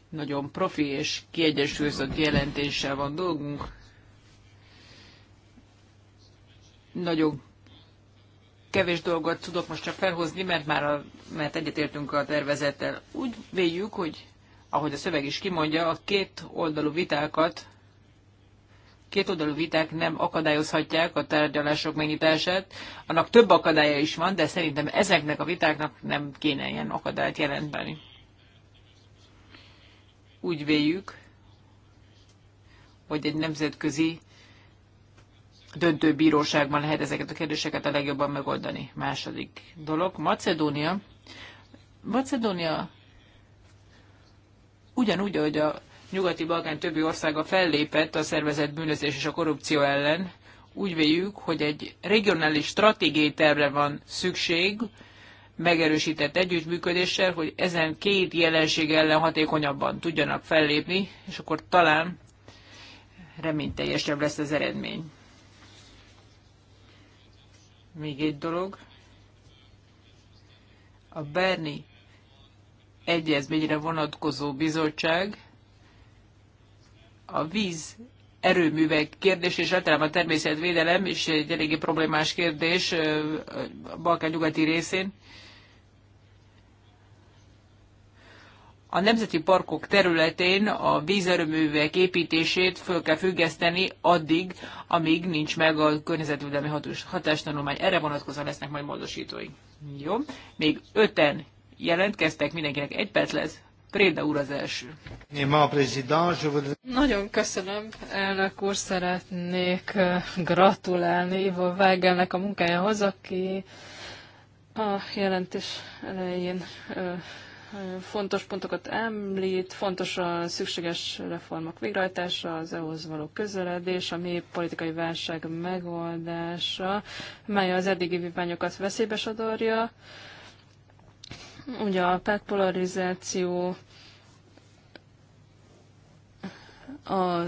Nagyon profi és kiegyensúlyozott jelentéssel van dolgunk. Nagyon kevés dolgot tudok most csak felhozni, mert már a, mert egyetértünk a tervezettel. Úgy véljük, hogy ahogy a szöveg is kimondja, a két oldalú vitákat, két oldalú viták nem akadályozhatják a tárgyalások megnyitását. Annak több akadálya is van, de szerintem ezeknek a vitáknak nem kéne ilyen akadályt jelenteni. Úgy véljük, hogy egy nemzetközi döntőbíróságban lehet ezeket a kérdéseket a legjobban megoldani. Második dolog, Macedónia. Macedónia ugyanúgy, ahogy a nyugati Balkán többi országa fellépett a szervezett bűnözés és a korrupció ellen, úgy véljük, hogy egy regionális stratégiai tervre van szükség, megerősített együttműködéssel, hogy ezen két jelenség ellen hatékonyabban tudjanak fellépni, és akkor talán reményteljesebb lesz az eredmény. Még egy dolog. A Berni egyezményre vonatkozó bizottság a víz erőművek kérdés, és általában a természetvédelem is egy eléggé problémás kérdés a Balkán nyugati részén. A nemzeti parkok területén a vízerőművek építését föl kell függeszteni addig, amíg nincs meg a környezetvédelmi hatástanulmány. Erre vonatkozóan lesznek majd módosítói. Jó. Még öten jelentkeztek, mindenkinek egy perc lesz. Préda úr az első. Nagyon köszönöm, elnök úr, szeretnék gratulálni Ivo Weigelnek a munkájához, aki a jelentés elején fontos pontokat említ, fontos a szükséges reformok végrehajtása, az EU-hoz való közeledés, a mély politikai válság megoldása, mely az eddigi vívmányokat veszélybe sodorja, Ugye a polarizáció a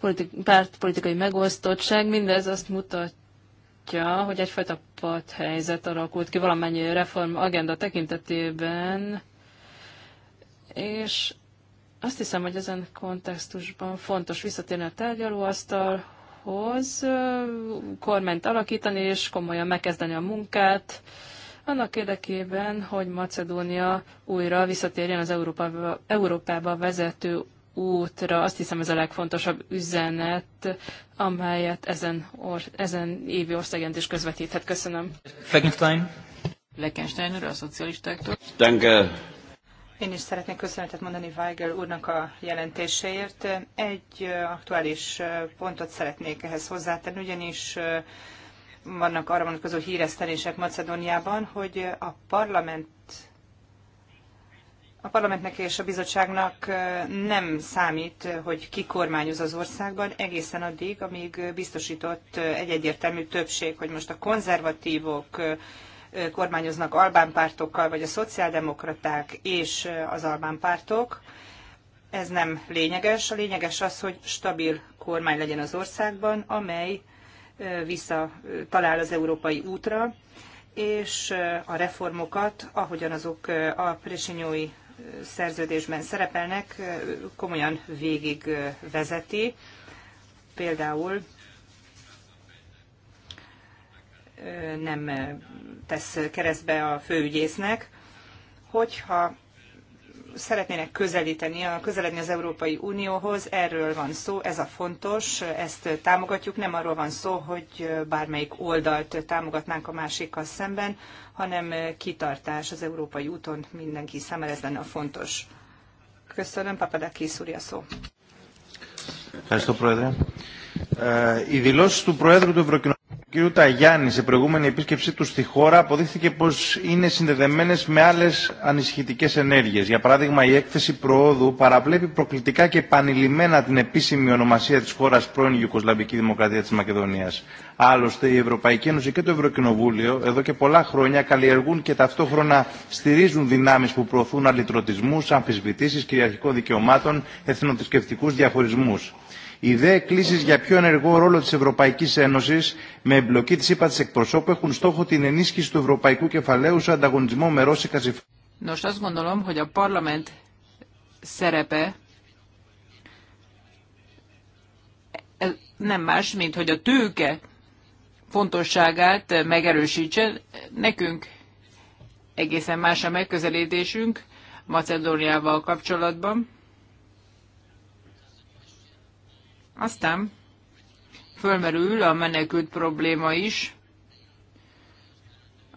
politi- politikai megosztottság, mindez azt mutatja, hogy egyfajta helyzet alakult ki valamennyi reform agenda tekintetében, és azt hiszem, hogy ezen kontextusban fontos visszatérni a tárgyalóasztalhoz, kormányt alakítani és komolyan megkezdeni a munkát, annak érdekében, hogy Macedónia újra visszatérjen az Európába, Európába vezető útra. Azt hiszem ez a legfontosabb üzenet, amelyet ezen, or, ezen évi is közvetíthet. Köszönöm. Fleckenstein. Fleckenstein úr, a szocialistáktól. Danke. Én is szeretnék köszönetet mondani Weigel úrnak a jelentéséért. Egy aktuális pontot szeretnék ehhez hozzátenni, ugyanis vannak arra vonatkozó híresztelések Macedóniában, hogy a parlament a parlamentnek és a bizottságnak nem számít, hogy ki kormányoz az országban egészen addig, amíg biztosított egy egyértelmű többség, hogy most a konzervatívok kormányoznak albán pártokkal, vagy a szociáldemokraták és az albán pártok. Ez nem lényeges. A lényeges az, hogy stabil kormány legyen az országban, amely visszatalál az európai útra, és a reformokat, ahogyan azok a presenyói szerződésben szerepelnek, komolyan végig vezeti. Például nem tesz keresztbe a főügyésznek, hogyha szeretnének közelíteni, közeledni az Európai Unióhoz, erről van szó, ez a fontos, ezt támogatjuk, nem arról van szó, hogy bármelyik oldalt támogatnánk a másikkal szemben, hanem kitartás az európai úton mindenki számára, ez lenne a fontos. Köszönöm, Papadakis úr, a szó. Ευχαριστώ, κ. Ταγιάννη σε προηγούμενη επίσκεψή του στη χώρα αποδείχθηκε πω είναι συνδεδεμένε με άλλε ανησυχητικέ ενέργειε. Για παράδειγμα, η έκθεση προόδου παραβλέπει προκλητικά και επανειλημμένα την επίσημη ονομασία τη χώρα πρώην Ιουκοσλαβική Δημοκρατία τη Μακεδονία. Άλλωστε, η Ευρωπαϊκή Ένωση και το Ευρωκοινοβούλιο εδώ και πολλά χρόνια καλλιεργούν και ταυτόχρονα στηρίζουν δυνάμει που προωθούν αλυτρωτισμού, αμφισβητήσει κυριαρχικών δικαιωμάτων, εθνοθρησκευτικού διαχωρισμού. Οι ιδέε κλήσει για πιο ενεργό ρόλο τη Ευρωπαϊκή Ένωση με εμπλοκή τη ΥΠΑ τη εκπροσώπου έχουν στόχο την ενίσχυση του ευρωπαϊκού κεφαλαίου σε ανταγωνισμό με ρώσικα συμφέροντα. nem más, mint hogy a tőke fontosságát megerősítse. Nekünk egészen más a megközelítésünk Macedóniával kapcsolatban. Aztán fölmerül a menekült probléma is,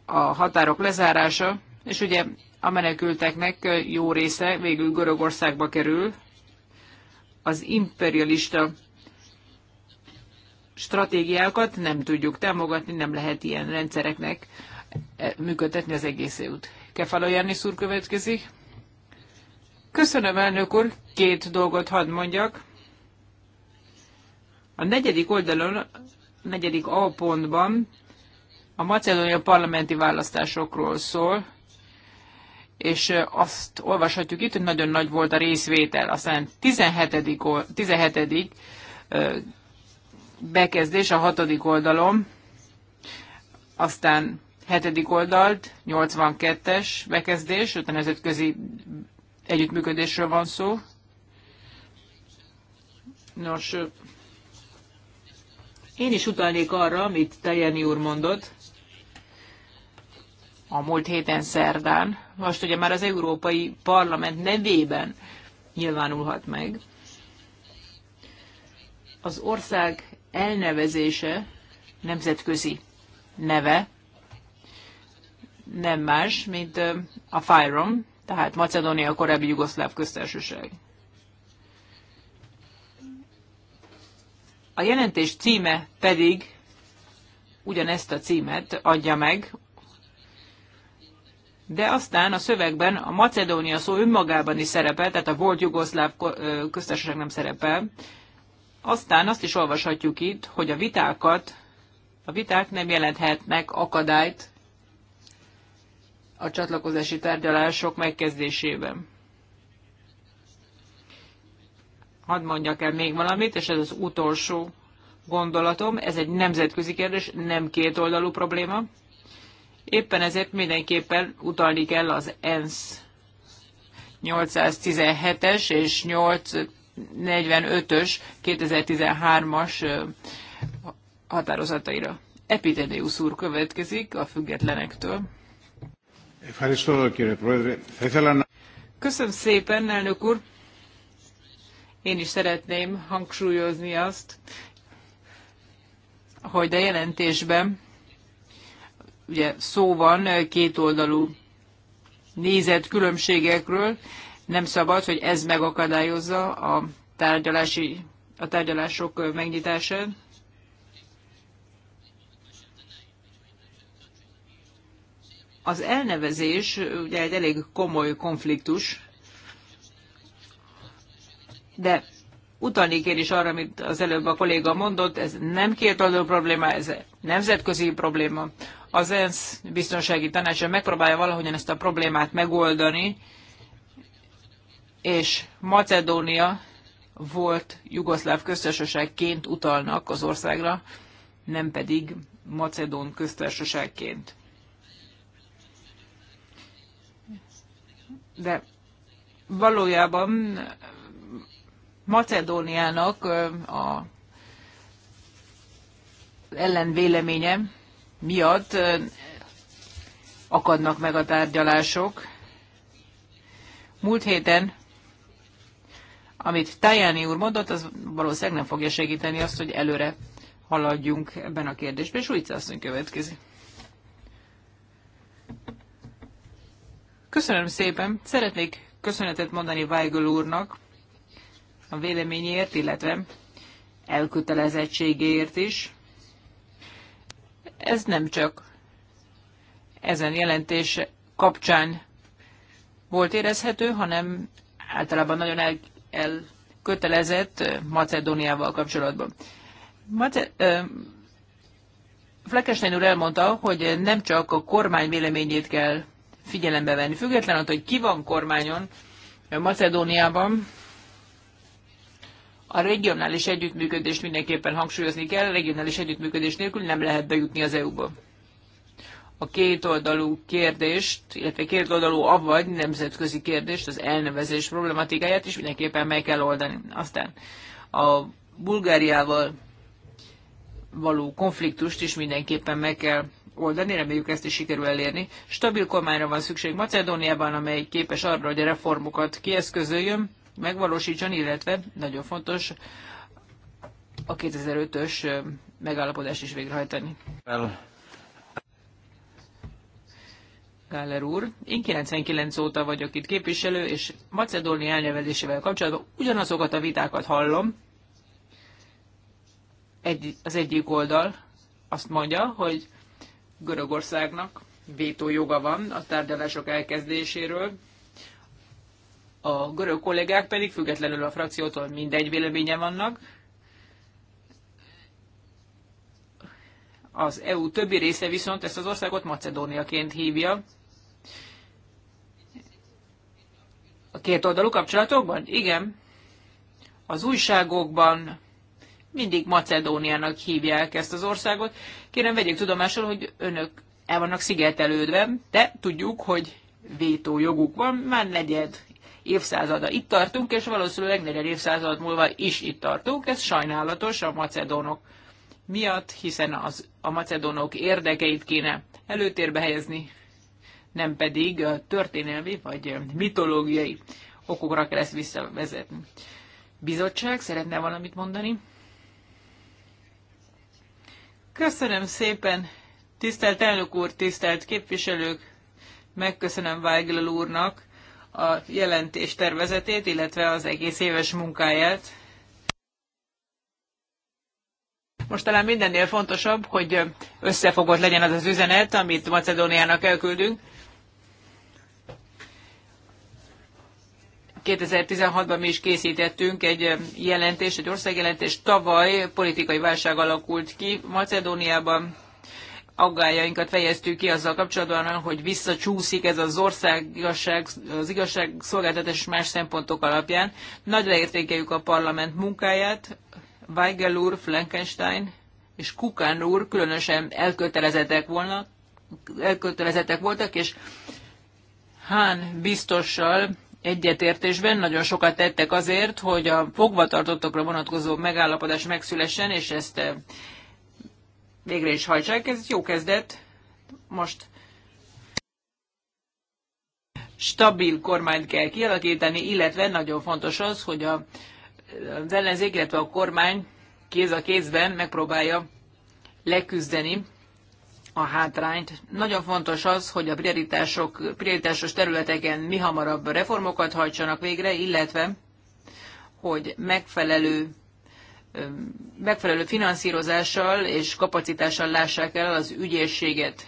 a határok lezárása, és ugye a menekülteknek jó része végül Görögországba kerül. Az imperialista stratégiákat nem tudjuk támogatni, nem lehet ilyen rendszereknek eh, működtetni az egész út. Kefalo Jannis úr következik. Köszönöm, elnök úr, két dolgot hadd mondjak. A negyedik oldalon, a negyedik A pontban a Macedónia parlamenti választásokról szól, és azt olvashatjuk itt, hogy nagyon nagy volt a részvétel. Aztán 17. 17. bekezdés a hatodik oldalon, aztán hetedik oldalt, 82-es bekezdés, utána nemzetközi együttműködésről van szó. Nos, én is utalnék arra, amit Tejeni úr mondott a múlt héten szerdán. Most ugye már az Európai Parlament nevében nyilvánulhat meg. Az ország elnevezése nemzetközi neve nem más, mint a FIROM, tehát Macedónia korábbi Jugoszláv köztársaság. A jelentés címe pedig ugyanezt a címet adja meg, de aztán a szövegben a Macedónia szó önmagában is szerepel, tehát a volt jugoszláv köztársaság nem szerepel. Aztán azt is olvashatjuk itt, hogy a vitákat, a viták nem jelenthetnek akadályt a csatlakozási tárgyalások megkezdésében. hadd mondjak el még valamit, és ez az utolsó gondolatom, ez egy nemzetközi kérdés, nem kétoldalú probléma. Éppen ezért mindenképpen utalni kell az ENSZ 817-es és 845-ös 2013-as határozataira. Epidemius úr következik a függetlenektől. Köszönöm szépen, elnök úr! Én is szeretném hangsúlyozni azt, hogy a jelentésben ugye szó van kétoldalú különbségekről, nem szabad, hogy ez megakadályozza a, tárgyalási, a tárgyalások megnyitását. Az elnevezés ugye egy elég komoly konfliktus, de utalni kér is arra, amit az előbb a kolléga mondott, ez nem kétoldalú probléma, ez nemzetközi probléma. Az ENSZ biztonsági tanácsa megpróbálja valahogyan ezt a problémát megoldani, és Macedónia volt jugoszláv köztársaságként utalnak az országra, nem pedig macedón köztársaságként. De valójában Macedóniának a ellenvéleménye miatt akadnak meg a tárgyalások. Múlt héten, amit Tajani úr mondott, az valószínűleg nem fogja segíteni azt, hogy előre haladjunk ebben a kérdésben, és úgy asszony következik. Köszönöm szépen. Szeretnék köszönetet mondani Weigel úrnak a véleményért, illetve elkötelezettségéért is. Ez nem csak ezen jelentés kapcsán volt érezhető, hanem általában nagyon el, elkötelezett Macedóniával kapcsolatban. Mace- ö, úr elmondta, hogy nem csak a kormány véleményét kell figyelembe venni, független attól, hogy ki van kormányon Macedóniában, a regionális együttműködést mindenképpen hangsúlyozni kell, regionális együttműködés nélkül nem lehet bejutni az EU-ba. A kétoldalú kérdést, illetve kétoldalú avagy nemzetközi kérdést, az elnevezés problematikáját is mindenképpen meg kell oldani. Aztán a Bulgáriával való konfliktust is mindenképpen meg kell oldani, reméljük ezt is sikerül elérni. Stabil kormányra van szükség Macedóniában, amely képes arra, hogy a reformokat kieszközöljön, megvalósítson, illetve nagyon fontos a 2005-ös megállapodást is végrehajtani. El. Gáller úr, én 99 óta vagyok itt képviselő, és Macedónia elnevezésével kapcsolatban ugyanazokat a vitákat hallom. Egy, az egyik oldal azt mondja, hogy Görögországnak vétójoga van a tárgyalások elkezdéséről, a görög kollégák pedig függetlenül a frakciótól mindegy véleménye vannak. Az EU többi része viszont ezt az országot Macedóniaként hívja. A két oldalú kapcsolatokban? Igen. Az újságokban mindig Macedóniának hívják ezt az országot. Kérem, vegyék tudomásul, hogy önök el vannak szigetelődve, de tudjuk, hogy vétójoguk van, már negyed évszázada itt tartunk, és valószínűleg negyed évszázad múlva is itt tartunk. Ez sajnálatos a macedónok miatt, hiszen az, a macedónok érdekeit kéne előtérbe helyezni, nem pedig a történelmi vagy mitológiai okokra kell ezt visszavezetni. Bizottság szeretne valamit mondani? Köszönöm szépen, tisztelt elnök úr, tisztelt képviselők, megköszönöm Weigel úrnak a jelentés tervezetét, illetve az egész éves munkáját. Most talán mindennél fontosabb, hogy összefogott legyen az az üzenet, amit Macedóniának elküldünk. 2016-ban mi is készítettünk egy jelentést, egy országjelentést. Tavaly politikai válság alakult ki Macedóniában aggájainkat fejeztük ki azzal kapcsolatban, hogy visszacsúszik ez az ország igazság, az igazságszolgáltatás és más szempontok alapján. Nagyra értékeljük a parlament munkáját. Weigel úr, Flankenstein és Kukán úr különösen elkötelezettek, volna, elkötelezettek voltak, és Hán biztossal egyetértésben nagyon sokat tettek azért, hogy a fogvatartottokra vonatkozó megállapodás megszülessen, és ezt végre is hajtsák. Ez jó kezdet. Most stabil kormányt kell kialakítani, illetve nagyon fontos az, hogy a, ellenzék, illetve a kormány kéz a kézben megpróbálja leküzdeni a hátrányt. Nagyon fontos az, hogy a prioritások, prioritásos területeken mi hamarabb reformokat hajtsanak végre, illetve hogy megfelelő megfelelő finanszírozással és kapacitással lássák el az ügyészséget.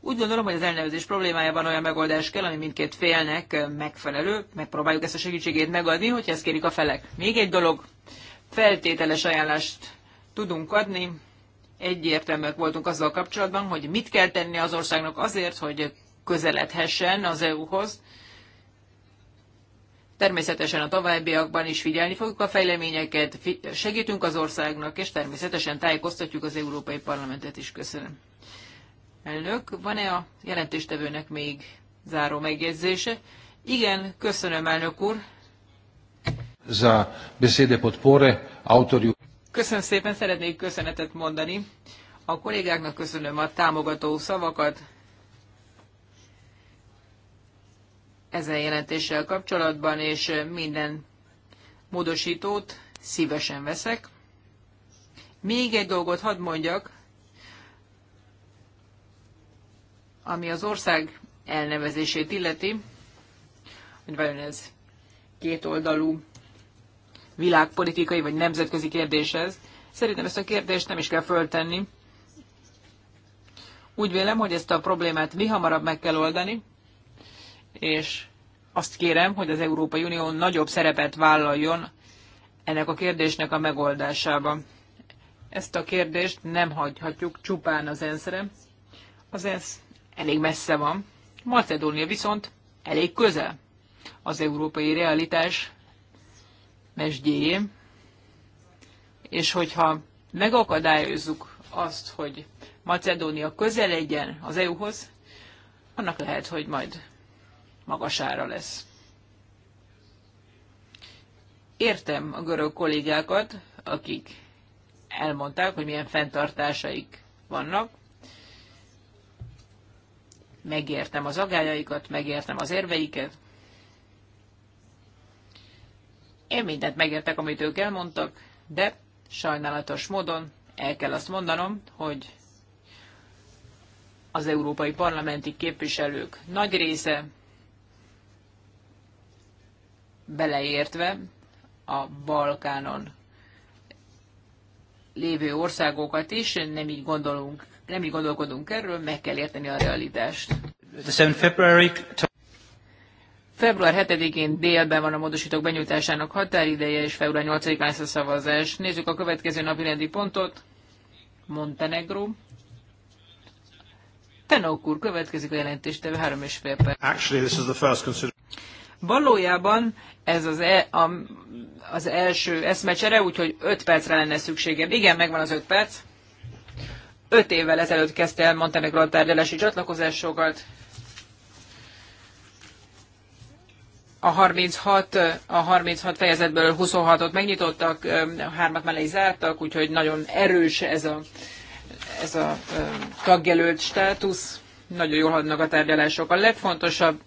Úgy gondolom, hogy az elnevezés problémájában olyan megoldás kell, ami mindkét félnek megfelelő. Megpróbáljuk ezt a segítségét megadni, hogyha ezt kérik a felek. Még egy dolog, feltételes ajánlást tudunk adni. Egyértelműek voltunk azzal kapcsolatban, hogy mit kell tenni az országnak azért, hogy közeledhessen az EU-hoz, Természetesen a továbbiakban is figyelni fogjuk a fejleményeket, segítünk az országnak, és természetesen tájékoztatjuk az Európai Parlamentet is. Köszönöm. Elnök, van-e a jelentéstevőnek még záró megjegyzése? Igen, köszönöm, elnök úr. Za beszéde podpore, autorjú. Köszönöm szépen, szeretnék köszönetet mondani. A kollégáknak köszönöm a támogató szavakat, ezen jelentéssel kapcsolatban, és minden módosítót szívesen veszek. Még egy dolgot hadd mondjak, ami az ország elnevezését illeti, hogy vajon ez kétoldalú világpolitikai vagy nemzetközi kérdés ez. Szerintem ezt a kérdést nem is kell föltenni. Úgy vélem, hogy ezt a problémát mi hamarabb meg kell oldani, és azt kérem, hogy az Európai Unió nagyobb szerepet vállaljon ennek a kérdésnek a megoldásában. Ezt a kérdést nem hagyhatjuk csupán az ENSZ-re. Az ENSZ elég messze van, Macedónia viszont elég közel az európai realitás mesdjéjé, és hogyha megakadályozzuk azt, hogy Macedónia közel legyen az EU-hoz, annak lehet, hogy majd magasára lesz. Értem a görög kollégákat, akik elmondták, hogy milyen fenntartásaik vannak. Megértem az agályaikat, megértem az érveiket. Én mindent megértek, amit ők elmondtak, de sajnálatos módon el kell azt mondanom, hogy az európai parlamenti képviselők nagy része beleértve a Balkánon lévő országokat is, nem így gondolunk, nem így gondolkodunk erről, meg kell érteni a realitást. Február 7-én délben van a módosítók benyújtásának határideje, és február 8-án lesz a szavazás. Nézzük a következő napi rendi pontot. Montenegro. Tenok úr, következik a jelentéstevő 3,5 perc. Actually, this is the first consider- Valójában ez az, e, a, az első eszmecsere, úgyhogy 5 percre lenne szükségem. Igen, megvan az 5 perc. 5 évvel ezelőtt kezdte el Montenegro a tárgyalási csatlakozásokat. A 36, a 36 fejezetből 26-ot megnyitottak, hármat már zártak, úgyhogy nagyon erős ez a, ez a tagjelölt státusz. Nagyon jól haladnak a tárgyalások. A legfontosabb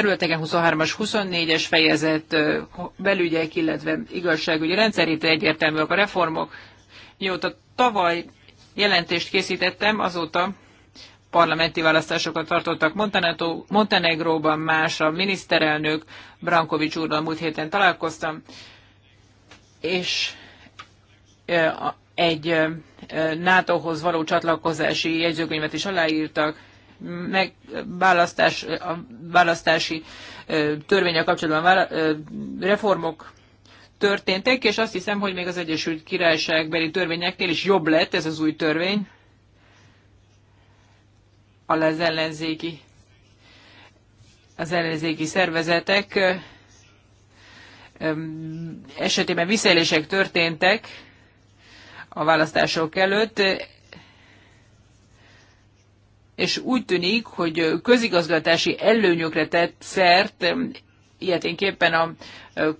területeken, 23-as, 24-es fejezet belügyek, illetve igazságügyi rendszer, itt egyértelműek a reformok. Mióta tavaly jelentést készítettem, azóta parlamenti választásokat tartottak Montenegróban, más a miniszterelnök, Brankovic úrral múlt héten találkoztam, és egy NATO-hoz való csatlakozási jegyzőkönyvet is aláírtak meg választás, a választási törvények kapcsolatban reformok történtek, és azt hiszem, hogy még az Egyesült Királyságbeli törvényeknél is jobb lett ez az új törvény, az ellenzéki, az ellenzéki szervezetek esetében visszaélések történtek a választások előtt és úgy tűnik, hogy közigazgatási előnyökre tett szert, ilyeténképpen a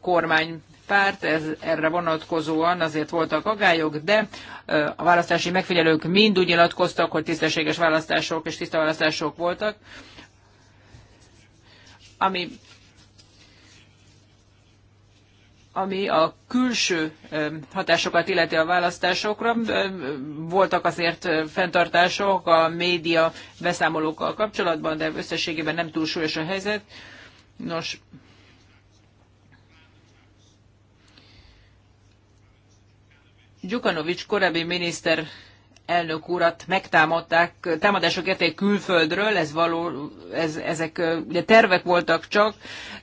kormány párt, ez, erre vonatkozóan azért voltak agályok, de a választási megfigyelők mind úgy nyilatkoztak, hogy tisztességes választások és tiszta választások voltak, ami ami a külső hatásokat illeti a választásokra. Voltak azért fenntartások a média beszámolókkal kapcsolatban, de összességében nem túl súlyos a helyzet. Nos, Gyukanovics korábbi miniszter elnök urat megtámadták, támadások érték külföldről, ez való, ez, ezek ugye tervek voltak csak,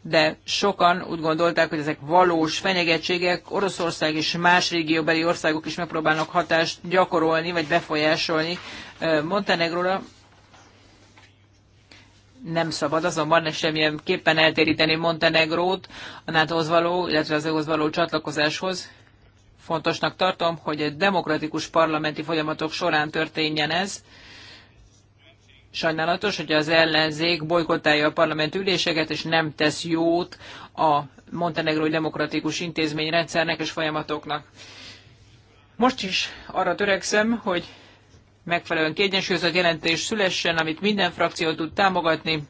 de sokan úgy gondolták, hogy ezek valós fenyegetségek, Oroszország és más régióbeli országok is megpróbálnak hatást gyakorolni, vagy befolyásolni Montenegróra. Nem szabad azonban semmilyen képpen eltéríteni Montenegrót a NATO-hoz való, illetve az EU-hoz való csatlakozáshoz Fontosnak tartom, hogy a demokratikus parlamenti folyamatok során történjen ez. Sajnálatos, hogy az ellenzék bolykottálja a parlament üléseket, és nem tesz jót a montenegrói demokratikus intézményrendszernek és folyamatoknak. Most is arra törekszem, hogy megfelelően kiegyensúlyozott jelentés szülessen, amit minden frakció tud támogatni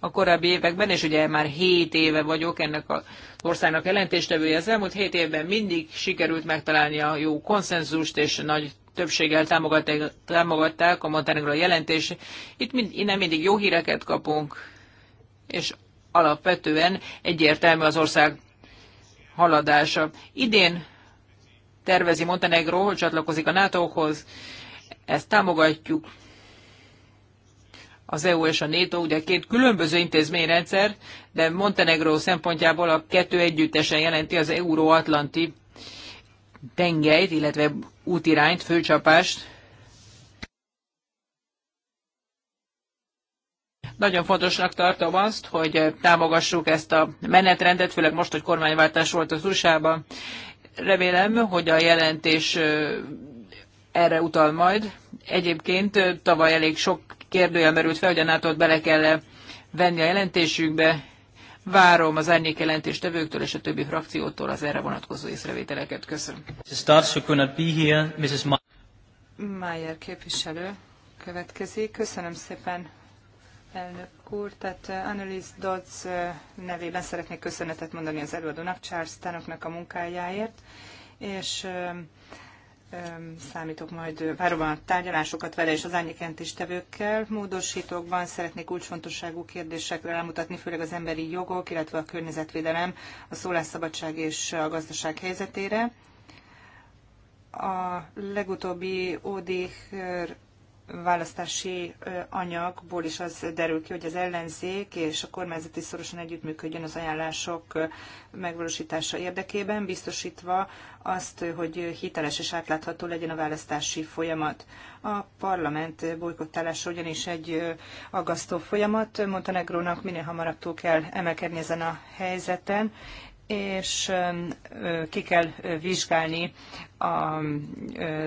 a korábbi években, és ugye már 7 éve vagyok ennek az országnak jelentéstevője. Az elmúlt 7 évben mindig sikerült megtalálni a jó konszenzust, és nagy többséggel támogatták, támogatták a Montenegro jelentés. Itt mind, innen mindig jó híreket kapunk, és alapvetően egyértelmű az ország haladása. Idén tervezi Montenegro, hogy csatlakozik a NATO-hoz, ezt támogatjuk, az EU és a NATO, ugye két különböző intézményrendszer, de Montenegró szempontjából a kettő együttesen jelenti az euróatlanti tengelyt, illetve útirányt, főcsapást. Nagyon fontosnak tartom azt, hogy támogassuk ezt a menetrendet, főleg most, hogy kormányváltás volt az USA-ban. Remélem, hogy a jelentés erre utal majd. Egyébként tavaly elég sok kérdője merült fel, hogy a nato bele kell -e venni a jelentésükbe. Várom az árnyék jelentéstevőktől és a többi frakciótól az erre vonatkozó észrevételeket. Köszönöm. Mayer képviselő következik. Köszönöm szépen, elnök úr. Tehát uh, Annelies Dodds uh, nevében szeretnék köszönetet mondani az előadónak, Charles Tanoknak a munkájáért, és um, számítok majd várom a tárgyalásokat vele és az árnyékentéstevőkkel. Módosítókban szeretnék kulcsfontosságú kérdésekre rámutatni, főleg az emberi jogok, illetve a környezetvédelem, a szólásszabadság és a gazdaság helyzetére. A legutóbbi ODIHR választási anyagból is az derül ki, hogy az ellenzék és a kormányzat is szorosan együttműködjön az ajánlások megvalósítása érdekében, biztosítva azt, hogy hiteles és átlátható legyen a választási folyamat. A parlament bolykottálása ugyanis egy aggasztó folyamat. Montenegrónak minél hamarabb túl kell emelkedni ezen a helyzeten, és ki kell vizsgálni a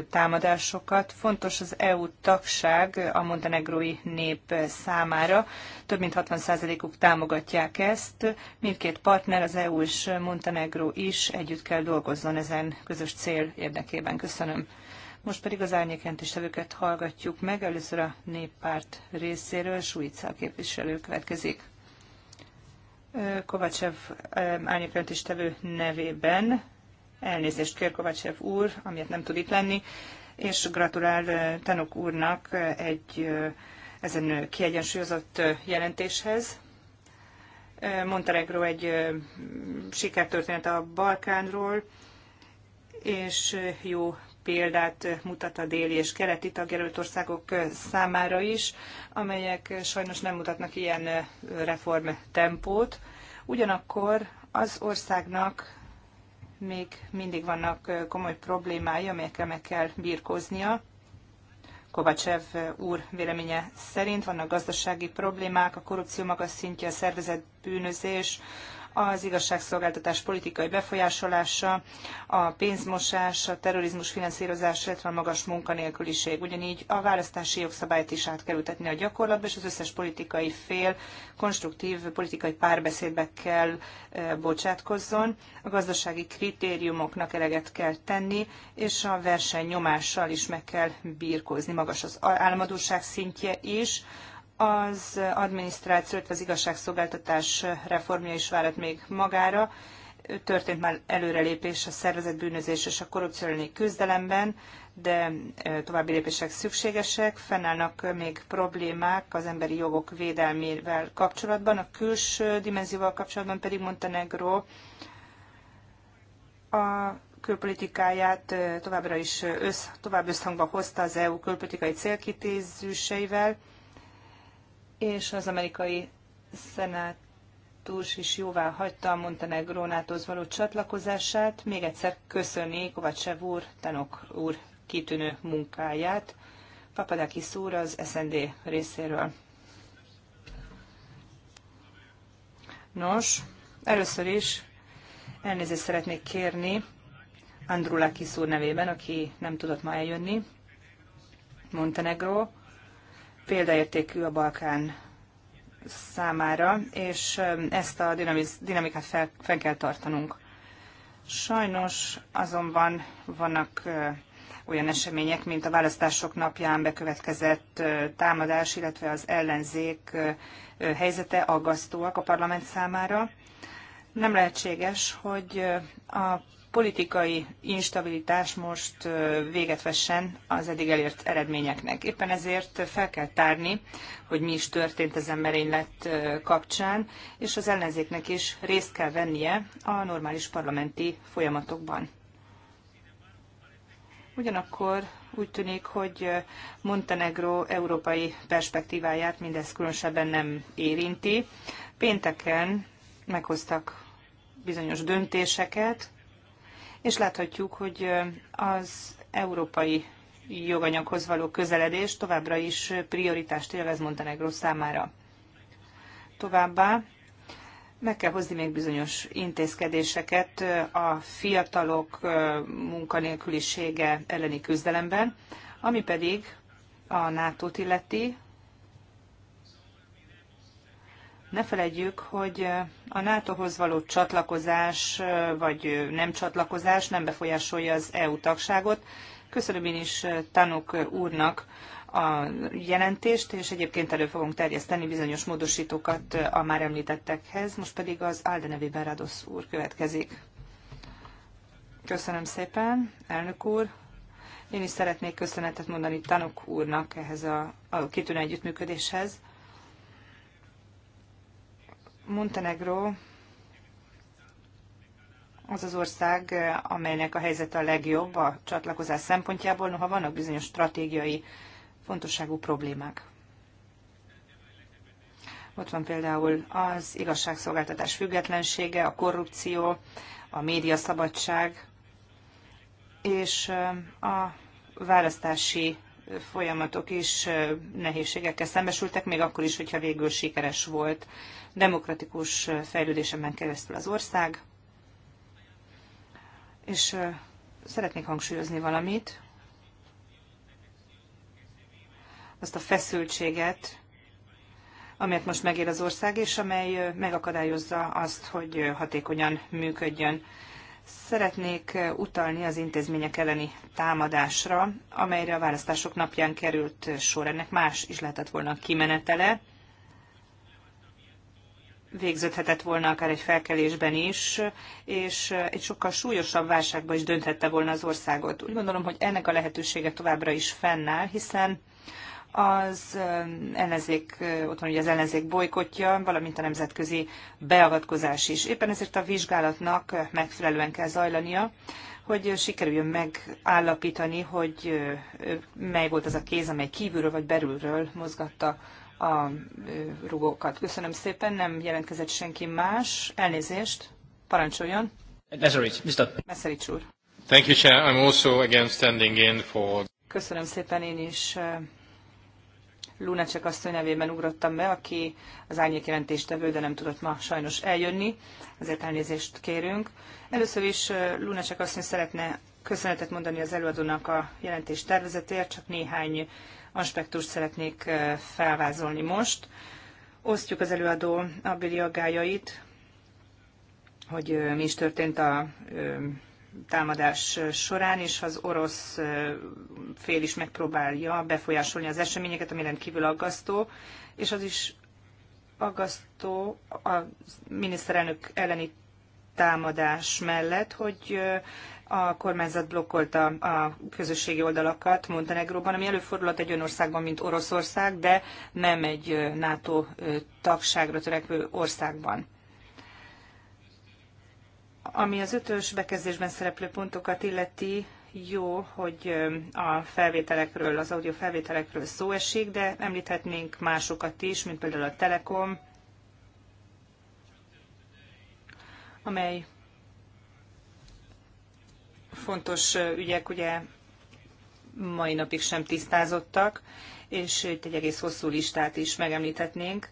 támadásokat. Fontos az EU tagság a montenegrói nép számára. Több mint 60%-uk támogatják ezt. Mindkét partner, az EU és Montenegró is együtt kell dolgozzon ezen közös cél érdekében. Köszönöm. Most pedig az árnyékentéstevőket hallgatjuk meg. Először a néppárt részéről Suica képviselő következik. Kovácsev tevő nevében. Elnézést kér Kovácsev úr, amiért nem tud itt lenni, és gratulál Tanok úrnak egy ezen kiegyensúlyozott jelentéshez. Montenegro egy sikertörténet a Balkánról, és jó példát mutat a déli és keleti tagjelölt országok számára is, amelyek sajnos nem mutatnak ilyen reform tempót. Ugyanakkor az országnak még mindig vannak komoly problémái, amelyekkel meg kell birkóznia. Kovacsev úr véleménye szerint vannak gazdasági problémák, a korrupció magas szintje, a szervezett bűnözés, az igazságszolgáltatás politikai befolyásolása, a pénzmosás, a terrorizmus finanszírozás, illetve a magas munkanélküliség. Ugyanígy a választási jogszabályt is át kell ütetni a gyakorlatba, és az összes politikai fél konstruktív politikai párbeszédbe kell e, bocsátkozzon. A gazdasági kritériumoknak eleget kell tenni, és a verseny nyomással is meg kell birkózni. Magas az államadóság szintje is, az adminisztrációt, az igazságszolgáltatás reformja is várat még magára. Történt már előrelépés a szervezett bűnözés és a korrupció elleni küzdelemben, de további lépések szükségesek. Fennállnak még problémák az emberi jogok védelmével kapcsolatban, a külső dimenzióval kapcsolatban pedig Montenegro a külpolitikáját továbbra is össz, tovább összhangba hozta az EU külpolitikai célkitézéseivel, és az amerikai szenátus is jóvá hagyta a Montenegró nato való csatlakozását. Még egyszer köszöni Kovacsev úr, Tenok úr kitűnő munkáját. Papadaki szóra az SND részéről. Nos, először is elnézést szeretnék kérni Andrulaki szó nevében, aki nem tudott ma eljönni, Montenegro példaértékű a Balkán számára, és um, ezt a dinamikát fel, fel kell tartanunk. Sajnos azonban vannak uh, olyan események, mint a választások napján bekövetkezett uh, támadás, illetve az ellenzék uh, helyzete aggasztóak a parlament számára. Nem lehetséges, hogy a politikai instabilitás most véget vessen az eddig elért eredményeknek. Éppen ezért fel kell tárni, hogy mi is történt ezen merénylet kapcsán, és az ellenzéknek is részt kell vennie a normális parlamenti folyamatokban. Ugyanakkor úgy tűnik, hogy Montenegro európai perspektíváját mindez különösebben nem érinti. Pénteken meghoztak bizonyos döntéseket, és láthatjuk, hogy az európai joganyaghoz való közeledés továbbra is prioritást élvez Montenegro számára. Továbbá meg kell hozni még bizonyos intézkedéseket a fiatalok munkanélkülisége elleni küzdelemben, ami pedig a NATO-t illeti, Ne feledjük, hogy a NATO-hoz való csatlakozás vagy nem csatlakozás nem befolyásolja az EU tagságot. Köszönöm én is Tanuk úrnak a jelentést, és egyébként elő fogunk terjeszteni bizonyos módosítókat a már említettekhez. Most pedig az Alde nevében úr következik. Köszönöm szépen, elnök úr. Én is szeretnék köszönetet mondani tanuk úrnak ehhez a, a kitűnő együttműködéshez. Montenegro az az ország, amelynek a helyzete a legjobb a csatlakozás szempontjából, noha vannak bizonyos stratégiai fontosságú problémák. Ott van például az igazságszolgáltatás függetlensége, a korrupció, a médiaszabadság és a választási folyamatok is nehézségekkel szembesültek, még akkor is, hogyha végül sikeres volt demokratikus fejlődésemben keresztül az ország. És szeretnék hangsúlyozni valamit, azt a feszültséget, amelyet most megér az ország, és amely megakadályozza azt, hogy hatékonyan működjön. Szeretnék eh, utalni az intézmények elleni támadásra, amelyre a választások napján került sor. Ennek más is lehetett volna a kimenetele. Végződhetett volna akár egy felkelésben is, és eh, egy sokkal súlyosabb válságba is dönthette volna az országot. Úgy gondolom, hogy ennek a lehetősége továbbra is fennáll, hiszen az ellenzék, ott van ugye az ellenzék bolykotja, valamint a nemzetközi beavatkozás is. Éppen ezért a vizsgálatnak megfelelően kell zajlania, hogy sikerüljön megállapítani, hogy mely volt az a kéz, amely kívülről vagy belülről mozgatta a rugókat. Köszönöm szépen, nem jelentkezett senki más. Elnézést, parancsoljon. Meszerics, Mr. úr. Thank you, Chair. I'm also again standing in for... Köszönöm szépen, én is Lunacek asszony nevében ugrottam be, aki az árnyék jelentéstevő, de nem tudott ma sajnos eljönni, ezért elnézést kérünk. Először is Lunacek asszony szeretne köszönetet mondani az előadónak a jelentés tervezetért, csak néhány aspektust szeretnék felvázolni most. Osztjuk az előadó abbéli aggájait, hogy mi is történt a támadás során, és az orosz fél is megpróbálja befolyásolni az eseményeket, ami rendkívül aggasztó, és az is aggasztó a miniszterelnök elleni támadás mellett, hogy a kormányzat blokkolta a közösségi oldalakat Montenegróban, ami előfordulhat egy olyan országban, mint Oroszország, de nem egy NATO tagságra törekvő országban. Ami az ötös bekezdésben szereplő pontokat illeti, jó, hogy a felvételekről, az audio felvételekről szó esik, de említhetnénk másokat is, mint például a Telekom, amely fontos ügyek ugye mai napig sem tisztázottak, és itt egy egész hosszú listát is megemlíthetnénk.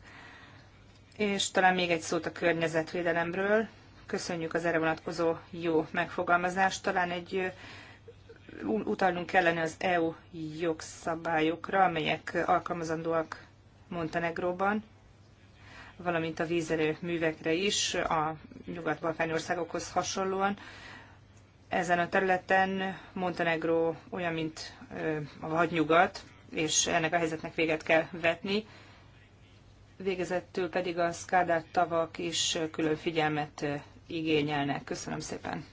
És talán még egy szót a környezetvédelemről. Köszönjük az erre vonatkozó jó megfogalmazást. Talán egy utalnunk kellene az EU jogszabályokra, amelyek alkalmazandóak Montenegróban, valamint a vízelő művekre is, a nyugat-balkáni országokhoz hasonlóan. Ezen a területen Montenegró olyan, mint a vadnyugat, és ennek a helyzetnek véget kell vetni. Végezettől pedig a Skádár tavak is külön figyelmet igényelnek. Köszönöm szépen.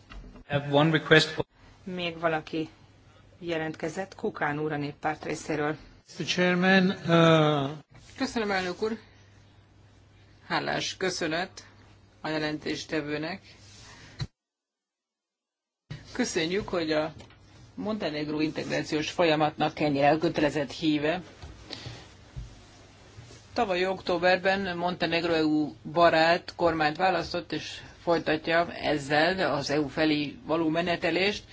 Még valaki jelentkezett, Kukán úr a néppárt részéről. Chairman, uh, Köszönöm, elnök úr. Hálás köszönet a jelentéstevőnek. Köszönjük, hogy a Montenegró integrációs folyamatnak ennyire elkötelezett híve. Tavaly októberben Montenegro EU barát kormányt választott, és folytatja ezzel az EU felé való menetelést.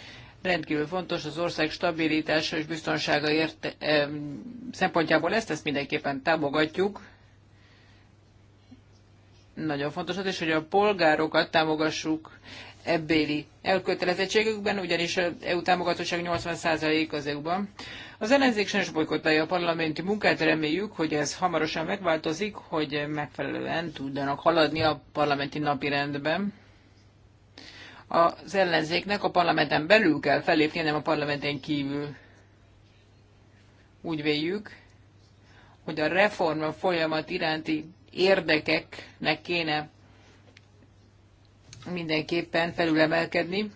Rendkívül fontos az ország stabilitása és biztonsága érte, e, szempontjából ezt, ezt mindenképpen támogatjuk. Nagyon fontos az is, hogy a polgárokat támogassuk ebbéli elkötelezettségükben, ugyanis az EU támogatottság 80% az EU-ban. Az ellenzék sem bolykottálja a parlamenti munkát, reméljük, hogy ez hamarosan megváltozik, hogy megfelelően tudjanak haladni a parlamenti napirendben. Az ellenzéknek a parlamenten belül kell fellépni, nem a parlamenten kívül. Úgy véljük, hogy a reform folyamat iránti érdekeknek kéne mindenképpen felülemelkedni.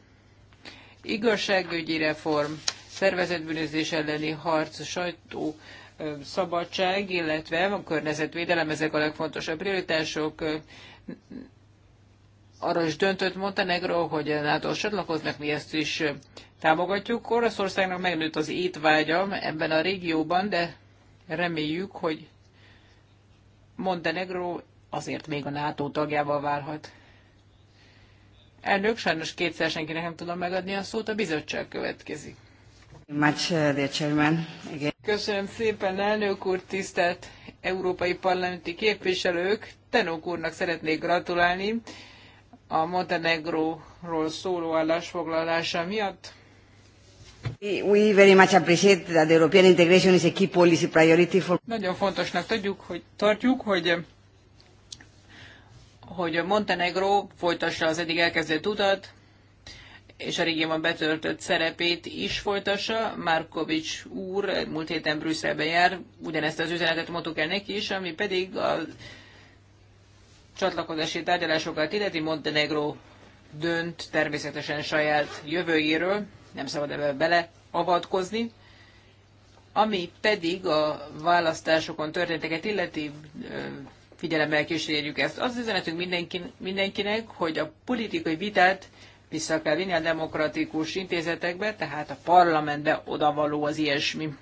Igazságügyi reform, szervezetbűnözés elleni harc, sajtó, szabadság, illetve a környezetvédelem, ezek a legfontosabb prioritások. Arra is döntött Montenegro, hogy NATO csatlakoznak, mi ezt is támogatjuk. Oroszországnak megnőtt az étvágya ebben a régióban, de reméljük, hogy Montenegro azért még a NATO tagjával válhat. Elnök, sajnos kétszer senkinek nem tudom megadni a szót, a bizottság következik. Uh, Köszönöm szépen, elnök úr, tisztelt európai parlamenti képviselők. Tenók úrnak szeretnék gratulálni a Montenegróról szóló állásfoglalása miatt. We very much appreciate that the European integration is a key policy priority for... Nagyon fontosnak tudjuk, hogy tartjuk, hogy hogy Montenegro folytassa az eddig elkezdett utat, és a régióban betöltött szerepét is folytassa. Markovics úr múlt héten Brüsszelben jár, ugyanezt az üzenetet mondtuk el neki is, ami pedig a csatlakozási tárgyalásokat illeti Montenegro dönt természetesen saját jövőjéről, nem szabad ebbe beleavatkozni. Ami pedig a választásokon történteket illeti, figyelemmel kísérjük ezt. Az üzenetünk mindenkin, mindenkinek, hogy a politikai vitát vissza kell vinni a demokratikus intézetekbe, tehát a parlamentbe odavaló az ilyesmi.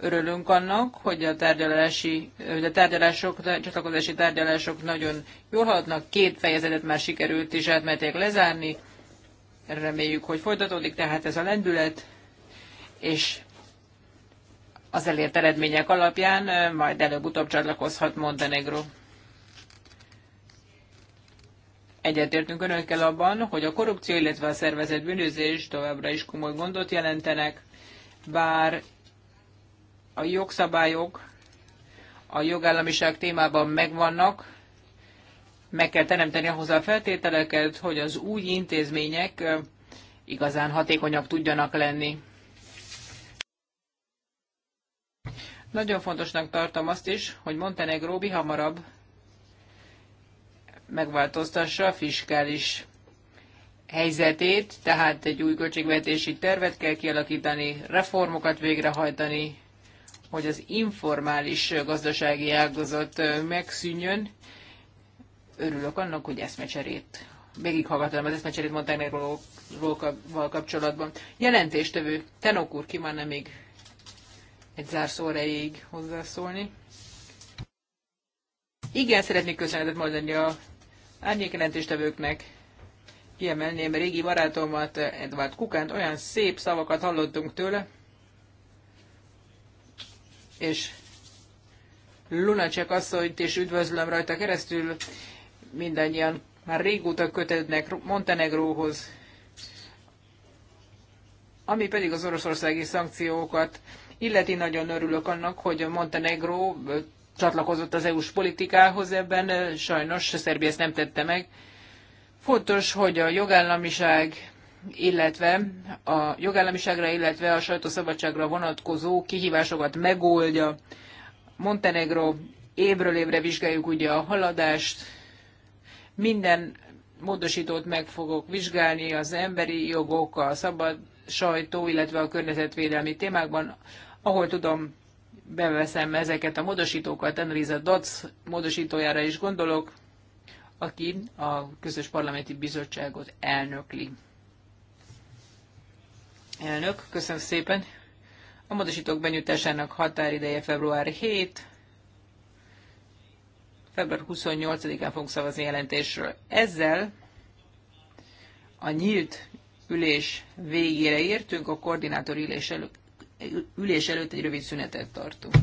Örülünk annak, hogy a, tárgyalási, hogy a tárgyalások, csatlakozási tárgyalások nagyon jól haladnak, két fejezetet már sikerült is átmeték lezárni, reméljük, hogy folytatódik, tehát ez a lendület, és az elért eredmények alapján majd előbb-utóbb csatlakozhat Montenegro. Egyetértünk önökkel abban, hogy a korrupció, illetve a szervezett bűnözés továbbra is komoly gondot jelentenek, bár a jogszabályok a jogállamiság témában megvannak, meg kell teremteni hozzá a feltételeket, hogy az új intézmények igazán hatékonyak tudjanak lenni. Nagyon fontosnak tartom azt is, hogy Montenegró hamarabb megváltoztassa a fiskális helyzetét, tehát egy új költségvetési tervet kell kialakítani, reformokat végrehajtani, hogy az informális gazdasági ágazat megszűnjön. Örülök annak, hogy eszmecserét. Végighallgattam az eszmecserét Montenegróval kapcsolatban. Jelentéstevő, Tenok úr kívánna még egy zárszó erejéig hozzászólni. Igen, szeretnék köszönetet mondani a jelentéstevőknek. Kiemelném régi barátomat, Edward Kukánt, olyan szép szavakat hallottunk tőle, és Lunacek asszonyt is üdvözlöm rajta keresztül, mindannyian már régóta kötődnek Montenegróhoz, ami pedig az oroszországi szankciókat illeti. Nagyon örülök annak, hogy Montenegro csatlakozott az EU-s politikához ebben, sajnos Szerbia ezt nem tette meg. Fontos, hogy a jogállamiság, illetve a jogállamiságra, illetve a sajtószabadságra vonatkozó kihívásokat megoldja. Montenegro évről évre vizsgáljuk ugye a haladást, minden módosítót meg fogok vizsgálni, az emberi jogok, a szabad sajtó, illetve a környezetvédelmi témákban, ahol tudom, beveszem ezeket a módosítókat, Enriza Dotz módosítójára is gondolok, aki a közös parlamenti bizottságot elnökli. Elnök, köszönöm szépen. A módosítók benyújtásának határideje február 7. Február 28-án fogunk szavazni jelentésről. Ezzel a nyílt ülés végére értünk, a koordinátor ülés ülés előtt egy rövid szünetet tartunk.